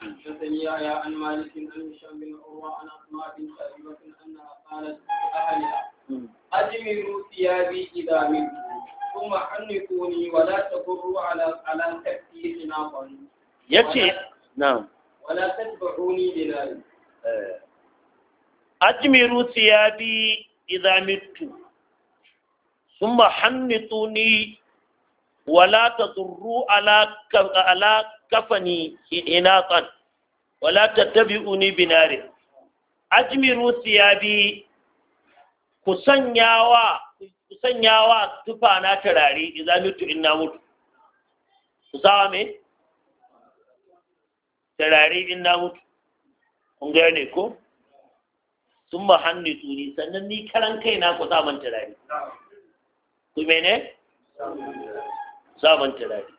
حدثني يحيى عن مالك عن هشام بن عروه عن اسماء بنت ابي انها قالت لاهلها اجملوا ثيابي اذا مت ثم حنكوني ولا تقروا على على كتفي خناقا يتي نعم ولا تتبعوني بلال أجمروا ثيابي إذا مت ثم حنطوني ولا تضروا على على kafani inaqan wala ni tattabi'uni binarin ajmiru siyabi ku sanyawa ku sanyawa tufana tarare idza mutu inna mutu ku sawa me tarare inna mutu kun ga ne ko Tumma hannu tuni sannan ni karan kaina ku sa man tarare ku mene sa man tarare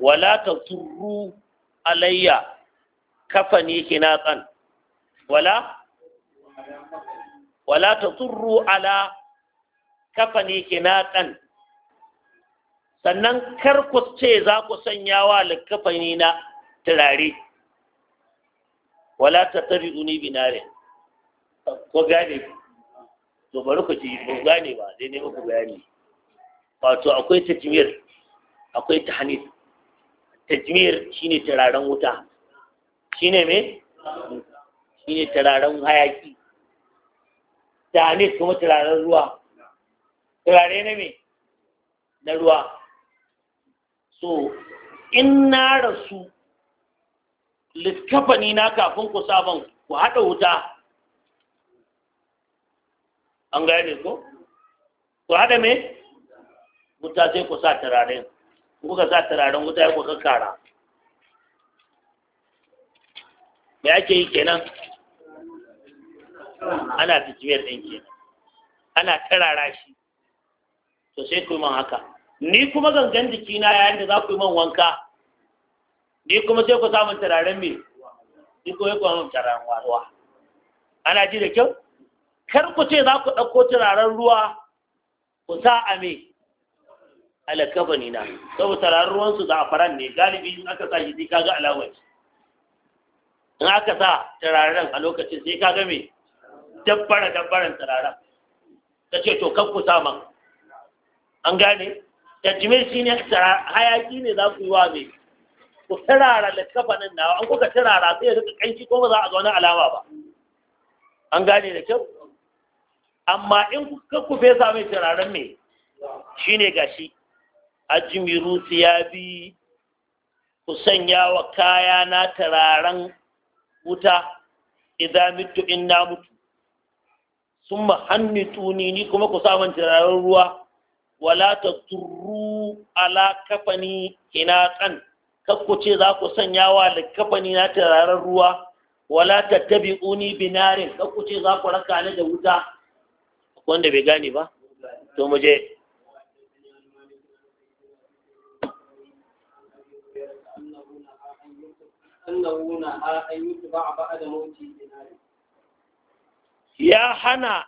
wala ta turu alayya kafani tsan wala wala ta turu ala kafani tsan sannan kar ku ce za ku sanya wa likafani na turare wala ta tari uni binare ko gane to bari ku ci ko gane ba dai ne ku bayani wato akwai tajmir akwai tahnid tajmir shine turaren wuta shine me shine turaren hayaki tanis kuma turaren ruwa turare ne me na ruwa so in na rasu litkafani na kafin ku saban ku haɗa wuta an gane ko ku haɗa me wuta sai ku sa turaren kuka sa turaren wuta ya kuka kara me ake yi kenan ana tijiyar ɗin kenan ana tarara shi to sai ku man haka ni kuma gangan na yayin da za ku yi man wanka ni kuma sai ku samun turaren me ni kuma ku samun turaren waruwa ana ji da kyau kar ku ce za ku ɗauko turaren ruwa ku sa a me alakabani na saboda tararin ruwansu za a faran ne galibi in aka sa shi sai kaga alawar in aka sa tararen a lokacin sai kaga me dabbara dabbaran tararen ta ce to kan ku saman an gane tajmir shi ne hayaki ne za ku yi wa me ku tarara lakafanin nawa an kuka tarara sai ya rika kanki ko ba za a ga wani alama ba an gane da kyau amma in kuka ku fesa mai tararen me shine gashi ya thiyabi ku sanya wa kaya na turaren wuta idan mutu in na mutu sun hannu tuni ni kuma ku samun turaren ruwa wala ta turu ala kafani hinatsan kakku ce za ku sanya wa kafani na turaren ruwa wala ta tabi uni binarin kakku ce za ku raka ni da wuta wanda bai gane ba to mu ya hana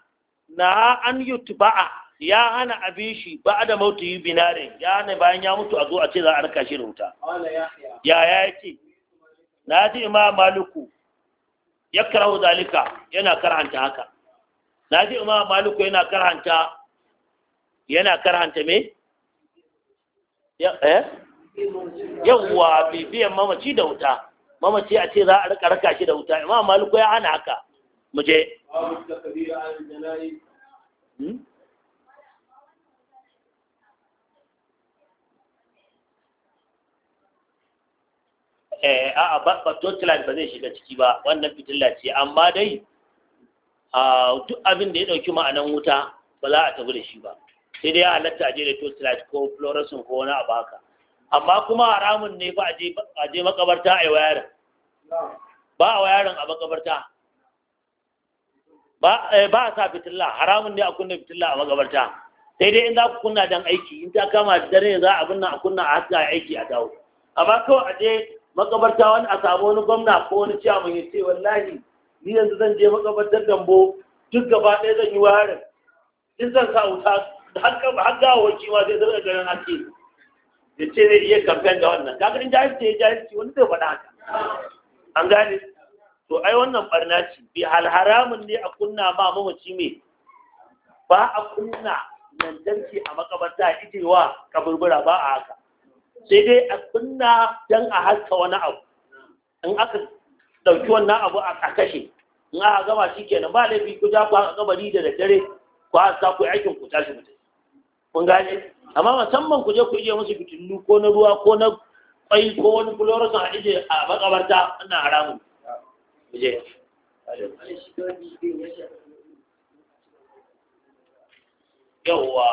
na an yutba ya hana abin shi ba'da yi binarin ya hana bayan ya mutu a zo a ce za a raka shi da wuta ya ya ce? na ji ima maluku ya karahu zalika yana karanta haka na ji ima maluku yana karanta yana karanta me yawwa bibiyan mamaci da wuta mamaci a ce za a rika raka shi da wuta imam maliku ya hana haka muje je hmm? eh, a'a ba torchlight ba zai shiga ciki ba wannan fitilla ce amma dai duk abin da ya ɗauki ma'anan wuta ba za a tafi da shi ba sai dai halatta a je da torchlight ko fluorescent ko wani abu haka amma kuma haramun ne ba a je makabarta a yi wayar ba wa yaron a makabarta eh, ba a sa fitilla haramun ne a kunna fitilla a magabarta sai dai in za ku kunna dan aiki in ta kama da dare za a binna a kunna a haska aiki a dawo amma kawai a je makabarta wani a samu wani gwamna ko wani ciya mai ce wallahi ni yanzu zan je makabartar dambo duk gaba ɗaya zan yi wayarin in zan sa wuta har gawarki ma zai zarga ganin haske ya ce zai iya kamfen da wannan kaga in jahilci ya jahilci wani zai faɗa haka an gane to ai wannan barna ce bi hal haramun ne a kunna ma mamaci me ba a kunna lantarki a makabarta itewa kaburbura ba a haka sai dai a kunna dan a haska wani abu in aka dauki wannan abu a kashe in aka gama shi kenan ba laifi ku ja ku a kabari da daddare ku sa ku aikin ku tashi mutum kun gane amma musamman ku je ku ije musu fitilu ko na ruwa ko na ƙwai ko wani kulorosin a haɗe a makabarta na haramun je yawwa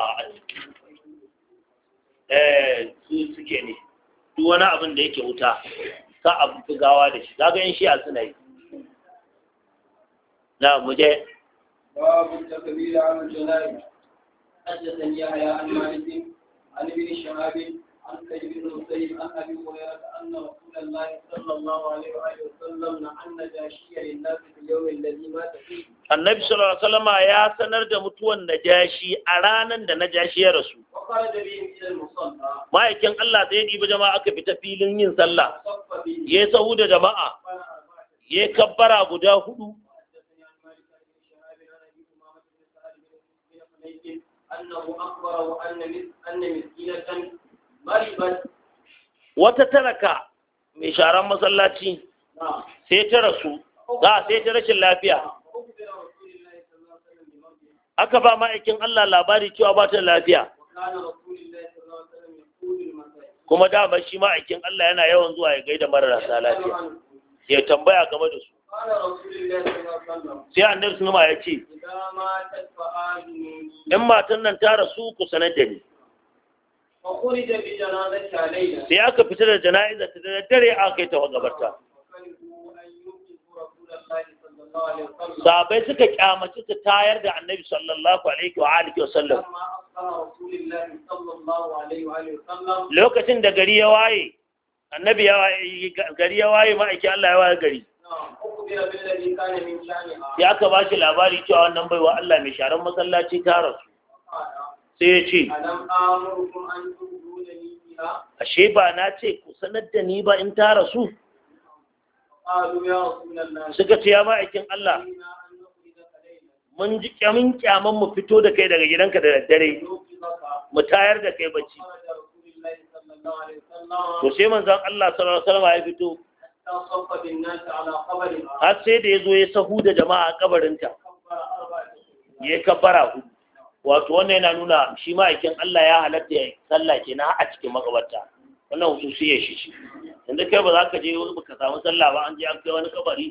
eh su suke ne duk wani abin da yake wuta ka a fi gawa da shi zaga yin shi'a suna yi na muje babu na yi ajiyar حدثني haya an مالك an ابن شهاب عن عن ابي هريره ان رسول الله صلى الله عليه واله وسلم للناس في اليوم الذي مات فيه annabi sallallahu alaihi wasallam ya sanar da mutuwan najashi a ranar da najashi ya rasu ma'aikin Allah sai dibi jama'a aka fita filin yin sallah ya sahu da jama'a ya kabbara guda hudu أنه أن مسكينة wata taraka mai sharan masallaci sai ta rasu za sai ta rashin lafiya aka ba ma'aikin Allah labari cewa ba ta lafiya kuma dama shi ma'aikin Allah yana yawan zuwa ya gaida mararasa lafiya ya tambaya game da su sai annabi sun ya ce in matan nan ta rasu ku sanar da ni sai aka fita da jana'iza ta da dare aka kai ta gabarta Sabai suka kyamaci ta tayar da annabi sallallahu alaihi wa alihi wasallam lokacin da gari ya waye annabi ya waye gari ya waye ma'aiki Allah ya waye gari ya ka ba shi labari cewa wannan baiwa Allah mai sharan masallaci ta rasu sai ya ce ashe ba na ce ku sanar da ni ba in ta rasu suka ce ya ma'aikin Allah mun ji kyamin kyaman mu fito da kai daga gidanka da daddare mu tayar da kai bacci to sai manzan Allah sallallahu ya fito har sai da ya zo ya sahu da jama'a kabarinta ya kabbara hudu wato wannan yana nuna shi ma'aikin Allah ya halatta ya sallah ke na a cikin makabarta wannan hususi ya shi shi yanzu kai ba za ka je ka samu sallah ba an je an kai wani kabari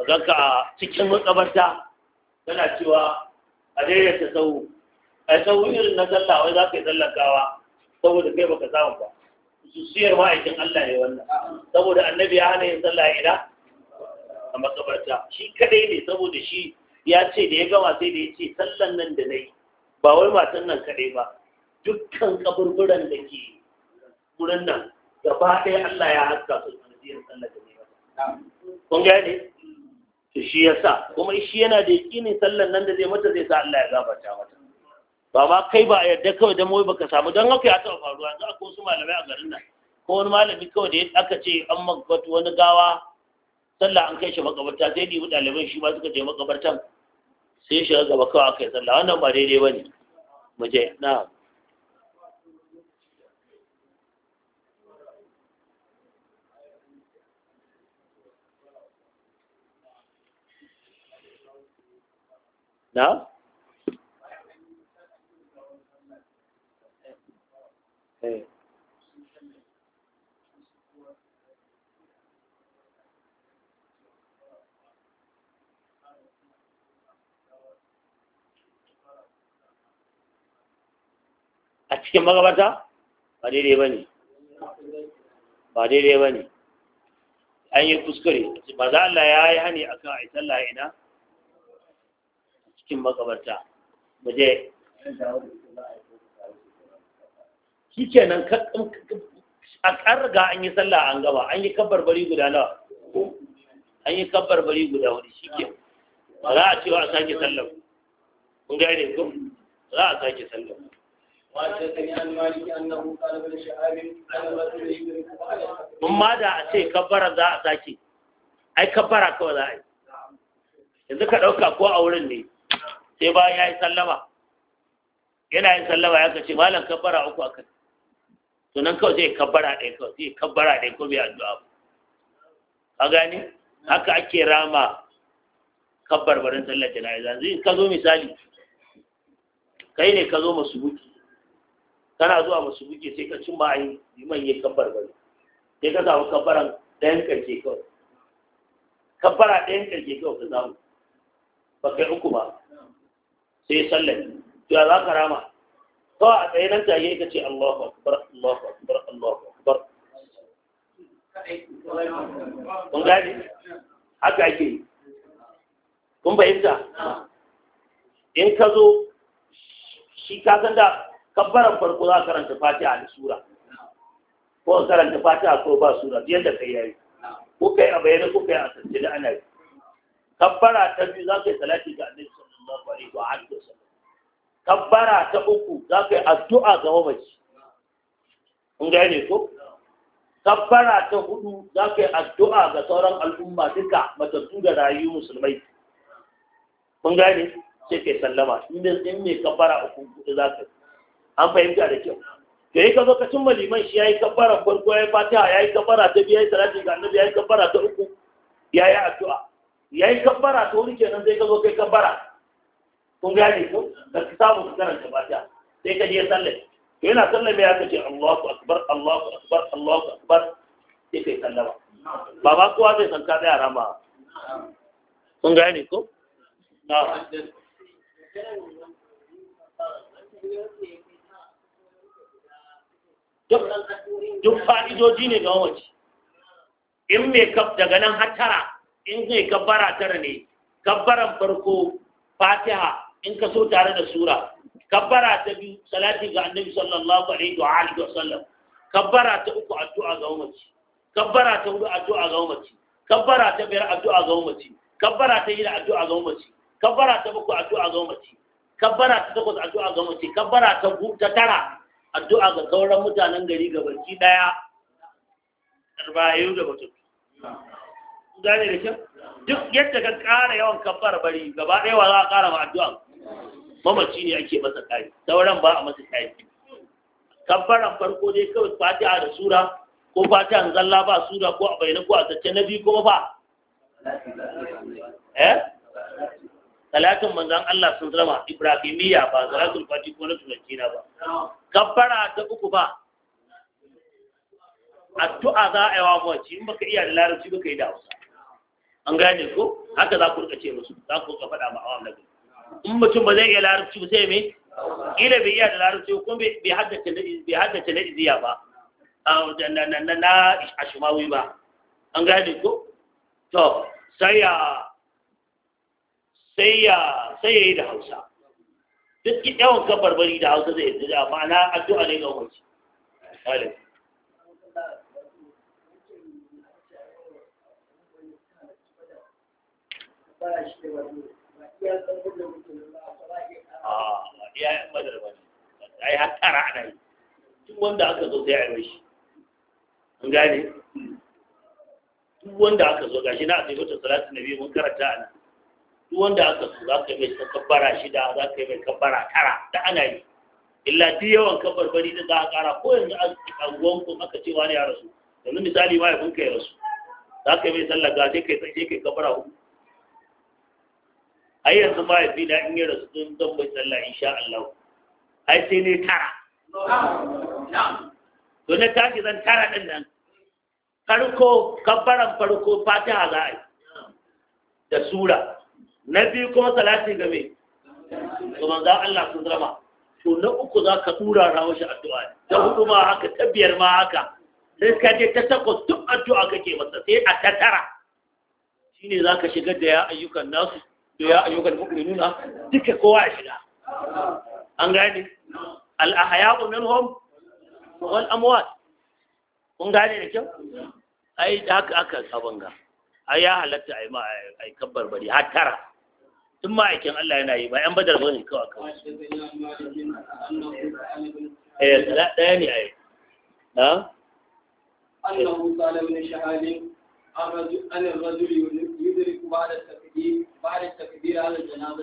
ba ka a cikin makabarta tana cewa a ta sau a sau irin na sallah wai za ka yi sallar gawa saboda kai baka samu ba hususiyar ma'aikin Allah ne wannan saboda annabi ya hana yin sallah ina a makabarta shi kadai ne saboda shi ya ce da ya gama sai da ya ce sallan nan da na yi ba wai matan nan kaɗai ba dukkan kaburburan da ke wurin nan gaba ɗaya Allah ya haska su sanadiyar sallar da ne kun gane to shi ya sa kuma shi yana da ne sallar nan da zai mata zai sa Allah ya gabata mata ba ma kai ba a yarda kawai dan wai baka samu don haka ya taɓa faruwa a akwai wasu malamai a garin nan ko wani malami kawai da ya aka ce an magabatu wani gawa sallah an kai shi makabarta sai ɗibi ɗaliban shi ma suka je makabartan sai shi gaba kawai aka yi sallah wannan ba daidai ba ne mu je na na Hey. Eh. cikin magabata ba daidai ba ne ba daidai ba ne an yi kuskure ba za Allah ya yi hani a kan aitar la'ina cikin magabata ba je shi ke nan a ƙarga an yi sallah an gaba an yi kabbar bari guda nawa an yi kabbar bari guda wani shi ke ba za a cewa a sake sallah kun gane ko za a sake sallah mun ma da a ce kabbara za a sake ai kabbara kawai za a yi yanzu ka ɗauka ko a wurin ne sai ba ya yi sallama yana yin sallama ya kace malam kabbara uku akan to nan kawai zai kabbara ɗaya kawai zai kabbara ɗaya ko bai addu'a ba a haka ake rama barin sallar jana'iza yanzu ka zo misali kai ne ka zo masu buki kana zuwa masu buke sai ka cimma a yi liman ya kabbar bari sai ka samu kabbaran ɗayan ƙarshe kawai kabbara ɗayan ƙarshe kawai ka samu ba kai uku ba sai sallami to ya za ka rama kawai a tsaye nan ta yi ka ce Allahu akbar Allahu akbar Allahu akbar kun gane haka ake yi kun fahimta in ka zo shi ka san da tabbaran farko za karanta fatiha da sura ko karanta fatiha ko ba sura yadda kai yayi ko kai a bayyana ko kai a asirce da ana yi kabbara ta biyu za ka yi salati ga annabi sallallahu alaihi wa alihi wasallam kabbara ta uku za ka yi addu'a ga mamaci kun gane ko kabbara ta hudu za ka yi addu'a ga sauran al'umma duka matattu da rayu musulmai kun gane sai kai sallama in mai kabbara uku za ka yi an fahimta da kyau da ya zo ka cimma liman shi ya yi kabbara farko ya yi fatiha ya yi kabbara ta biyu ya yi salati ga annabi ya yi kabbara ta uku ya yi addu'a ya yi kabbara ta wuri kenan sai ka zo kai kabbara kun ne ko ka samu ka karanta fatiha sai ka je sallah to yana sallah mai aka ce Allahu akbar Allahu akbar Allahu akbar sai kai sallama ba ba kowa zai san ka tsaya ma. kun ne ko na duk fa'idoji ne ga wace in mai kaf daga nan hatara tara in zai gabara tara ne gabaran farko fatiha in ka so tare da sura gabara ta biyu salati ga annabi sallallahu alaihi wa alihi wasallam kabbara ta uku addu'a ga ummati gabara ta hudu addu'a ga ummati gabara ta biyar addu'a ga ummati gabara ta yi da addu'a ga ummati gabara ta bakwai addu'a ga ummati gabara ta takwas addu'a ga ummati gabara ta tara addu'a ga sauran mutanen gari ga baki daya rayu da mutum gane da kyau duk yadda ka ƙara yawan kafar bari gaba ɗaya wa za a ƙara ma addu'a mamaci ne ake masa ƙari, sauran ba a masa kari kafaran farko dai kawai fatiha da sura ko fatiha zalla ba sura ko a bayyana ko a sace na biyu kuma ba eh salatin manzan Allah sun zama Ibrahimiyya ba salatul fati ko na turanci na ba kabbara ta uku ba addu'a za a yi wa mawaci in baka iya da larabci baka yi da Hausa an gane ko haka za ku rika ce musu za ku rika faɗa ma awam nabi in mutum ba zai iya larabci ba sai me ila bai iya da larabci ko bai haddace bai na iziya ba na na na ashimawi ba an gane ko to sai ya sai ya yi da hausa duk yawan kan barbari da hausa zai yi da ma'ana addu'a ne ga wanci ah, ba yi duk wanda aka zo sai a yi shi an gane duk wanda aka zo gashi na a tsaye wata salatu nabi mun karanta a nan duk wanda aka so za ka yi mai kabbara shida za ka yi mai kabbara tara da ana yi illa duk yawan kabbarbari da za a kara ko yanzu a anguwanku aka ce wani ya rasu yanzu misali ma ya ya rasu za ka yi mai sallah ga sai kai sai kai kabbara hudu ai yanzu ma ya fi na in yi rasu don zan mai sallah insha Allah ai sai ne tara to na tashi zan tara din nan farko kabbaran farko fatiha za a yi da sura na biyu kuma salati game ga manzan Allah sun zama to na uku za ka tura rawar shi addu'a ta hudu ma haka ta biyar ma haka sai ka je ta takwas duk addu'a kake masa sai a ta tara shine za ka shigar da ya ayyukan nasu da ya ayyukan mu'minuna duka kowa ya shiga an gane al ahya'u minhum wal amwat kun gane da kyau ai da haka aka sabanga ai ya halatta ai ma ai kabbar bari har tara tun ma'aikin Allah yana yi ba ‘yan badar ba ne kawai kawai eh tsada ɗaya ne a yi na? annahu tsada min shahadin an rajul yudriku ba da takbir ba da takbir ala janaza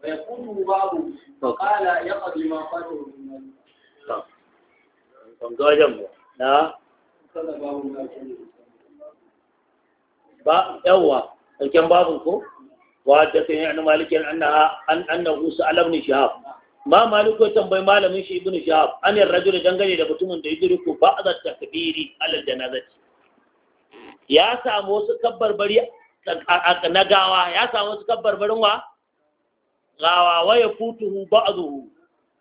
wa yaqutu babu qala yaqad lima fatahu min ga wajen ba na ba yawwa ɗauken babun ko وحدثني عن مالك انها ان انه سال ابن شهاب ما مالك تنبي مالم شي ابن شهاب ان الرجل دنگني da mutumin da yidrik بعض التكبير على الجنازه يا samu su kabbar bari na gawa ya samu su kabbar barin wa gawa wa ya futuhu ba'dhu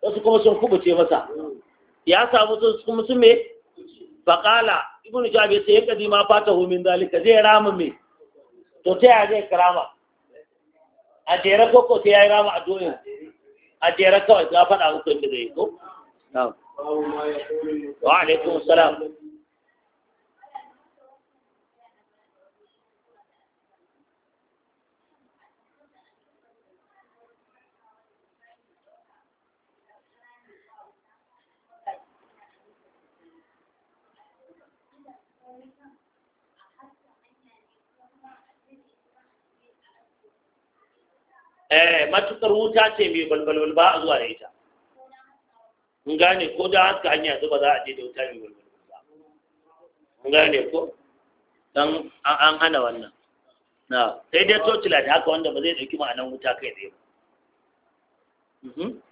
wasu kuma sun kubuce masa ya samu su kuma sun me faqala ibnu jabir sai kadima fatahu min zalika zai rama me to ta ya zai karama a jere ko sai ya yi rama a doyin a jere kawai za faɗa muku yadda zai yi ko? Wa alaikum salam. Eh, matukar wuta ce mai balbalbal ba a zuwa da ita mun gane ko da haska hanya su ba za a je da wuta mai balbalbal ba mun gane ko dan an hana wannan na sai dai tocila da haka wanda ba zai dauki ma'anar wuta kai tsaye ba mhm.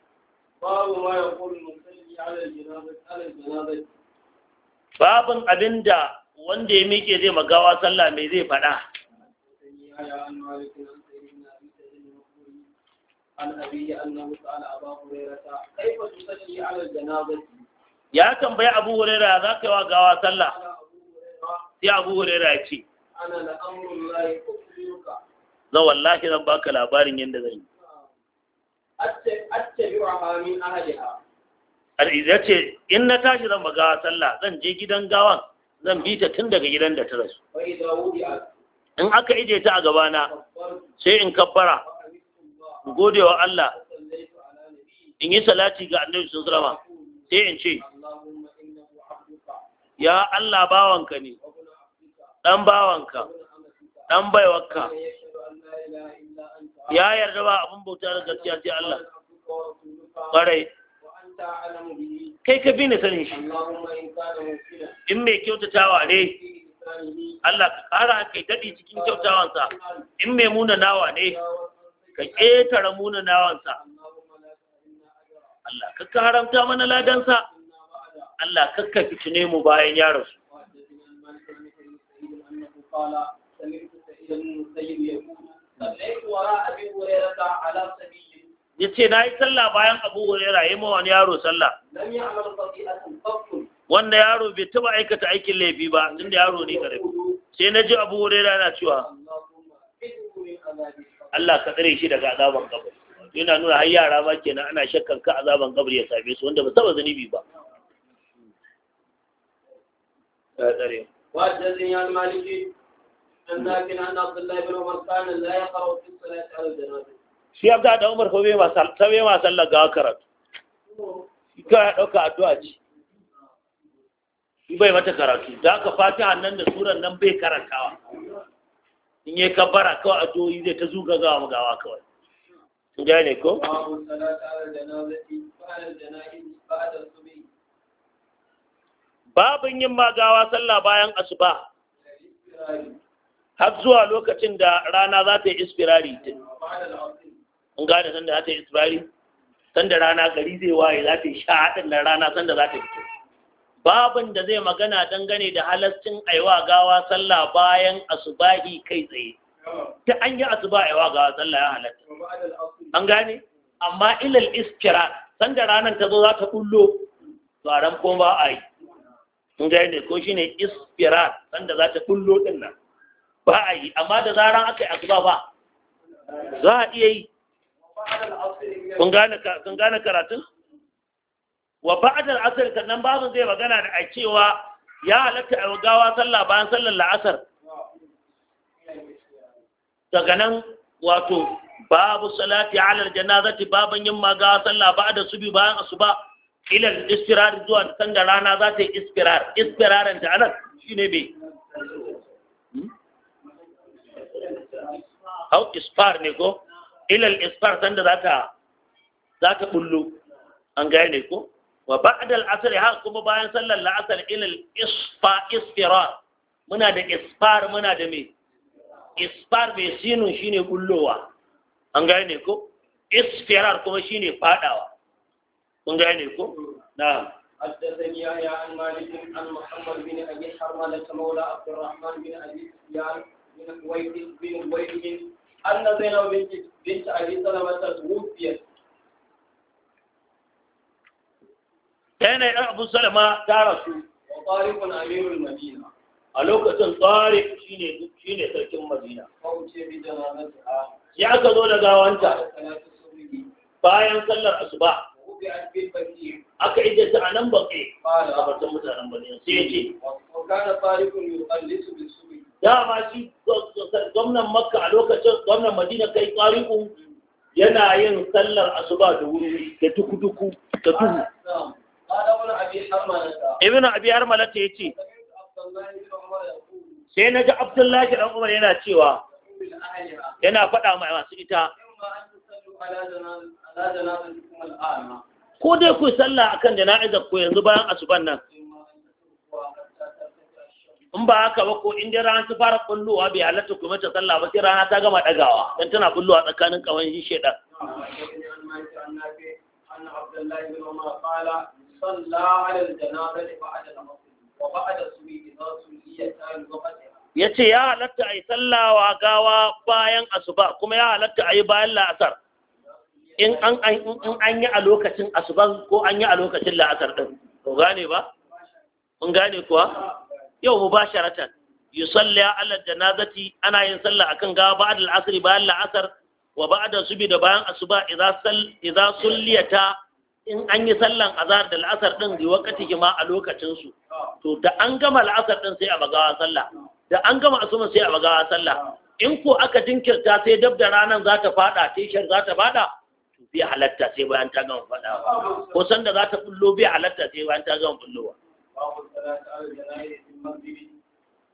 babu abin da babin abinda wanda ya miƙe zai magawa sallah mai zai faɗa ya tambayi abu hurera za ka yi wa gawa sallah sai abu hurera ya ce za wallahi zan baka labarin yadda zan yi ya ce in na tashi zan ba gawa sallah zan je gidan gawan zan bi ta tun daga gidan da ta rasu in aka ije ta a gabana sai in kabbara ku gode wa Allah in yi salati ga annabi sun zama sai in ce ya Allah bawanka ne ɗan bawanka ɗan baiwarka ya yarda ba abin bauta da gaskiya sai Allah ƙwarai kai ka bi ni sanin shi in mai kyautatawa ne Allah ka ƙara kai daɗi cikin kyautawansa in mai nawa ne ka ramuna nawansa! Allah kakka haramta mana ladansa Allah kakka fitine mu bayan yaro! rasu ya ce na yi sallah bayan abu hurera ya ma wani yaro sallah wanda yaro bai taba aikata aikin laifi ba tunda yaro ne karami sai na ji abu hurera na cewa Allah ka tsare shi daga azaban kabar yana nuna har yara ba kenan ana shakkan ka azaban kabar ya same su wanda ba saba zunubi ba ka tsare وحدثني عن مالك عن ذاكر عن عبد الله بن عمر كان لا يقرأ في الصلاة على الجنازة shi abda da umar ko bai ma sallar gawa karatu ka ya ɗauka addu'a ce bai mata karatu da aka fatiha nan da suran nan bai karantawa in yi bara kawai a doyi zai ta zuga gawa magawa kawai in ne ko babin yin magawa sallah bayan asuba har zuwa lokacin da rana za ta yi ispirari in gane sanda za ta yi ispirari sanda rana gari zai waye za ta yi sha haɗin rana sanda za ta fito babin da zai magana dangane da halascin aiwa gawa sallah bayan asubahi kai tsaye ta an yi asuba aiwa gawa sallah ya halatta an gane amma ilal iskira sanda ranar ta zo za ta bullo ba ran ko ba a yi an gane ko shine iskira sanda za ta bullo din nan ba a yi amma da zaran aka yi asuba ba za a iya yi kun gane karatun wa ba'dal asr sannan babu zai magana da a cewa ya halatta a gawa sallah bayan sallar la'asar daga nan wato babu salati ala janazati baban yin magawa sallah ba'da subi bayan asuba ila istirar zuwa da rana za ta yi istirar istiraran ta anan shine me hmm? hau isfar ne ko ilal isfar sanda za ta za ta bullo an gane ko wa ba'da asr har kuma bayan sallar la'asar ilal isfa isfirar muna da isfar muna da me isfar mai sinun shine kullowa an ne ko isfirar kuma shine fadawa kun ne ko na'am حدثني يحيى عن مالك عن محمد بن ابي حرمله مولى عبد الرحمن بن ابي سفيان بن ويل بن ويل ان زينب بنت ابي سلمه توفيت yana ɗan abu salama ta rasu tsarikun amirul madina a lokacin tsarik shine shine sarkin madina ya ka zo da gawanta bayan sallar asuba aka ije ta a nan baƙi a batun mutanen madina sai ce dama shi gwamnan makka a lokacin gwamnan madina kai tsarikun yana yin sallar asuba da wuri da tuku da duhu ibn abi harmala ya ce sai na ji abdullahi dan umar yana cewa yana faɗa masu ita ko dai ku sallah akan jana'izar ku yanzu bayan asuban nan in ba haka ba ko in dai rana ta fara kulluwa, bai halatta ku mata sallah ba sai rana ta gama dagawa dan tana kulluwa tsakanin kawai shi shedan ya ce ya halatta a yi sallawa gawa bayan asuba kuma ya halatta a yi bayan la'asar in an yi a lokacin asuban ko an yi a lokacin la'asar ɗin ko gane ba? mun gane kuwa? yau mu ba sharatan yi salla ala janazati ana yin salla akan gawa ba'ad al'asri bayan la'asar wa ba'ad subi da bayan asuba idan sulliyata in an yi sallan azar da la'asar ɗin bi wakati ma a lokacinsu, to da an gama la'asar ɗin sai a bagawa sallah da an gama asuba sai a bagawa sallah in ko aka jinkirta sai dab da ranar za ta fada tishar za ta fada bi halatta sai bayan ta gama fada ko sanda za ta bullo bi halatta sai bayan ta gama bullowa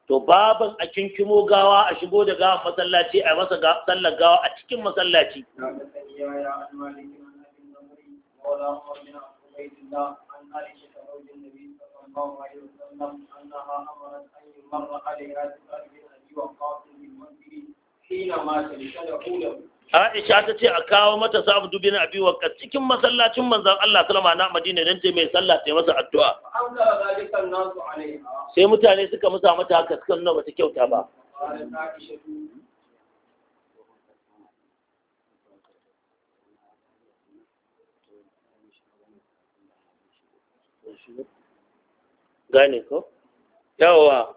to baban a kinkimo gawa a shigo da gawa masallaci a masa sallar gawa a cikin masallaci مولى عمر بن الله عن عائشة زوج النبي صلى الله عليه وسلم أنها أمرت أن يمر عليها سؤال بن أبي وقاص بالمنزل له Aisha ta ce a kawo mata dubi bin Abi Waqqas cikin masallacin manzon Allah sallama na Madina dan mai sallah ta masa addu'a. Sai mutane suka musa mata haka suka nuna bata kyauta ba. gane ko yawa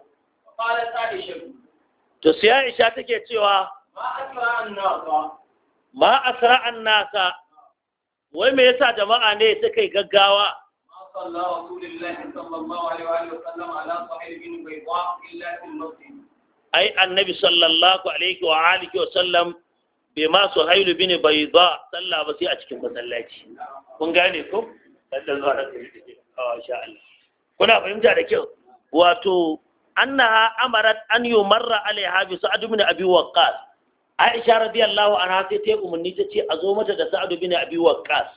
to sai Aisha take cewa ma asra an nasa wai me yasa jama'a ne suka yi gaggawa ai annabi sallallahu alaihi wa alihi wa sallam bai ma su hailu bin bai ba sallah ba sai a cikin masallaci kun gane ko sallallahu alaihi wa sallam a Allah kuna fahimta da kyau wato annaha amarat an Marra, alaiha bi sa'ad ibn abi waqqas aisha radiyallahu anha sai ta umarni ta ce a zo mata da sa'ad ibn abi waqqas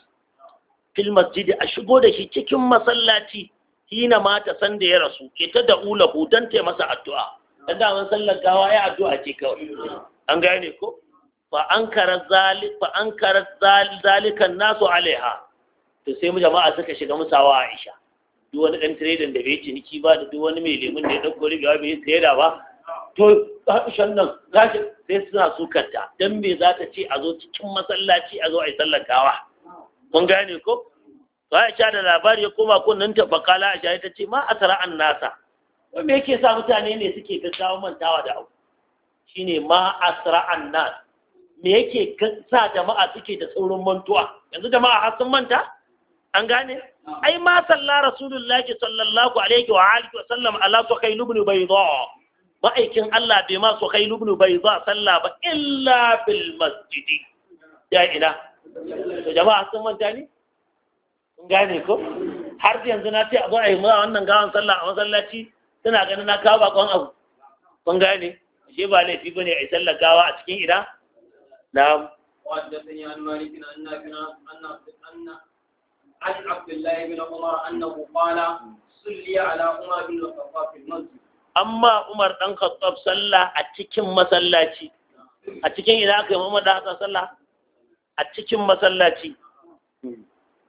fil masjid a shigo da shi cikin masallaci hina mata san da ya rasu ita da ula dan ta masa addu'a dan da man sallar gawa ya addu'a ce kawai an gane ko fa ankara zalik fa ankara zalikan nasu alaiha to sai mu jama'a suka shiga musawa aisha duk wani ɗan tiredin da bai ciniki ba da duk wani mai lemun da ya ɗauko ba bai sayar ba to haɗushan nan gashi sai suna sukanta don me za ta ce a zo cikin masallaci a zo a yi tsallakawa mun gane ko sha da labari ya koma ko tabba ta a Aisha ta ce ma asara an nasa ko me yake sa mutane ne suke samu mantawa da abu shine ma asara an nas me yake sa jama'a suke da saurin mantuwa yanzu jama'a har sun manta an gane ai ma salla rasulullahi sallallahu alaihi wa alihi wa sallam ala sukhayl ibn bayda ma'aikin Allah bai ma sukhayl ibn bayda salla ba illa bil masjidi ya ina to jama'a sun manta ni kun gane ko har yanzu na ce a zo a yi ma wannan gawan sallah a masallaci tana ganin na kawo bakon abu kun gane shi ba laifi bane a yi sallar gawa a cikin ina na'am وحدثني عن مالك أن نافع أن عن عبد الله بن عمر أنه قال صلي على عمر بن الخطاب amma Umar ɗan Khattab sallah a cikin masallaci a cikin ina aka yi Muhammad da sallah a cikin masallaci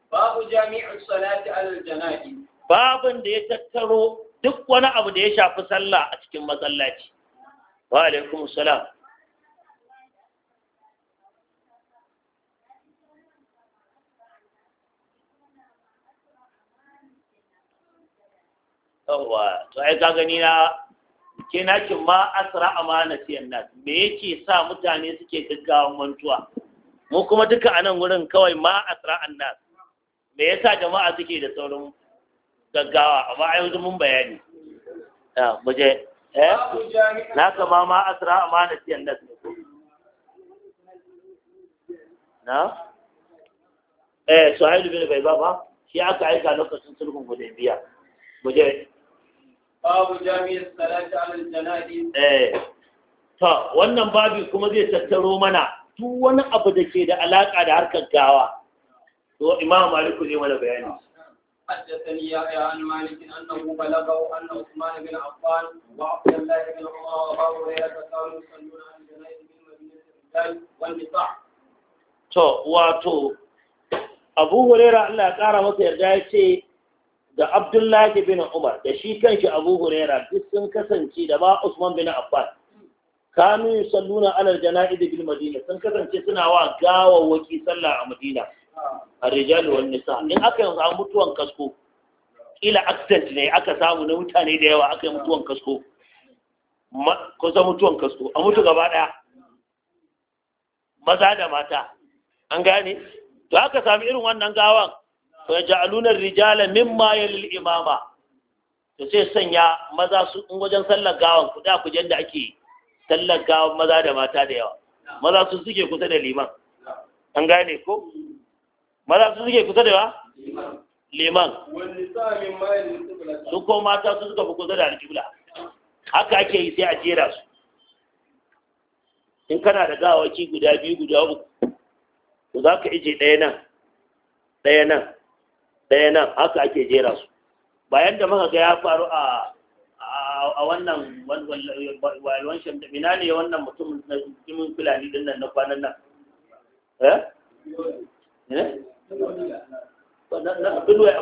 babu jami'u salati alal janabi babun da ya tattaro duk wani abu da ya shafi sallah a cikin masallaci wa alaikum salam yawwa to ai ka gani na ke naki ma asra amana siyan nas me yake sa mutane suke gaggawan mantuwa mu kuma duka anan wurin kawai ma asra annas me yasa jama'a suke da saurin gaggawa amma ai yanzu mun bayani ya muje eh na kama ma asra amana siyan nas na eh suhailu bin bai ba shi aka aika lokacin sulhun hudaybiya muje babu jami'in salati alal janadi eh to wannan babu kuma zai tattaro mana duk wani abu da ke da alaka da harkar gawa to imam maliku zai mana bayani حدثني يحيى عن مالك انه بلغه ان عثمان بن عفان وعبد الله بن عمر هريره يصلون من مدينه الرجال تو واتو الله يرجع da Abdullahi bin Umar da shi kanshi Abu Huraira duk sun kasance da ba Usman bin Affan kanu salluna alal janaiz bil madina sun kasance suna wa gawawwaki sallah a Madina ar-rijal wal nisa in aka yanzu an mutuwan kasko ila accident ne aka samu na mutane da yawa aka yi mutuwan kasko ko za mutuwan kasko a mutu gaba daya maza da mata an gane to aka sami irin wannan gawan wa yaj'aluna ar-rijala mimma yalil imama to sai sanya maza su in wajen sallar gawan ku da ku da ake sallar gawan maza da mata da yawa maza su suke kusa da liman an gane ko maza su suke kusa da liman su ko mata su suka fi kusa da alƙibla haka ake yi sai a jera su in kana da gawaki guda biyu guda uku to za ka ije ɗaya nan ɗaya nan ɗaya nan haka ake jera su Bayan da muka ga ya faru a a wannan walwan da ina ne wannan mutum na jimin fulani din nan na kwanan nan eh, eh?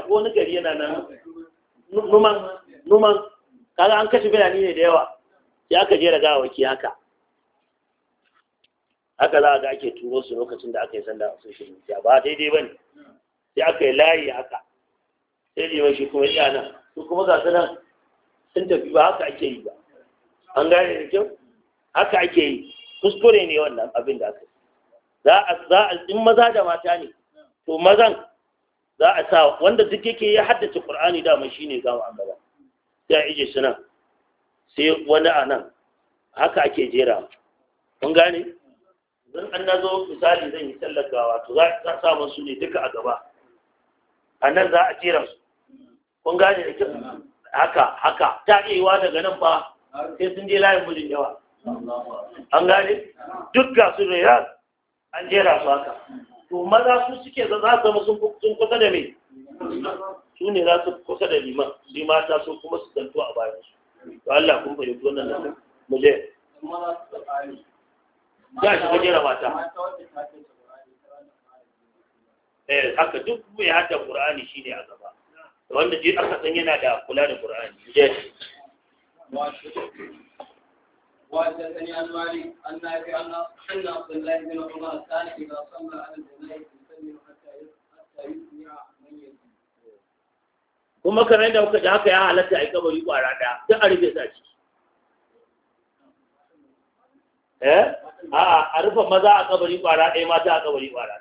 a wani gari yana nan numan numan kaga an kashe fulani ne da yawa sai aka jera gawaki haka haka za a ga ake turo su lokacin da aka yi sanda a sun shirin ba daidai ba ne kai layi haka sai liman shi kuma ya nan su kuma ga su nan sun tafi ba haka ake yi ba an gane da kyau haka ake yi kuskure ne wannan abin da aka yi za a za a in maza da mata ne to mazan za a sa wanda duk yake ya haddace qur'ani da mai shine gama an gaba sai ije su nan sai wani a nan haka ake jera kun gane zan an nazo misali zan yi sallar gawa to za a sa musu ne duka a gaba a nan za a jera su kun gane da kin haka haka ta iya daga nan ba sai sun je layin mijin yawa an gane duk ga su ne ya, an jera su haka to maza su suke za su zama sun kusa da mai su ne za su kusa da liman su mata su kuma su zanto a bayan su to Allah kun fahimci wannan nan mu je za shi gajera mata Eh, haka duk mai hada shi ne a gaba wanda je aka san yana da kula da qur'ani kuma kamar yadda kuka da haka ya halatta a yi kwara da ta a rufe sa ciki eh a rufe maza a kabari kwara ɗaya mata a kabari kwara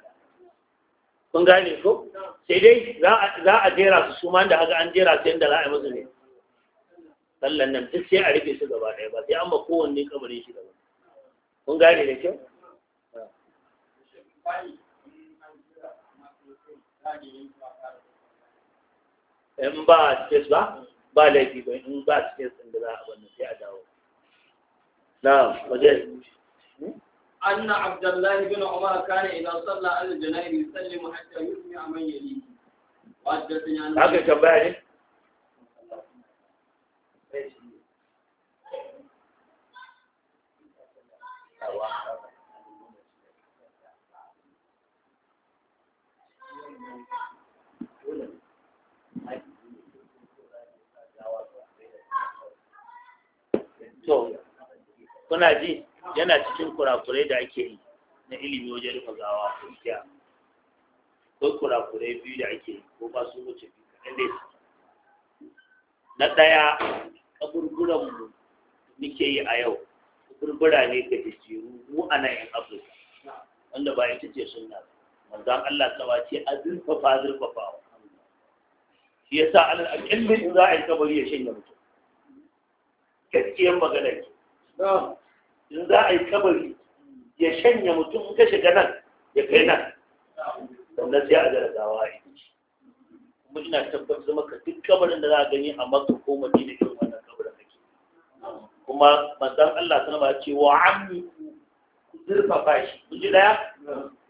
kun gane ko sai dai za a jera su suma da haka an jera su yadda za a yi ne sallan nan duk sai a rufe su gaba ɗaya ba sai an ba kowanne kamarin shi gaba kun gane da kyau in ba space ba ba laifi ba in ba space ɗin da za a wannan sai a dawo na wajen أن عبد الله بن عمر كان إذا صلى على الجنائز يسلم حتى يسمع من يليه وحدثني عن هذا كباري To, kuna ji? yana cikin kurakurai da ake yi na ilimi wajen rufe gawa ko kiya ko kurakurai biyu da ake yi ko ba su wuce biyu kaɗan dai na ɗaya kaburburanmu muke yi a yau kaburbura ne ga jijjiru mu a nan yan afirka wanda ba ya ce suna manzan allah tawa ce a zurfafa zurfafawa shi yasa alal aƙalli in za a yi kabari ya shanye mutum gaskiyar magana ke in za a yi kabari ya shanya mutum in ka shiga nan ya kai nan sannan sai a gargawa a yi kuma ina tabbatar maka duk kabarin da za a gani a maka ko da ke wannan kabarin ke kuma manzon Allah sana ba ce wa ammi ku zurfafa shi ku ji daya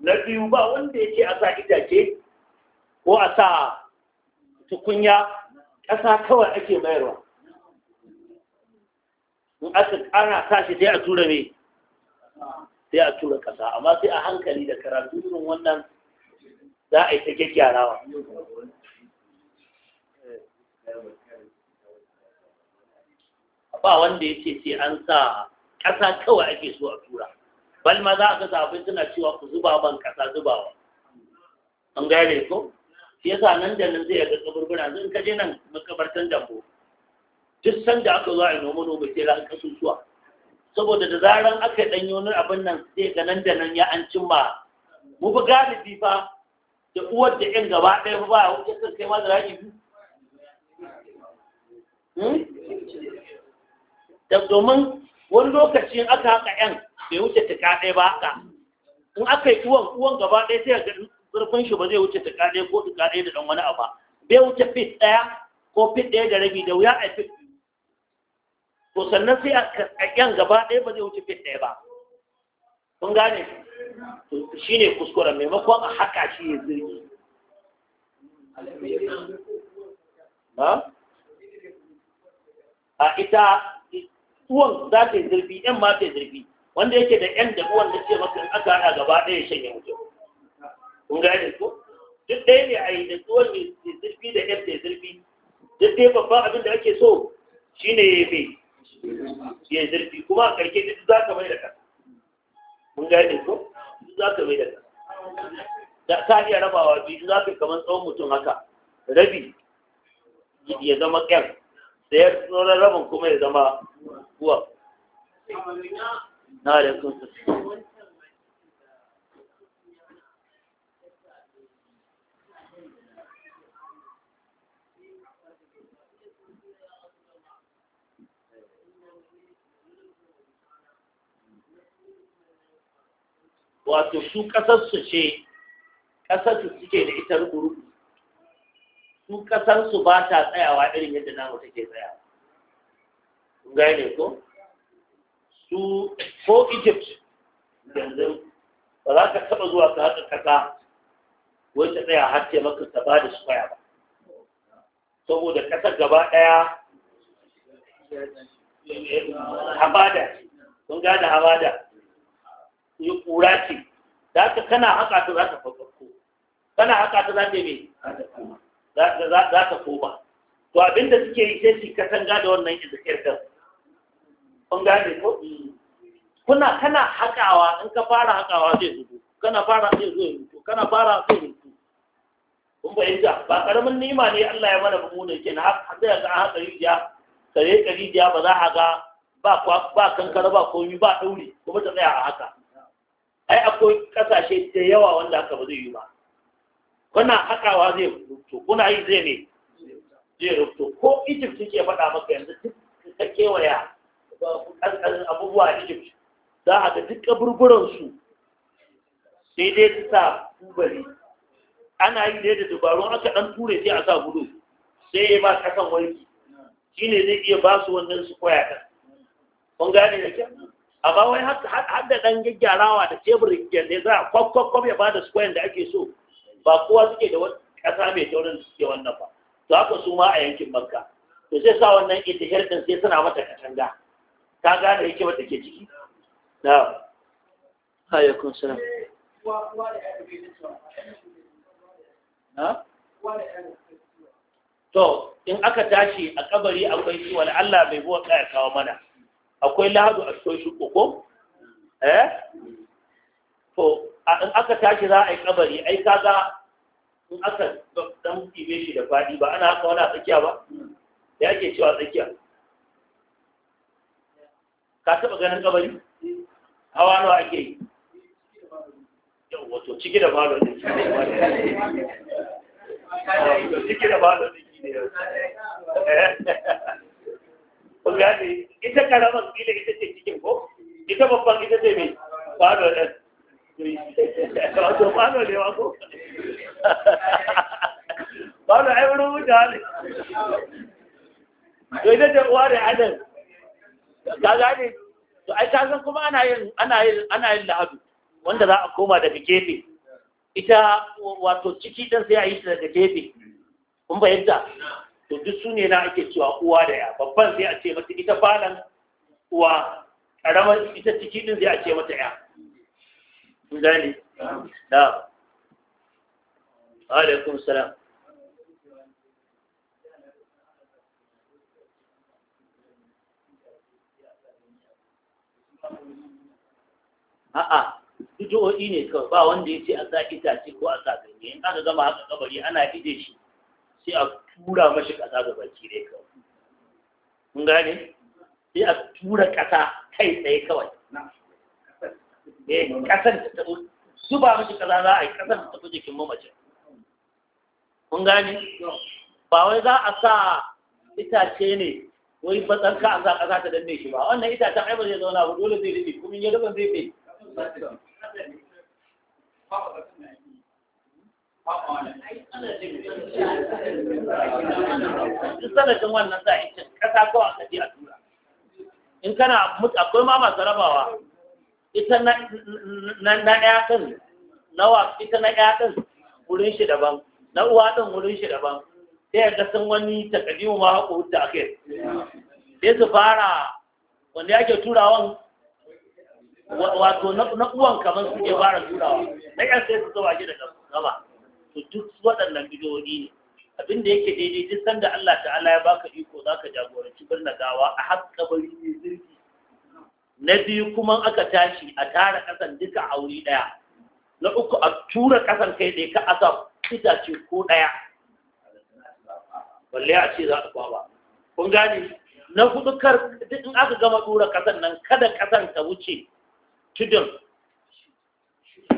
na biyu ba wanda ya ce a sa itace ko a sa tukunya ƙasa kawai ake mayarwa in aka ana sa shi sai a tura me sai a tura kasa amma sai a hankali da karatu irin wannan za a yi ta gyaggyarawa ba wanda ya ce sai an sa ƙasa kawai ake so a tura bal ma za a ga safai suna cewa ku zuba ban ƙasa zubawa an gane ko shi yasa nan da nan zai ga kaburbura zan kaje nan makabartan dambo duk sanda aka zo a yi noma noma sai ran kasusuwa saboda da zaran aka yi ɗanyo na abin nan sai ga nan da nan ya an cimma mu fi galibi fa da uwar da ƴan gaba ɗaya fa ba a wuce sun kai ma da raki biyu hmm? da domin wani lokaci aka haka ƴan bai wuce tuka ɗaya ba haka in aka yi uwan uwan gaba ɗaya sai ga zurfin shi ba zai wuce tuka ɗaya ko tuka ɗaya da ɗan wani abu bai wuce fit ɗaya ko fit ɗaya da rabi da wuya a fit to sannan sai a ƙyan gaba ɗaya ba zai wuce fit ɗaya ba kun gane to shi ne kuskuren maimakon a haka shi ya zirgi a ita tuwon za ta yi zirfi yan ma ta yi zirfi wanda yake da yan da uwan da ce maka in aka haɗa gaba ɗaya shanye mutum kun gane ko duk ɗaya ne a yi da tsohon ya zirfi da ta yi zirfi duk ɗaya babban abin da ake so shi ne ya yi ya zurfi kuma a ƙarshe duk za ka mai da kasa mun gane ko duk za ka mai da kasa da ta iya rabawa biyu za ka kamar tsawon mutum haka rabi ya zama ƙyan da ya tsoron rabin kuma ya zama kuwa na da sun wato su ƙasarsu ce ƙasarsu suke da ita rubu su ƙasarsu ba ta tsayawa irin yadda namu take tsaya kun gane ko su ko egypt yanzu ba za ka taɓa zuwa ka haɗa ƙasa wai ta tsaya har ce maka ta ba da ba saboda ƙasar gaba ɗaya Hamada, kun gane hamada yi kura ce da haka kana haka ta za ta farko kana haka ta za ta mai za ta koma to abinda suke yi sai su kasan gada wannan kyar kan kun gane ko kuna kana hakawa in ka fara hakawa zai zuwa kana fara zai zo rubutu kana fara zai rubutu kun fahimta ba karamin nima ne Allah ya mana mu ne kenan haka ya ga haka rijiya kare karijiya ba za a ga ba kankara ba komi ba ɗauri kuma ta tsaya a haka ai akwai kasashe da yawa wanda haka ba zai yi ba kuna hakawa zai rubuto kuna yi zai ne zai rubuto ko egypt ke faɗa maka yanzu duk ka kewaya abubuwa a egypt za a ga duk kaburburansu sai dai su sa kubari. ana yi da dabarun aka ɗan ture sai a sa gudu sai ya ba kasan Shi shine zai iya ba su wannan su koya kan kun gane da kyau A ba wai har da ɗan gyaggyarawa da tebur gyalle za a kwakwakwam ya ba da square da ake so ba kowa suke da ƙasa mai taurin suke wannan ba to haka su ma a yankin makka to sai sa wannan itihar ɗin sai suna mata katanga ta gane yake wata ke ciki na hayakun salam to in aka tashi a kabari akwai shi wani allah bai buwa kaya kawo mana akwai lahadu a cikin shi ko eh to in aka tashi za a yi kabari ai kaga in aka dan kibe shi da fadi ba ana haka wani a tsakiya ba da yake cewa tsakiya ka taba ganin kabari hawa nawa ake yi yau wato ciki da malo ne ciki da malo ne kun gane ita karamar kila ita ce cikin ko ita babban ita ce mai kwano ɗan wato kwano ne wa ko kwano ai wurin wuce hali to ita ce uwa da adam ka gane to ai ka san kuma ana yin ana yin wanda za a koma daga gefe ita wato ciki ɗin sai a yi shi daga gefe kun fahimta to duk su ne na ake cewa uwa da ya babban sai a ce mata ita falon uwa ƙaramar ita ciki ɗin sai a ce mata ya gani da alaikum salam a'a bidiyo'i ne kawai ba wanda ya ce a sa itace ko a sa ganye in aka gama haka kabari ana ije shi sai a tura mashi ƙasa ga baki dai kawai mun gane sai a tura ƙasa kai tsaye kawai eh ƙasar ta taɓo zuba mashi ƙasa za a yi ƙasar ta taɓo jikin mamacin mun gane ba wai za a sa itace ne wai ka a sa ƙasa ta danne shi ba wannan itacen ai ba zai zauna ba dole zai rufe kuma ya rufe zai bai In sanadin wannan za a yi cin ƙasa ko a kaji a tura in kana mutu akwai ma masu rabawa ita na ɗaya ɗin nawa ita na ɗaya wurin shi daban na uwa ɗin wurin shi daban sai ya ga sun wani takadimu ma haƙo hutta a kai sai su fara wanda yake turawan wato na uwan kamar suke fara turawa na ƴan sai su zuwa shi da gaba to duk waɗannan bidiyoyi ne abin da yake daidai duk sanda Allah ta'ala ya baka iko zaka jagoranci birnin gawa a har bari ne zirki na biyu kuma aka tashi a tara ƙasan duka a wuri ɗaya na uku a tura ƙasan kai ɗaya ka asa itace ko ɗaya balle a ce za a kwaba kun gane na hudu kar in aka gama tura ƙasan nan kada ƙasan ta wuce tudun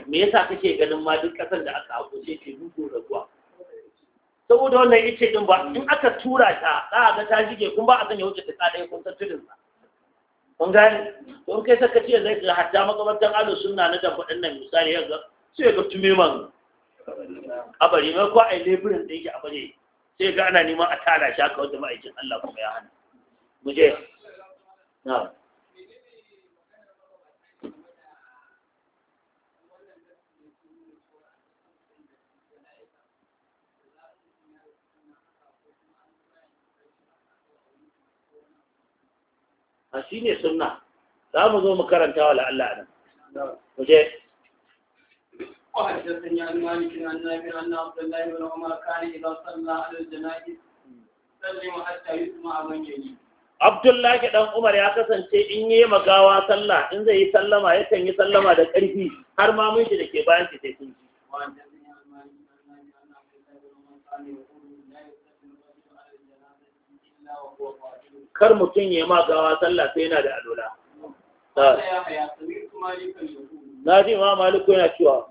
me yasa kake ganin ma duk ƙasar da aka hako ce ke da raguwa saboda wannan ice din ba in aka tura ta za a ga ta shige kun ba a sanya wuce ta kada kun san tudin sa kun gane to kai saka ce zai ga hatta makamantan alu sunna na da faɗin nan misali yanzu sai ga tume man abari mai ko ai leburin yake a abare sai ga ana neman a tara shi haka wanda ma'aikin Allah kuma ya hana mu je na a shi ne suna za mu zo mu karanta wa la'alla nan mu Abdullahi dan Umar ya kasance in yi magawa sallah in zai yi sallama ya kan yi sallama da ƙarfi har ma mun shi da ke bayan shi sai sun ji. kar mutum ya ma gawa sallah sai yana da alola na ji ma maliku yana cewa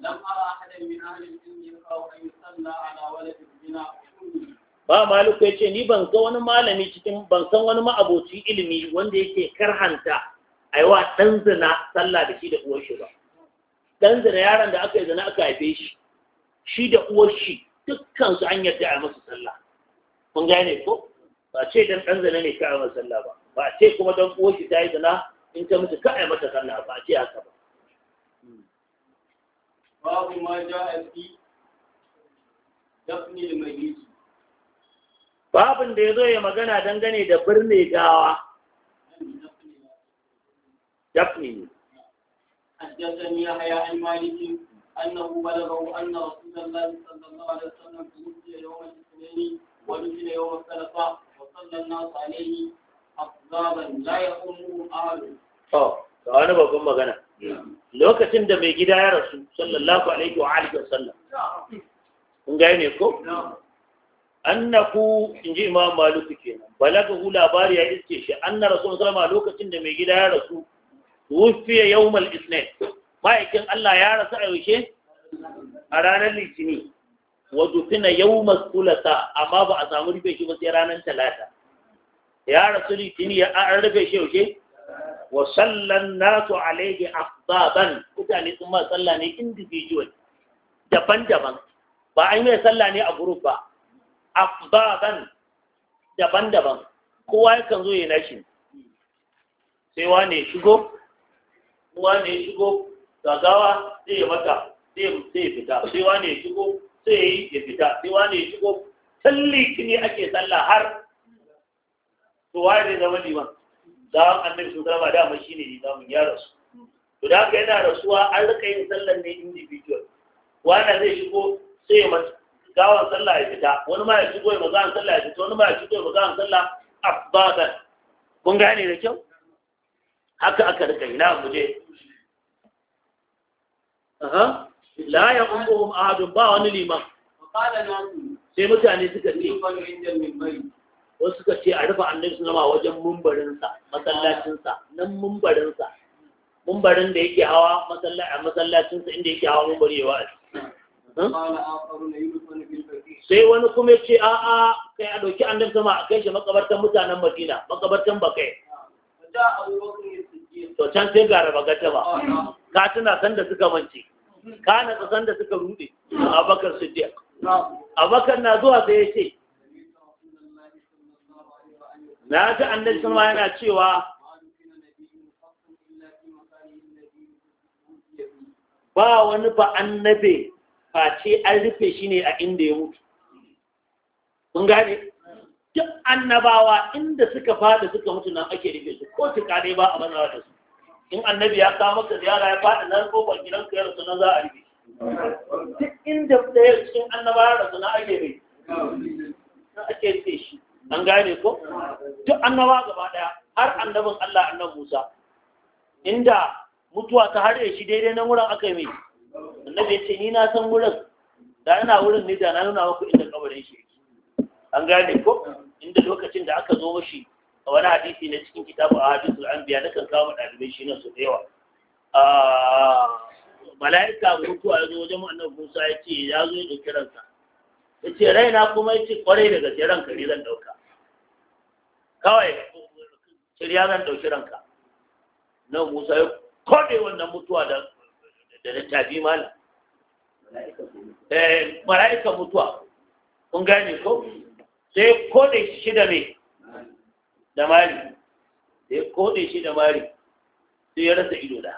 ba maliku ya ce ni ban san wani malami cikin ban san wani ma'aboci ilimi wanda yake karhanta a yi wa ɗan zina sallah da shi da uwar shi ba ɗan zina yaron da aka yi zina aka haife shi shi da uwar shi dukkan su an yarda a masu sallah kun gane ko ba ce dan dan zane ne kai amsa Allah ba ba ce kuma dan uwar shi ta yi zina in ta mutu kai mata zanna ba ce haka ba babu ma ja'a fi dafni da mai yi babun da yazo ya magana dangane da birne gawa dafni ne Ajjatani ya haya al-maliki annahu balagahu anna rasulullahi sallallahu alaihi wasallam yusya yawm al-ithnaini wa yusya yawm al-thalatha صلى wani babban magana lokacin da mai gida ya rasu sallallahu alaihi wa alihi wasallam kun gaya ne ko annaku in ji imam maliku kenan balagahu labari ya iske shi anna rasul sallama lokacin da mai gida ya rasu wufiya yawmal isnin ma'aikin Allah ya rasu a yaushe a ranar litini wato fina yau masulasa amma ba a samu rufe shi ba sai ranar talata ya rasu litini ya an rufe shi yaushe wa sallan nasu alaihi afdaban mutane sun ma sallah ne individual daban-daban ba an yi sallah ne a group ba afdaban daban-daban kowa yakan zo ya nashi sai wane shigo wane shigo gagawa zai mata zai fita sai wane shigo sai yi ya fita sai wani ya shigo talliki kini ake sallah har to waye zai zama liman zawon annabi sun zama dama shi ne limamin ya rasu to da haka yana rasuwa an rika yin sallar ne individual wani zai shigo sai ya gawan sallah ya fita wani ma ya shigo ya maza sallah ya fita wani ma ya shigo ya maza sallah afbadan kun gane da kyau haka aka rika ina mu je la ya a ahadun ba wani liman sai mutane suka ce wasu suka ce a rufe annabi sunama wajen mumbarinsa masallacinsa nan mumbarinsa mumbarin da yake hawa masallacinsa inda yake hawa mumbari wa hmm? sai wani kuma ya ce a'a kai a ɗauki annabi sama a kai shi makabartan mutanen madina makabartan bakai to can sai gara raba gata ba ka tuna sanda suka mance kana kasan da suka rude abakar siddiq abakar na zuwa sai ya ce na ji annabi sama yana cewa ba wani ba annabe face an rufe shi ne a inda ya mutu kun gane duk annabawa inda suka fada suka mutu nan ake rufe su ko tuka dai ba a manawa da su in annabi ya kawo maka ziyara ya faɗi nan kofar gidanka ya rasu nan za a yi duk inda ɗaya cikin annaba ya rasu na ake bai na ake ce shi an gane ko duk annaba gaba ɗaya har annabin Allah annan Musa inda mutuwa ta hare shi daidai nan wurin aka yi mai annabi ya ce ni na san wurin da ina wurin ne da na nuna maku inda kabarin shi an gane ko inda lokacin da aka zo mashi a wani hadisi na cikin kitabu a hadisul biya na kan kama ɗalibai shi na su da yawa mala'ika mutuwa ya zo wajen annabi Musa ya ce ya zo ya ɗauki ranka. ya ce raina kuma ya ce kwarai daga gaske ranka ne zan ɗauka kawai shirya zan ɗauki ranka na Musa ya kode wannan mutuwa da da littafi malam eh, mala'ika mutuwa kun gane ko sai kode shida da da mari da ya kode shi da mari sai ya rasa ido da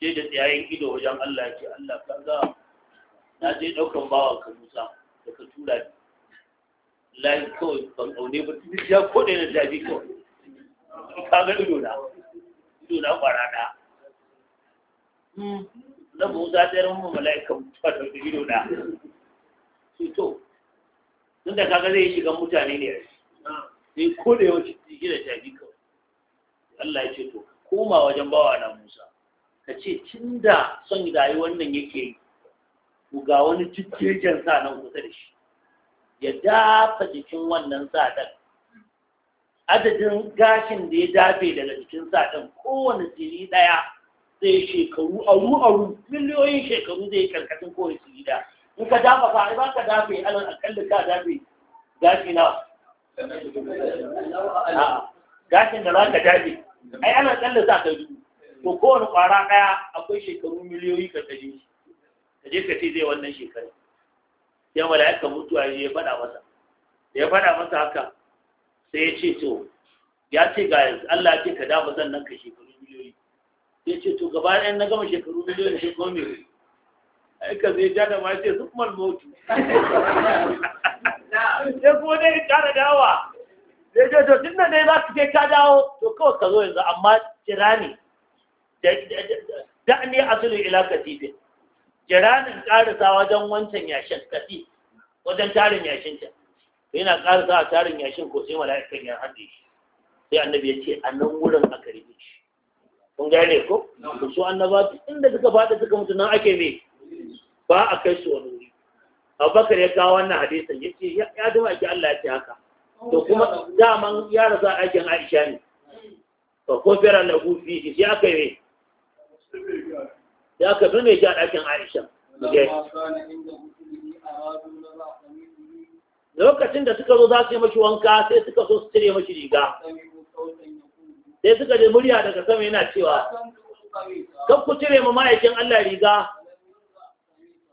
sai da tsayayen ido wajen Allah ya ce Allah kan ga na je ɗaukan bawan ka Musa da ka tura ni lai kawai ban aune ba tun ya kode na jabi kawai ka ga ido da ido da kwara da na Musa ta ran mu mala'ikan mutuwa da ido na to tun da kaga zai shiga mutane ne a sai ko da yawanci ciki da shafi kawai Allah ya ce to koma wajen bawa na Musa ka ce tun da son yi wannan yake yi ku ga wani cikin sa nan kusa da shi ya dafa jikin wannan sadan adadin gashin da ya dafe daga jikin sadan kowane jiri daya sai shekaru aru aru miliyoyin shekaru zai karkashin kowace jiri da. in ka dafa fa ba ka dafe alal akalli ka dafe gashi na Ah, gashin da za ka daɗe ai ana tsalle za ka dubu to kowane kwara ɗaya akwai shekaru miliyoyi ka kaje shi ka je ka ce zai wannan shekaru ya mala'ika mutuwa ya faɗa masa ya faɗa masa haka sai ya ce to ya ce ga Allah ya ce ka dafa sannan ka shekaru miliyoyi ya ce to gaba ɗayan na gama shekaru miliyoyi shekaru miliyoyi ai ka zai ja da ma ya ce kuma mutu sai kuma dai in ƙara dawowa sai to tun da dai za su je ka dawo to kawai ka zo yanzu amma jira ne da ne asulu ila katifin jira ne ƙarasa wajen wancan yashin katif wajen tarin yashin can yana karasa a tarin yashin ko sai mala'ikan ya haɗe shi sai annabi ya ce a nan wurin a karbe shi kun gane ko to su annaba inda suka faɗi suka mutu nan ake ne ba a kai su wani wuri abubakar ya kawo wannan hadisin ya ce ya duma ake Allah ya ce haka to kuma daman ya rasu a aisha ne to ko fera na gufi shi ya aka yi ya ka ya ji a ɗakin aisha lokacin da suka zo za su yi mashi wanka sai suka so su cire mashi riga sai suka je murya daga sama yana cewa kan ku cire ma ma'aikin Allah riga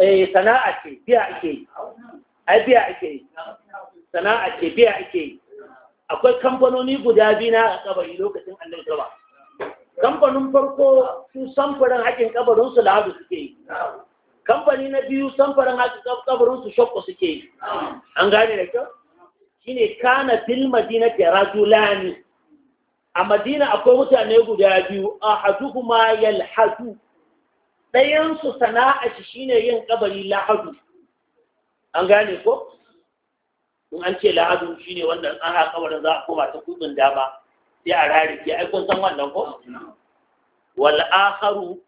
Eh, sana'a ce biya ake yi ai biya ake yi sana'a ce biya ake yi akwai kamfanoni guda biyu na kabari lokacin annabi saba kamfanin farko su samfurin haƙin kabarin lahadu suke yi kamfani na biyu samfurin haƙin kabarin su suke yi an gane da kyau ne kana fil madinati rajulani a madina akwai mutane guda biyu a haduhuma yalhadu ɗayansu sana'a shi shine yin ƙabari lahadu an gane ko in an ce lahadu ne wanda an haka kabarin za a koma ta kudin dama sai a rari ya aikon san wannan ko wal'aharu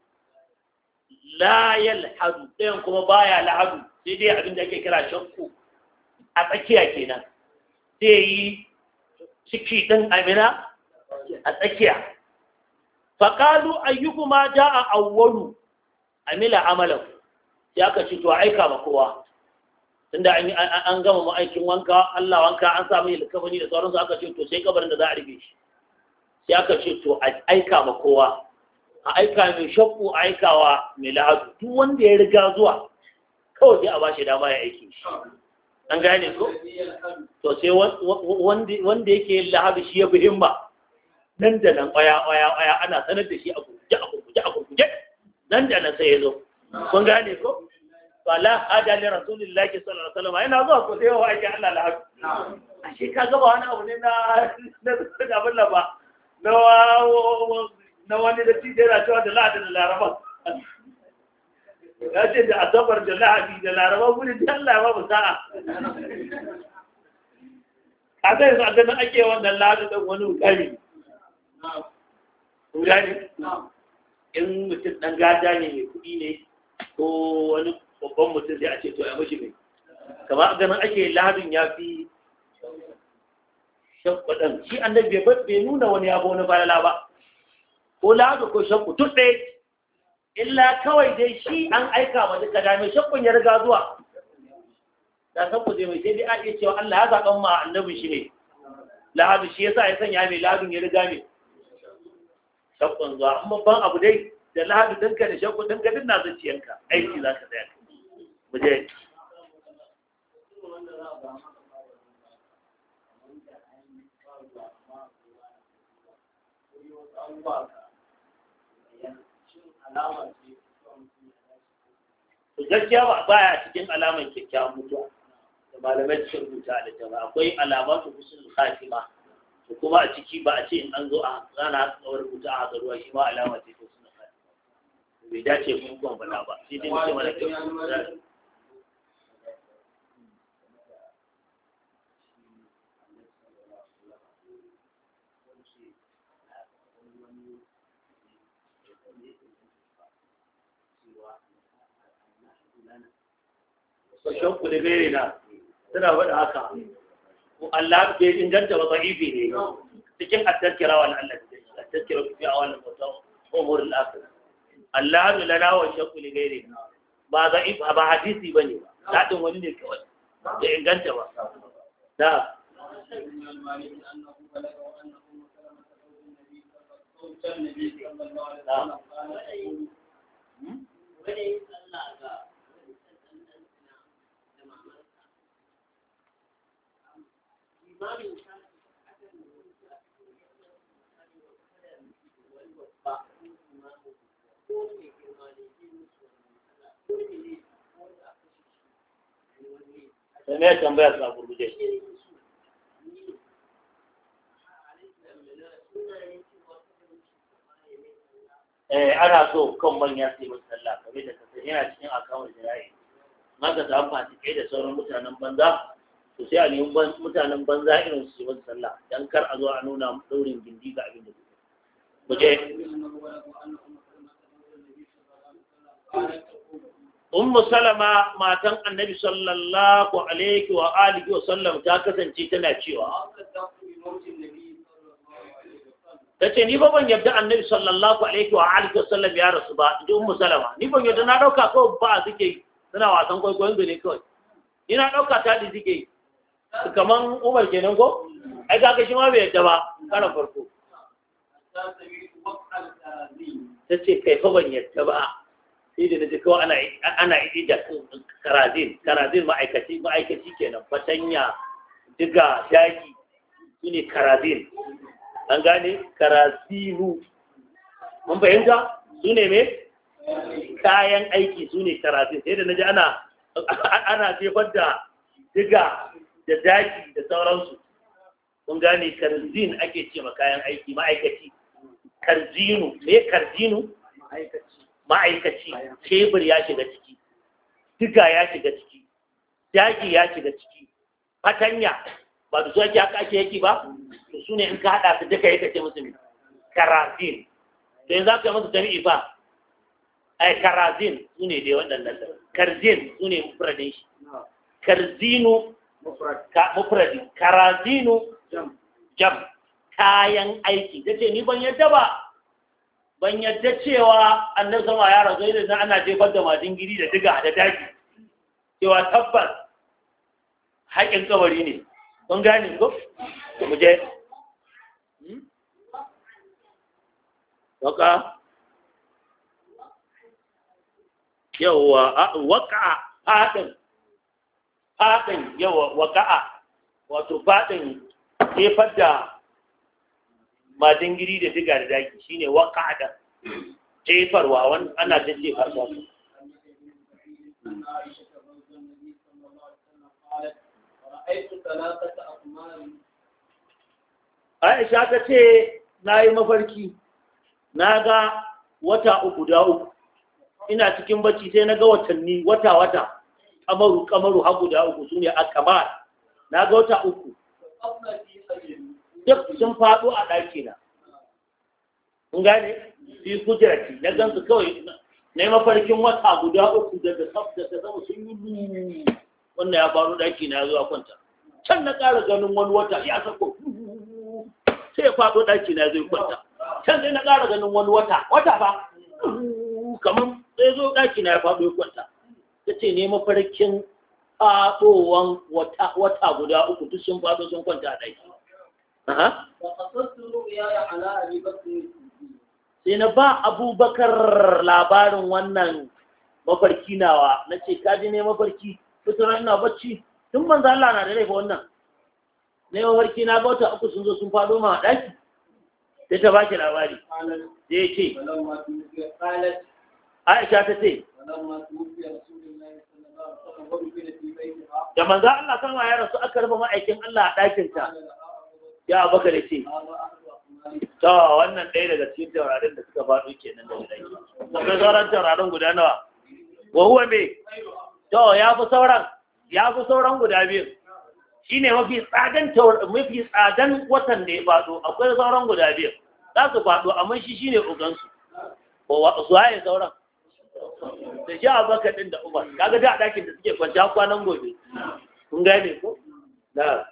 layal la yalhadu ɗayan kuma baya lahadu sai dai abin da ake kira shakku a tsakiya kenan sai yi ciki ɗin amina a tsakiya faƙalu ayyukuma a awwalu amila amalan ya ka to aika ma kowa tunda an gama mu aikin wanka Allah wanka an samu likafani da sauransu aka ce to sai kabarin da za a rufe shi sai aka ce to a aika ma kowa a aika mai shakku a aikawa mai lahadu duk wanda ya riga zuwa kawai sai a bashi dama ya aiki shi an gane ko to sai wanda yake yin lahadu shi ya fi himma nan da nan ƙwaya ƙwaya ƙwaya ana sanar da shi a guje a nan da na sai ya zo kun gane ko fala hada li rasulillahi sallallahu alaihi wasallam yana zuwa ko sai wa ake Allah lahabi a shi ka ga wani abu ne na na abin nan ba na na wani da tije yana cewa da lahadin da laraba ya ce da asabar da lahadi da laraba gudun da Allah ba mu sa'a a zai sa ganin ake wannan lahadin wani hukari Gani? in mutum ɗan gada ne mai kuɗi ne ko wani babban mutum zai a ce to ya mashi mai kama ganin ake lahadin ya fi shakwadan shi an annabi bai nuna wani yabo na balala ba ko lahadu ko shakku tun ɗaya illa kawai dai shi an aika ma duka da mai shakkun ya riga zuwa da san ku zai mai sai dai a iya cewa Allah ya zaɓan ma annabin shi ne lahadu shi yasa ya sanya mai lahadun ya riga mai shakkun zuwa an babban abu dai da lahadu dinka da shakku dinka din na zuciyanka aiki za ka tsaya mu je gaskiya ba baya cikin alamar kyakkyawan mutuwa da malamai cikin rubuta da jama'a akwai alamar su husnul khatima to kuma a ciki ba a ce in an zo a rana haka kawar rubuta a haka ruwa shi ma alama ce ko suna kai bai dace mun kuma bala ba sai dai mutum wani kyau Sashen ku da gairina suna faɗa haka Allah bai inganta ba da'ifi ne cikin at-tazkira wal Allah at-tazkira fi awal al-mutam umur al lafiya. Allah lana wa shaqu li ghairi ba da'if ba hadisi bane ba dadin wani ne kawai da inganta ba da da hmm? da me tambaya sa gurguje eh ana so kan manya sai mun sallah kamar da kasan yana cikin akawun jira'i maka ta amfani kai da sauran mutanen banza sai a nemi mutanen banza irin su yi sallah don kar a zo a nuna daurin gindi ga abin da suke mu je ummu salama matan annabi sallallahu alaihi wa alihi wa sallam ta kasance tana cewa ta ce ni ba ban yadda annabi sallallahu alaihi wa alihi wa sallam ya rasu ba ji ummu salama ni ban yadda na dauka kawai ba suke suna wasan kwaikwayon gane kawai ni na dauka ta da suke yi. kaman umar kenan ko ai kaga shi ma bai yadda ba karan farko ta ce kai fa ban yadda ba sai da naji kawai ana ana da karazin karazin ma'aikaci ma'aikaci kenan fatanya diga shaki ne karazin an gane karazihu mun fahimta su ne me kayan aiki su ne karazin sai da naji ana ana jefar da diga da zaki da sauransu kun gane karzin ake ce ma kayan aiki ma'aikaci karzinu me karzinu ma'aikaci Tebur ya shiga ciki diga ya shiga ciki daji ya shiga ciki fatanya ba da su ake haka ake yaki ba su ne in ka haɗa su duka yake ce musu karazin Sai za ka yi musu jami'i ba ai karazin su ne dai waɗannan karzin su ne furadin shi karzinu mufradi karazinu jam kayan aiki ta ce ni ban yadda ba ban yadda cewa annan sama ya rasu idan ana jefar da majin gidi da diga da daji cewa tabbas haƙin kabari ne kun gane ko mu je hmm? waka yawwa waka fadin fadin yawa waka'a wato fadin jefar da majingiri da diga da daki shine waka'a da jefarwa wani ana da jefar da su Aisha ta ce na yi mafarki na ga wata uku da uku ina cikin bacci sai na ga watanni wata-wata kamaru kamaru ha guda uku su ne kamar. na ga wata uku duk sun faɗo a ɗaki na kun gane fi kujerati na gansu kawai na yi mafarkin wata guda uku daga sabta ta zama sun yi wannan ya faru ɗaki na zuwa kwanta can na ƙara ganin wani wata ya sako sai ya faɗo ɗaki na zai kwanta can sai na ƙara ganin wani wata wata ba kamar sai zo ɗaki na ya faɗo ya kwanta ta ce ne mafarkin faɗowan wata guda uku duk sun faɗo sun kwanta a ɗaki. Sai na ba abubakar labarin wannan mafarki nawa na ce kaji ne mafarki fitar na bacci tun banza Allah na da laifa wannan. Na yi mafarki na ga wata uku sun zo sun faɗo ma a ɗaki. Sai ta baki labari. Sai ya ce. Aisha ta ce. da manzo Allah kan ya rasu aka rufe ma'aikin Allah a ɗakin ta ya abaka da ce to wannan ɗaya daga cikin taurarin da suka faɗo kenan da gidan akwai sauran taurarin guda nawa wa huwa me to ya fi sauran ya fi sauran guda biyu shine mafi tsadan mafi tsadan watan da ya faɗo akwai sauran guda biyu za su faɗo amma shi shine ugansu wa su haye sauran da shi a baka ɗin da umar kaga da a ɗakin da suke kwanci har kwanan gobe kun gane ko na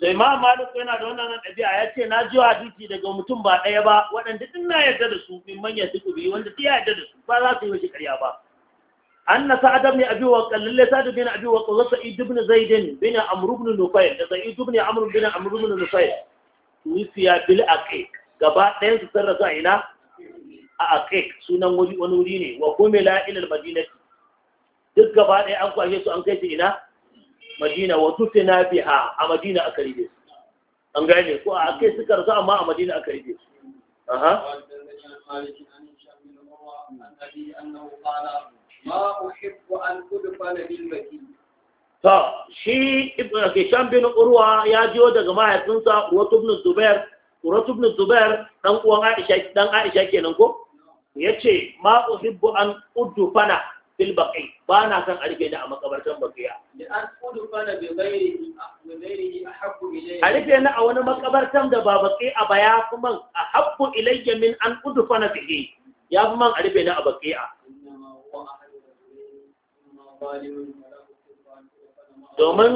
sai ma ma duk yana da wannan nan ɗabi'a ya ce na ji hadisi daga mutum ba ɗaya ba waɗanda ɗin na yarda da su min manyan su biyu wanda su ya yarda da su ba za su yi mashi ƙarya ba أن سعد بن أبي وقاص للي سعد بن أبي وقاص وسعيد بن زيد بن عمرو بن نفيل سعيد بن عمرو بن عمرو بن نفيل توفي بالأقيق gaba ɗayan su sun rasu a ina a aqiq sunan wani wuri ne wa kumila ila madinati duk gaba ɗaya an kwashe su an kai su ina madina wa tufina biha a madina aka rige su an ko a amma a madina ma to shi ibn hisham bin urwa ya jiyo daga mahaifinsa urwatu ibn zubair urwatu ibn zubair dan uwan aisha dan aisha kenan ko yace ma uhibbu an fana bil baqi ba na san a rufe da a makabartan baqiya a rufe na a wani makabartan da ba baqi a ba ya fi man a habbu ilayya min an fana fihi ya fi man a rufe na a baqiya domin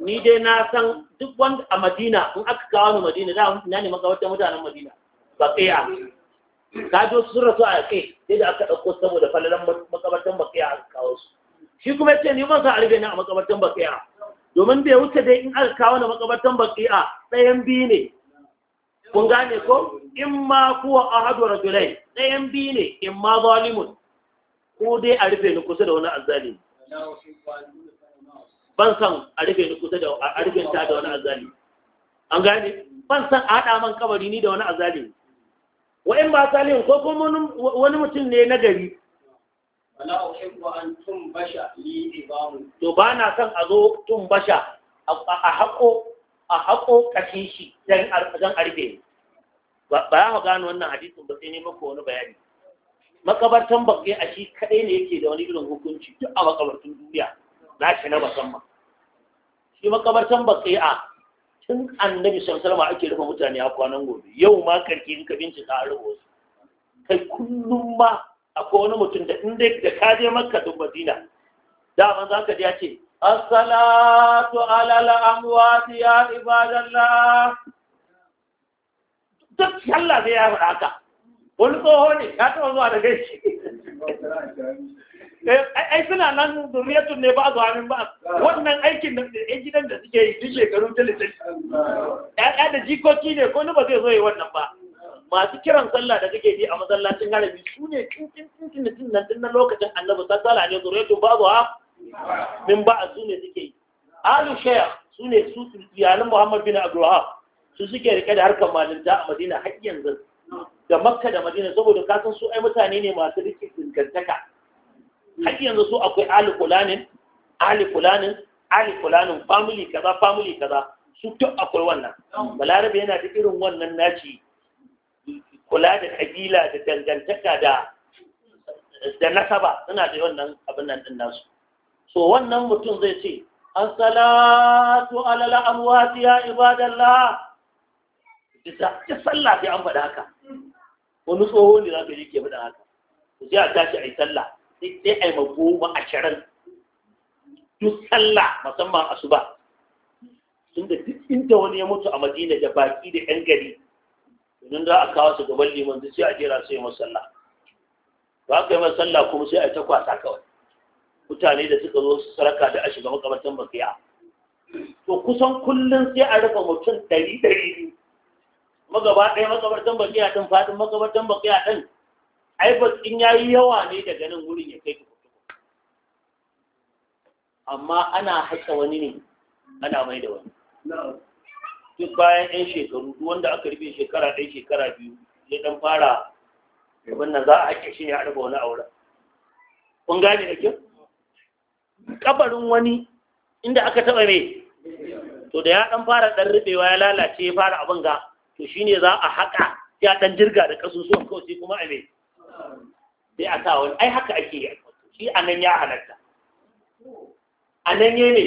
ni dai na san duk wanda a madina in aka kawo ni madina da na ne wata mutanen madina ba tsaya ka wasu sun rasu a kai sai da aka ɗauko saboda falalan makabartan ba tsaya aka kawo su shi kuma ce ni ban a arbe ni a makabartan ba a? domin bai wuce dai in aka kawo ni makabartan ba a, ɗayan biyu ne kun gane ko in ma kuwa a ahadu rajulai ɗayan biyu ne in ma zalimun ko dai a rufe ni kusa da wani azzalimi ban san a rufe ni kusa da a ta da wani azali an gane ban san a haɗa man kabari ni da wani azali wa in ba ko kuma wani mutum ne na gari to ba na a zo tumbasha a haƙo a haƙo kashin shi dan arfe ba ya gano wannan hadisin ba sai ne maka wani bayani makabartan baƙi a shi kaɗai ne yake da wani irin hukunci duk a makabartan duniya na shi na musamman shi makabartan baƙi a tun annabi sallallahu ake rufe mutane a kwanan gobe yau ma karki in ka bincika a rufe su kai kullum ma akwai wani mutum da in da ka je makka duk madina dama za ka ji a ce assalatu ala al'amwat ya ibadallah duk yalla zai ya faɗa haka wani tsoho ne ya taɓa zuwa da gaishe eh, ai suna nan zuriyatun ne ba a zuwa min ba wannan aikin da ɗan gidan da suke yi duk shekaru tilitin ya'ya da jikoki ne ko ba zai zo yi wannan ba masu kiran sallah da kake bi a masallacin harami su ne cincin cincin cincin nan din na lokacin annabi sallallahu ne zuriyatun ba zuwa min ba a su ne suke yi alu shaya su ne su iyalan muhammad bin abdulwahab su suke rike da harkar malinta a madina har yanzu da makka da madina saboda kasan su ai mutane ne masu rikin dangantaka har yanzu su akwai ali fulanin ali fulanin ali fulanin family kaza family kaza su duk akwai wannan balarabe yana da irin wannan naci kula da kabila da dangantaka da da nasaba suna da wannan abin nan din nasu so wannan mutum zai ce as-salatu ala al-amwati ya ibadallah ta sallah sai an faɗa haka wani tsoho ne za ka yi ke faɗa haka sai a tashi a yi sallah sai a yi ma goma ashirin duk sallah musamman asuba tunda duk inda wani ya mutu a madina da baki da yan gari domin za a kawo su gaban liman sai a jera su yi sallah ba ka yi sallah kuma sai a yi ta kwasa kawai mutane da suka zo su saraka da ashirin shiga makamantan to kusan kullum sai a rufe mutum ɗari ɗari magaba ɗaya makabartan bakiya ɗin faɗin makabartan bakiya ɗin ai bakin ya yi yawa ne daga nan wurin ya kai tukutu amma ana haka wani ne ana mai da wani duk bayan ɗan shekaru duk wanda aka rufe shekara ɗaya shekara biyu ya ɗan fara abin nan za a haƙe shi ne a ɗaga wani auren kun gane da kyau kabarin wani inda aka taɓa mai to da ya ɗan fara ɗan rubewa ya lalace ya fara abin ga to shi ne za a haƙa ya ɗan jirga da ƙasusuwan kawai sai kuma a mai sai a sa wani ai haka ake yi shi a nan ya halatta a nan ya ne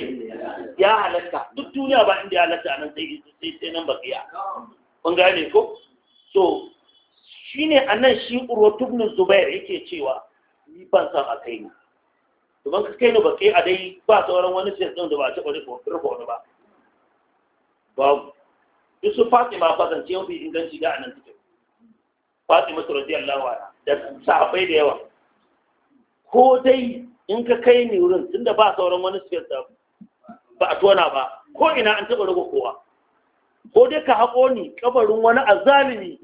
ya halatta duk duniya ba inda ya halatta a nan sai sai nan bakiya kun gane ko so ne a nan shi urotubnin zubair yake cewa ni ban san a kai ni domin ka kai ni kai a dai ba sauran wani sai da ba a taɓa rufe wani ba babu duk su fatima ba yau mafi inganci da a nan suke fatima su rajiyar lawa da sahabbai da yawa ko dai in ka kai ni wurin tun da ba sauran wani suke da ba a tona ba ko ina an taɓa rago kowa ko dai ka haƙo ni kabarin wani azalimi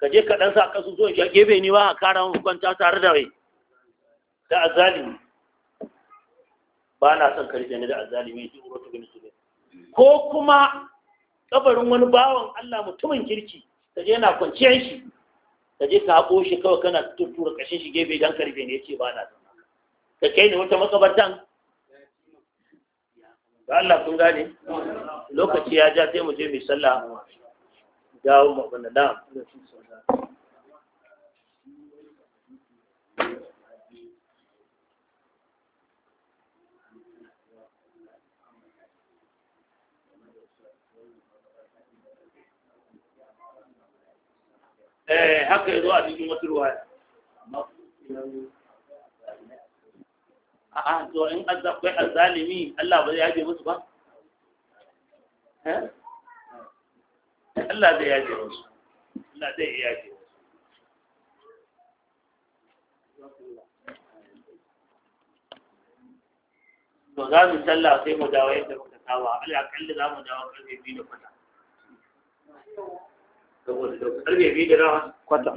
ka je ka ɗan sa kasu zuwa shi a gefe ni ba a kara hukunta tare da rai da azalimi ba na son karfe ni da azalimi ji uratu bin su ko kuma kabarin wani bawan Allah mutumin kirki ta je na kwanciyar shi ta je ka haƙo shi kawai kana tura kashin shi gefe don karfe ne ce ba na ka kai ne wata makabartan ga Allah kun gane lokaci ya ja sai mu je mai sallah dawo mu na da eh haka yazo a cikin wata ruwaya a'a to in akwai azzalimi Allah ba zai yaje musu ba eh Allah zai yaje musu Allah zai yaje to za mu talla sai mu dawo yadda muka saba alaƙalli za mu dawo ƙarfe biyu da kwata karfe biyu kwata